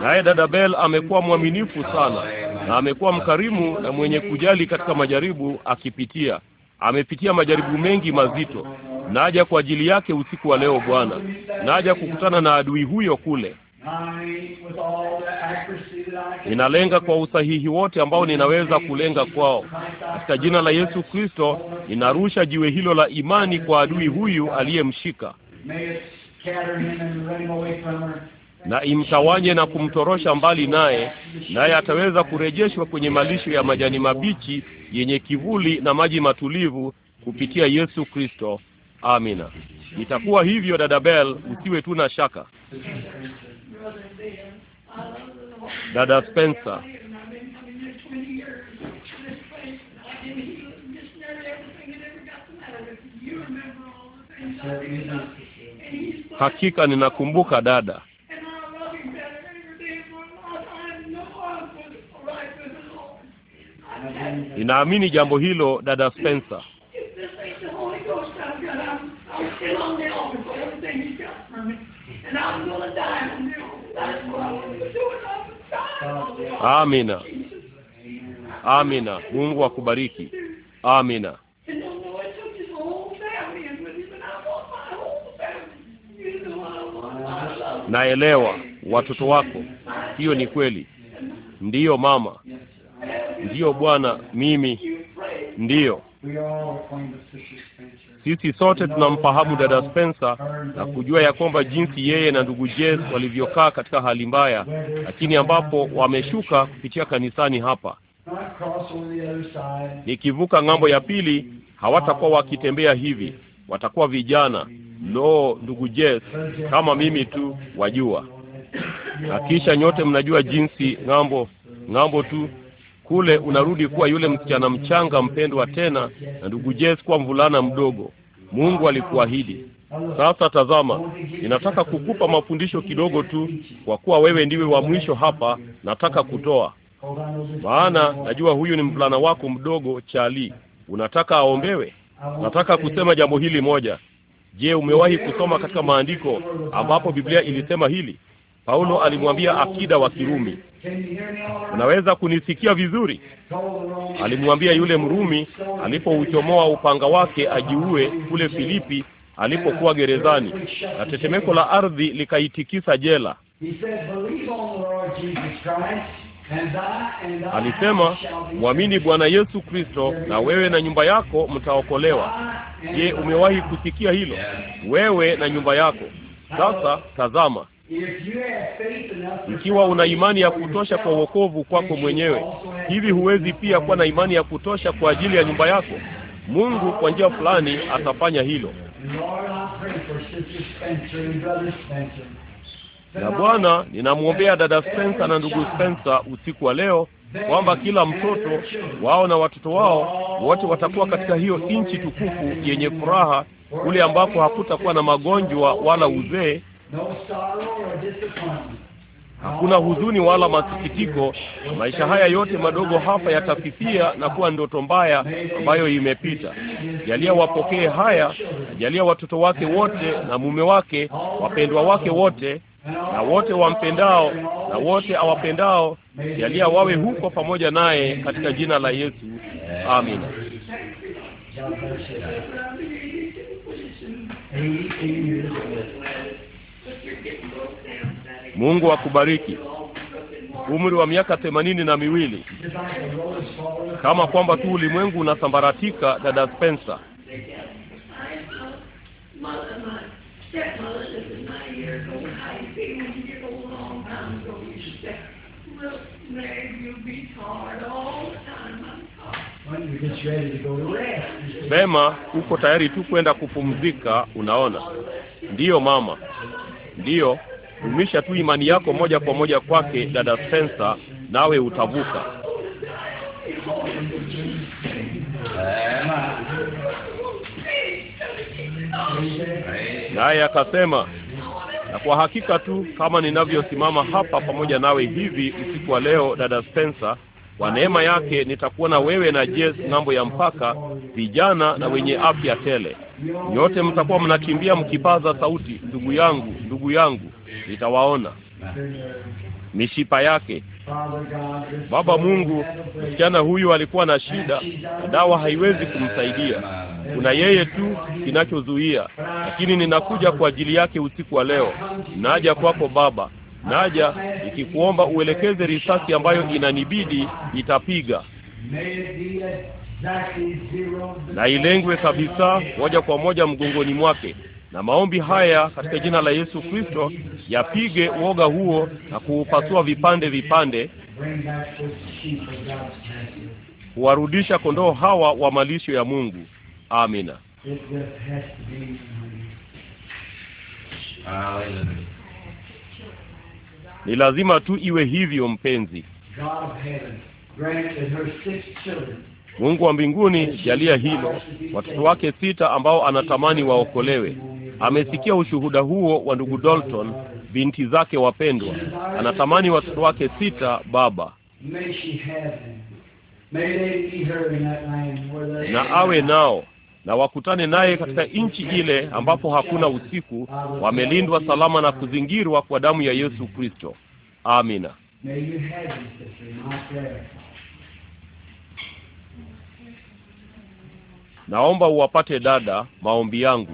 Naye dada Bell amekuwa mwaminifu sana na amekuwa mkarimu na mwenye kujali katika majaribu akipitia. Amepitia majaribu mengi mazito. Naja kwa ajili yake usiku wa leo Bwana. Naja kukutana na adui huyo kule. Ninalenga kwa usahihi wote ambao ninaweza kulenga kwao. Katika jina la Yesu Kristo, ninarusha jiwe hilo la imani kwa adui huyu aliyemshika na imtawanye na kumtorosha mbali naye, naye ataweza kurejeshwa kwenye malisho ya majani mabichi yenye kivuli na maji matulivu kupitia Yesu Kristo. Amina, itakuwa hivyo. Dada Bell, usiwe tu na shaka. Dada Spencer, Hakika ninakumbuka dada. Ninaamini jambo hilo dada Spencer. Amina, amina. Mungu akubariki. Amina. naelewa watoto wako. Hiyo ni kweli. Ndiyo mama, ndiyo bwana, mimi ndiyo sisi sote tunamfahamu dada Spencer na kujua ya kwamba jinsi yeye na ndugu Jess walivyokaa katika hali mbaya, lakini ambapo wameshuka kupitia kanisani hapa. Nikivuka ng'ambo ya pili, hawatakuwa wakitembea hivi, watakuwa vijana Lo, ndugu Jes, kama mimi tu wajua. Na kisha nyote mnajua jinsi ng'ambo ng'ambo tu kule unarudi kuwa yule msichana mchanga mpendwa tena, na ndugu Jes kuwa mvulana mdogo. Mungu alikuahidi. Sasa tazama, ninataka kukupa mafundisho kidogo tu, kwa kuwa wewe ndiwe wa mwisho hapa. Nataka kutoa, maana najua huyu ni mvulana wako mdogo Charlie. Unataka aombewe? Nataka kusema jambo hili moja. Je, umewahi kusoma katika maandiko ambapo Biblia ilisema hili? Paulo alimwambia akida wa Kirumi, unaweza kunisikia vizuri? Alimwambia yule Mrumi alipouchomoa upanga wake ajiue kule Filipi alipokuwa gerezani, na tetemeko la ardhi likaitikisa jela. Alisema, mwamini Bwana Yesu Kristo na wewe na nyumba yako mtaokolewa. Je, umewahi kusikia hilo? Wewe na nyumba yako. Sasa tazama, ikiwa una imani ya kutosha kwa wokovu kwako mwenyewe, hivi huwezi pia kuwa na imani ya kutosha kwa ajili ya nyumba yako? Mungu kwa njia fulani atafanya hilo. Na Bwana, ninamwombea dada Spencer na ndugu Spencer usiku wa leo kwamba kila mtoto wao na watoto wao wote watakuwa katika hiyo nchi tukufu yenye furaha, kule ambapo hakutakuwa na magonjwa wala uzee hakuna huzuni wala masikitiko. Maisha haya yote madogo hapa yatafifia na kuwa ndoto mbaya ambayo imepita. Jalia wapokee haya, jalia watoto wake wote na mume wake, wapendwa wake wote na wote wampendao na wote awapendao, jalia wawe huko pamoja naye katika jina la Yesu, amina. Mungu akubariki. Umri wa miaka themanini na miwili. Kama kwamba tu ulimwengu unasambaratika, dada Spencer. Bema, uko tayari tu kwenda kupumzika, unaona? Ndiyo mama, ndiyo. Dumisha tu imani yako moja kwa moja kwake, dada Spencer, nawe utavuka. Naye akasema, na kwa hakika tu kama ninavyosimama hapa pamoja nawe hivi usiku wa leo, dada Spencer, kwa neema yake nitakuona wewe na Jess ng'ambo ya mpaka, vijana na wenye afya tele. Nyote mtakuwa mnakimbia mkipaza sauti, ndugu yangu, ndugu yangu nitawaona mishipa yake. Baba Mungu, msichana huyu alikuwa na shida na dawa haiwezi kumsaidia. Kuna yeye tu kinachozuia, lakini ninakuja kwa ajili yake usiku wa leo. Naja kwako Baba, naja ikikuomba uelekeze risasi ambayo inanibidi itapiga na ilengwe kabisa moja kwa moja mgongoni mwake na maombi haya katika jina la Yesu Kristo yapige uoga huo na kuupasua vipande vipande, kuwarudisha kondoo hawa wa malisho ya Mungu. Amina. Ni lazima tu iwe hivyo, mpenzi. Mungu wa mbinguni jalia hilo watoto wake sita ambao anatamani waokolewe. Amesikia ushuhuda huo wa ndugu Dalton, binti zake wapendwa. Anatamani watoto wake sita, Baba, na awe nao na wakutane naye katika nchi ile ambapo hakuna usiku, wamelindwa salama na kuzingirwa kwa damu ya Yesu Kristo. Amina. Naomba uwapate dada maombi yangu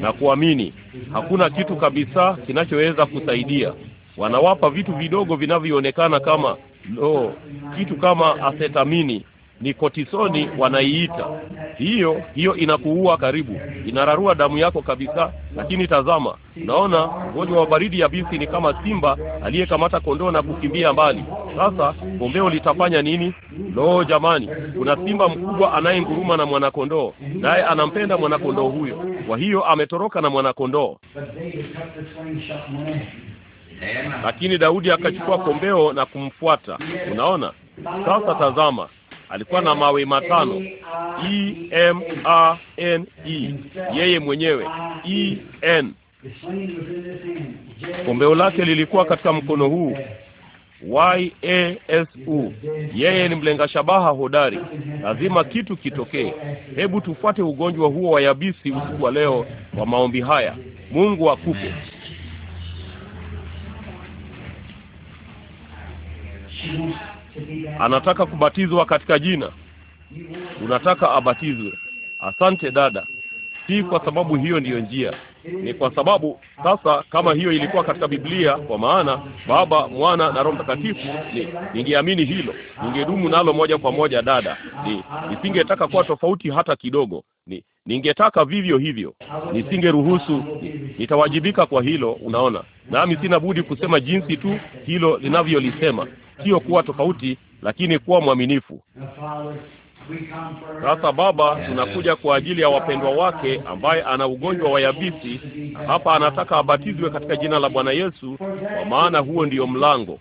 na kuamini, hakuna kitu kabisa kinachoweza kusaidia. Wanawapa vitu vidogo vinavyoonekana kama lo, oh, no, kitu kama asetamini ni kotisoni wanaiita hiyo. Hiyo inakuua karibu, inararua damu yako kabisa. Lakini tazama, naona mgonjwa wa baridi ya bisi ni kama simba aliyekamata kondoo na kukimbia mbali. Sasa kombeo litafanya nini? Lo, jamani, kuna simba mkubwa anayenguruma na mwanakondoo, naye anampenda mwanakondoo huyo. Kwa hiyo ametoroka na mwanakondoo lakini Daudi akachukua kombeo na kumfuata. Unaona sasa, tazama, alikuwa na mawe matano E M A N E, yeye mwenyewe E N. Kombeo lake lilikuwa katika mkono huu Y A S U. Yeye ni mlenga shabaha hodari, lazima kitu kitokee. Hebu tufuate ugonjwa huo wa yabisi usiku wa leo wa maombi haya. Mungu akupe anataka kubatizwa katika jina. Unataka abatizwe. Asante dada. Si kwa sababu hiyo ndiyo njia, ni kwa sababu sasa, kama hiyo ilikuwa katika Biblia, kwa maana Baba, Mwana na Roho Mtakatifu, ni ningeamini hilo, ningedumu nalo moja kwa moja. Dada, ni nisingetaka kuwa tofauti hata kidogo, ni ningetaka vivyo hivyo, nisingeruhusu nitawajibika kwa hilo. Unaona, nami sina budi kusema jinsi tu hilo linavyolisema sio kuwa tofauti, lakini kuwa mwaminifu. Sasa Baba, tunakuja kwa ajili ya wapendwa wake ambaye ana ugonjwa wa yabisi, na hapa anataka abatizwe katika jina la Bwana Yesu, kwa maana huo ndiyo mlango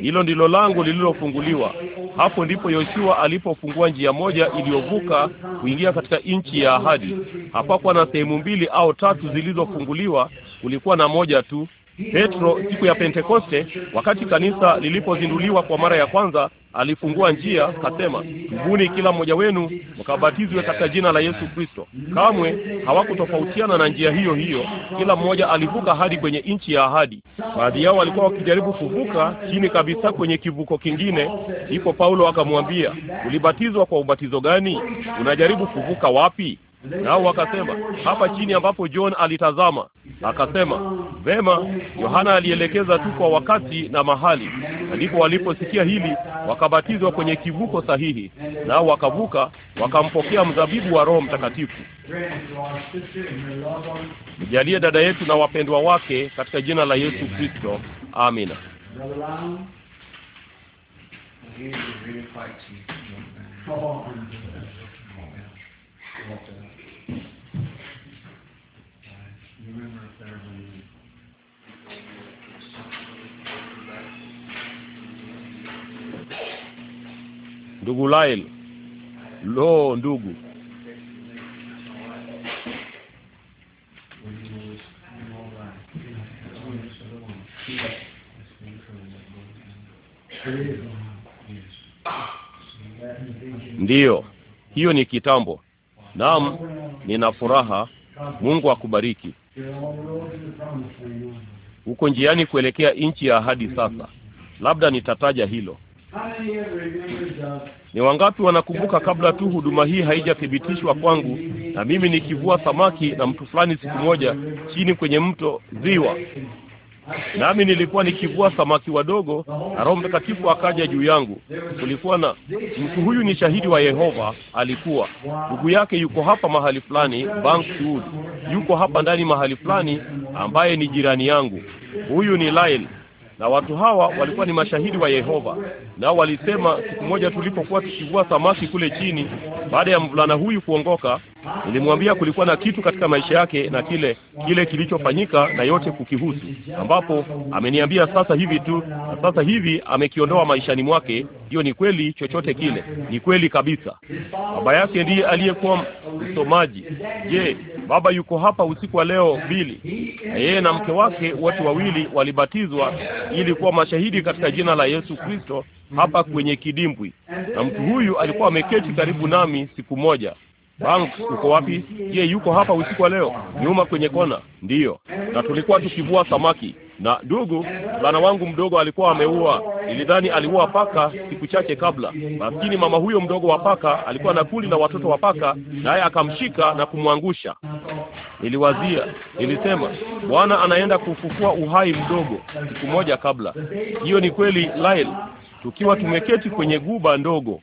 hilo ndilo lango lililofunguliwa. Hapo ndipo Yoshua alipofungua njia moja iliyovuka kuingia katika nchi ya ahadi. Hapakuwa na sehemu mbili au tatu zilizofunguliwa, kulikuwa na moja tu, Petro siku ya Pentekoste, wakati kanisa lilipozinduliwa kwa mara ya kwanza, alifungua njia akasema, tubuni kila mmoja wenu mkabatizwe katika jina la Yesu Kristo. Kamwe hawakutofautiana na njia hiyo hiyo, kila mmoja alivuka hadi kwenye nchi ya ahadi. Baadhi yao walikuwa wakijaribu kuvuka chini kabisa kwenye kivuko kingine, ndipo Paulo akamwambia, ulibatizwa kwa ubatizo gani? Unajaribu kuvuka wapi? Nao wakasema hapa chini ambapo John alitazama, akasema vema, Yohana alielekeza tu kwa wakati na mahali. Ndipo waliposikia hili wakabatizwa kwenye kivuko sahihi, nao wakavuka wakampokea mzabibu wa Roho Mtakatifu. Mjalie dada yetu na wapendwa wake katika jina la Yesu Kristo, amina. remember if there's any. Ndugu Lail, lo ndugu Ndiyo, hiyo ni kitambo. Naam, nina furaha. Mungu akubariki uko njiani kuelekea nchi ya ahadi. Sasa labda nitataja hilo. Ni wangapi wanakumbuka kabla tu huduma hii haijathibitishwa kwangu na mimi nikivua samaki na mtu fulani siku moja chini kwenye mto ziwa, nami nilikuwa nikivua samaki wadogo, na Roho Mtakatifu akaja juu yangu. Kulikuwa na mtu huyu, ni shahidi wa Yehova, alikuwa ndugu yake, yuko hapa mahali fulani, Bankswood, yuko hapa ndani mahali fulani, ambaye ni jirani yangu. Huyu ni Lyle na watu hawa walikuwa ni mashahidi wa Yehova, nao walisema siku moja tulipokuwa tukivua samaki kule chini, baada ya mvulana huyu kuongoka, Nilimwambia kulikuwa na kitu katika maisha yake na kile kile kilichofanyika na yote kukihusu, ambapo ameniambia sasa hivi tu na sasa hivi amekiondoa maishani mwake. Hiyo ni kweli, chochote kile ni kweli kabisa. Baba yake ndiye aliyekuwa msomaji. Je, baba yuko hapa usiku wa leo Bili? Na yeye na mke wake wote wawili walibatizwa ili kuwa mashahidi katika jina la Yesu Kristo hapa kwenye kidimbwi, na mtu huyu alikuwa ameketi karibu nami siku moja Banks, uko wapi? Je, yuko hapa usiku wa leo? Nyuma kwenye kona. Ndiyo, na tulikuwa tukivua samaki na ndugu, bana wangu mdogo alikuwa ameua, nilidhani aliua paka siku chache kabla. Maskini mama huyo mdogo wa paka alikuwa na kuli na watoto wa paka, naye akamshika na kumwangusha. Niliwazia, nilisema, Bwana anaenda kufufua uhai mdogo siku moja kabla. Hiyo ni kweli, Lyle, tukiwa tumeketi kwenye guba ndogo,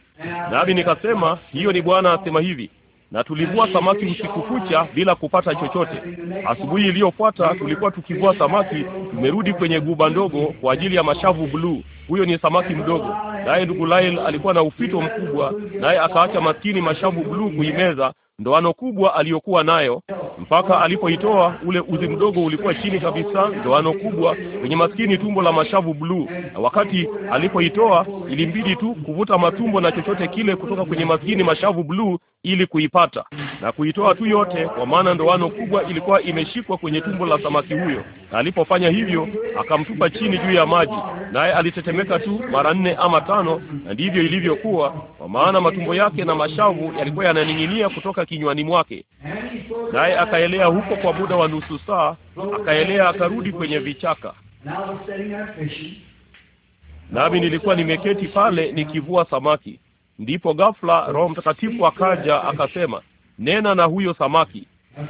nami nikasema, hiyo ni Bwana asema hivi na tulivua samaki usiku kucha bila kupata chochote. Asubuhi iliyofuata tulikuwa tukivua samaki, tumerudi kwenye guba ndogo kwa ajili ya mashavu bluu. Huyo ni samaki mdogo, naye ndugu lail alikuwa na ufito mkubwa, naye akaacha maskini mashavu bluu kuimeza ndoano kubwa aliyokuwa nayo, mpaka alipoitoa ule uzi mdogo ulikuwa chini kabisa, ndoano kubwa kwenye maskini tumbo la mashavu bluu. Na wakati alipoitoa ilimbidi tu kuvuta matumbo na chochote kile kutoka kwenye maskini mashavu bluu ili kuipata na kuitoa tu yote, kwa maana ndoano kubwa ilikuwa imeshikwa kwenye tumbo la samaki huyo. Na alipofanya hivyo, akamtupa chini juu ya maji, naye alitetemeka tu mara nne ama tano, na ndivyo ilivyokuwa, kwa maana matumbo yake na mashavu yalikuwa yananing'inia kutoka kinywani mwake, naye akaelea huko kwa muda wa nusu saa, akaelea akarudi kwenye vichaka. Nami nilikuwa nimeketi pale nikivua samaki, ndipo ghafla Roho Mtakatifu akaja akasema, nena na huyo samaki.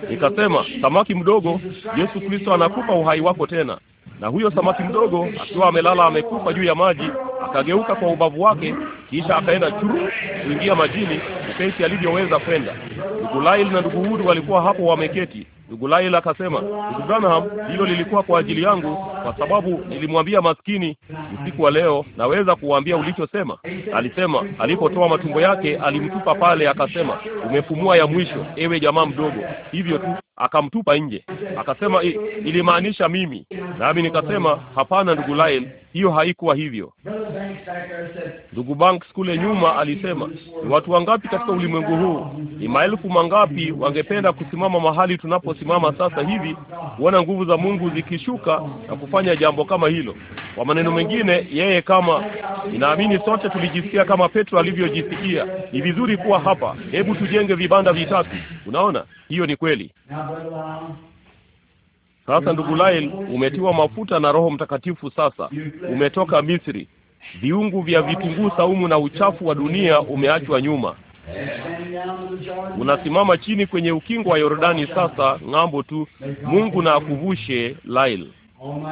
Nikasema, samaki mdogo, Yesu Kristo anakupa uhai wako tena. Na huyo samaki mdogo akiwa amelala amekufa juu ya maji, akageuka kwa ubavu wake, kisha akaenda churu kuingia majini upesi alivyoweza kwenda. Ndugu Lail na ndugu Hudu walikuwa hapo wameketi, Ndugu Laila akasema, ndugu Branham, hilo lilikuwa kwa ajili yangu, kwa sababu nilimwambia maskini usiku wa leo, naweza kuwaambia ulichosema. Alisema alipotoa matumbo yake alimtupa pale, akasema umefumua ya mwisho, ewe jamaa mdogo. Hivyo tu akamtupa nje, akasema ilimaanisha mimi, nami nikasema hapana, ndugu Laila, hiyo haikuwa hivyo. Ndugu Banks kule nyuma alisema, ni watu wangapi katika ulimwengu huu, ni maelfu mangapi wangependa kusimama mahali tunaposimama sasa hivi, kuona nguvu za Mungu zikishuka na kufanya jambo kama hilo. Kwa maneno mengine, yeye kama ninaamini, sote tulijisikia kama Petro alivyojisikia, ni vizuri kuwa hapa, hebu tujenge vibanda vitatu. Unaona, hiyo ni kweli. Sasa ndugu lail umetiwa mafuta na Roho Mtakatifu. Sasa umetoka Misri, viungu vya vitunguu saumu na uchafu wa dunia umeachwa nyuma. Unasimama chini kwenye ukingo wa Yordani sasa, ng'ambo tu. Mungu na akuvushe lail oh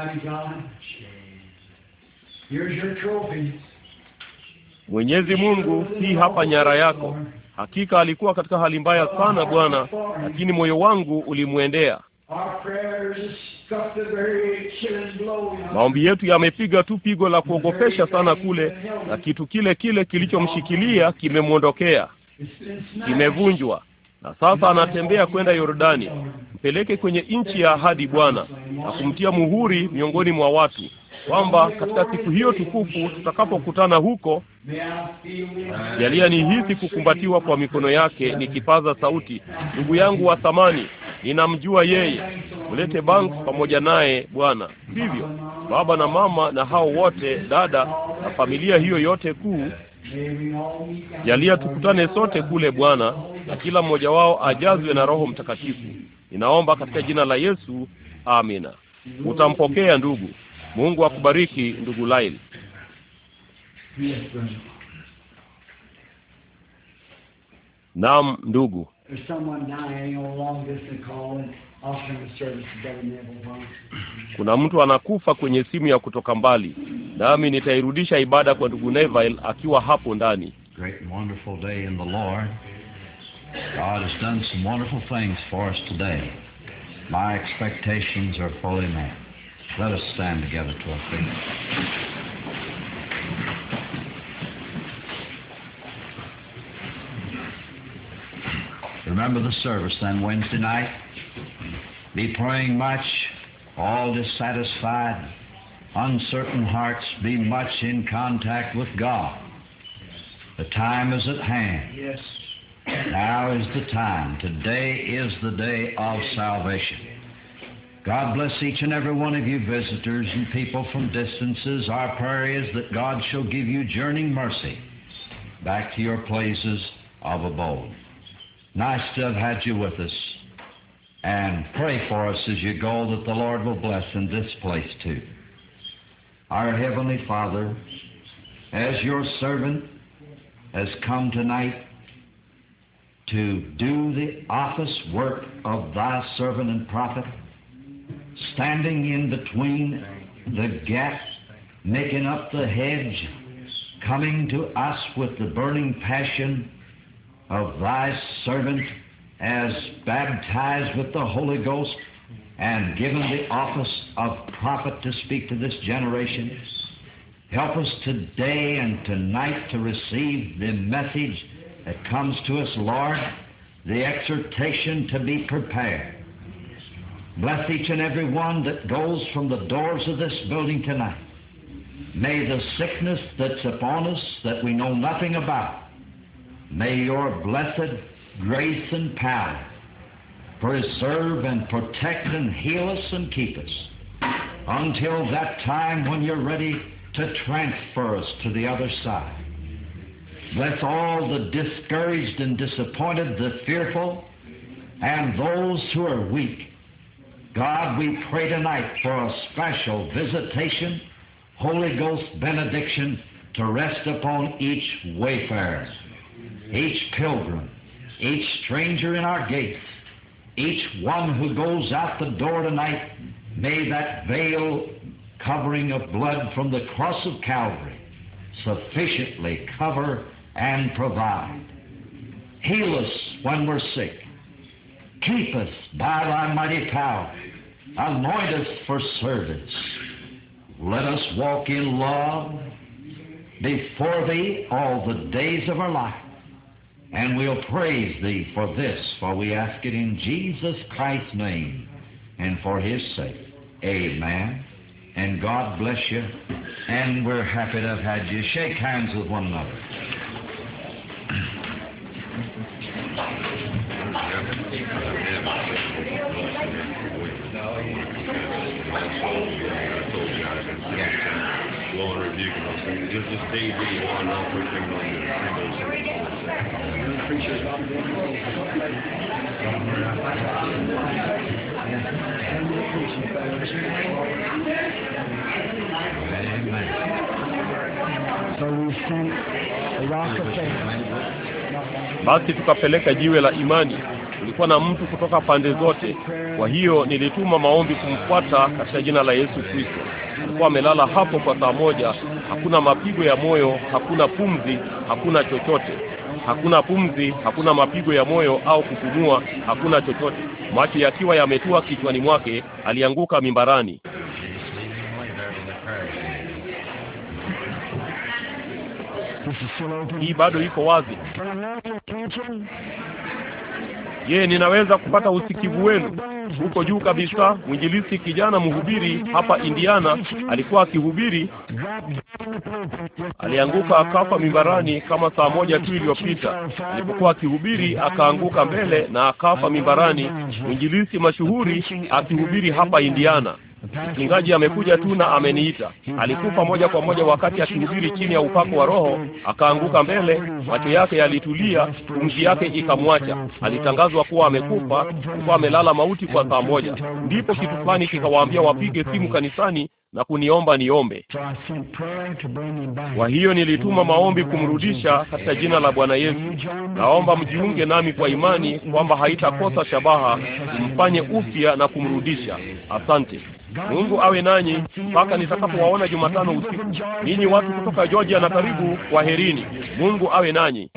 Mwenyezi Mungu, hii hapa nyara yako. Hakika alikuwa katika hali mbaya sana Bwana, lakini moyo wangu ulimwendea Maombi yetu yamepiga tu pigo la kuogopesha sana kule, na kitu kile kile kilichomshikilia kimemwondokea, kimevunjwa, na sasa anatembea kwenda Yordani. Mpeleke kwenye nchi ya ahadi, Bwana, na kumtia muhuri miongoni mwa watu, kwamba katika siku hiyo tukufu tutakapokutana huko, jalia ni hisi kukumbatiwa kwa mikono yake, nikipaza sauti, ndugu yangu wa thamani ninamjua yeye. Mlete Banks pamoja naye Bwana. Hivyo baba na mama na hao wote, dada na familia hiyo yote kuu, jalia tukutane sote kule Bwana, na kila mmoja wao ajazwe na Roho Mtakatifu. Ninaomba katika jina la Yesu, amina. Utampokea ndugu. Mungu akubariki ndugu lail Naam ndugu there's someone dying long distance call and offering the service to government. Kuna mtu anakufa kwenye simu ya kutoka mbali, nami nitairudisha ibada kwa ndugu Neville akiwa hapo ndani. Great and wonderful day in the Lord. God has done some wonderful things for us today. My expectations are fully met. Let us stand together to our feet. Remember the service then Wednesday night. Be praying much, all dissatisfied, uncertain hearts, be much in contact with God. The time is at hand. Yes. Now is the time. Today is the day of salvation. God bless each and every one of you visitors and people from distances. Our prayer is that God shall give you journeying mercy back to your places of abode. Nice to have had you with us. And pray for us as you go that the Lord will bless in this place too. Our Heavenly Father, as your servant has come tonight to do the office work of thy servant and prophet, standing in between the gap, making up the hedge, coming to us with the burning passion of thy servant as baptized with the Holy Ghost and given the office of prophet to speak to this generation. Help us today and tonight to receive the message that comes to us, Lord, the exhortation to be prepared. Bless each and every one that goes from the doors of this building tonight. May the sickness that's upon us that we know nothing about May your blessed grace and power preserve and protect and heal us and keep us until that time when you're ready to transfer us to the other side. Bless all the discouraged and disappointed, the fearful, and those who are weak. God, we pray tonight for a special visitation, Holy Ghost benediction to rest upon each wayfarer each pilgrim, each stranger in our gates, each one who goes out the door tonight, may that veil covering of blood from the cross of Calvary sufficiently cover and provide. Heal us when we're sick. Keep us by thy mighty power. Anoint us for service. Let us walk in love before thee all the days of our life. And we'll praise thee for this, for we ask it in Jesus Christ's name and for his sake. Amen. And God bless you. And we're happy to have had you. Shake hands with one another. Just, just stay where you are, put things on your Basi tukapeleka jiwe la imani. Kulikuwa na mtu kutoka pande zote, kwa hiyo nilituma maombi kumfuata katika jina la Yesu Kristo. Alikuwa amelala hapo kwa saa moja, hakuna mapigo ya moyo, hakuna pumzi, hakuna chochote hakuna pumzi, hakuna mapigo ya moyo au kupumua, hakuna chochote. Macho yakiwa yametua kichwani mwake, alianguka mimbarani. Hii bado iko wazi. Je, ninaweza kupata usikivu wenu? huko juu kabisa, mwinjilisi kijana mhubiri hapa Indiana alikuwa akihubiri, alianguka akafa mimbarani kama saa moja tu iliyopita. Alipokuwa akihubiri akaanguka mbele na akafa mimbarani, mwinjilisi mashuhuri akihubiri hapa Indiana. Mchungaji amekuja tu na ameniita. Alikufa moja kwa moja wakati akihubiri chini ya upako wa Roho, akaanguka mbele, macho yake yalitulia, pumzi yake ikamwacha. Alitangazwa kuwa amekufa, kuwa amelala mauti kwa saa moja. Ndipo kitu fulani kikawaambia wapige simu kanisani na kuniomba niombe. Kwa hiyo nilituma maombi kumrudisha katika jina la Bwana Yesu. Naomba mjiunge nami kwa imani kwamba haitakosa shabaha kumfanye upya na kumrudisha. Asante. Mungu awe nanyi mpaka nitakapowaona Jumatano usiku. Ninyi watu kutoka Georgia na karibu, kwaherini. Mungu awe nanyi.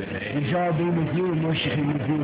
and shall be with you, Moshe, and with you.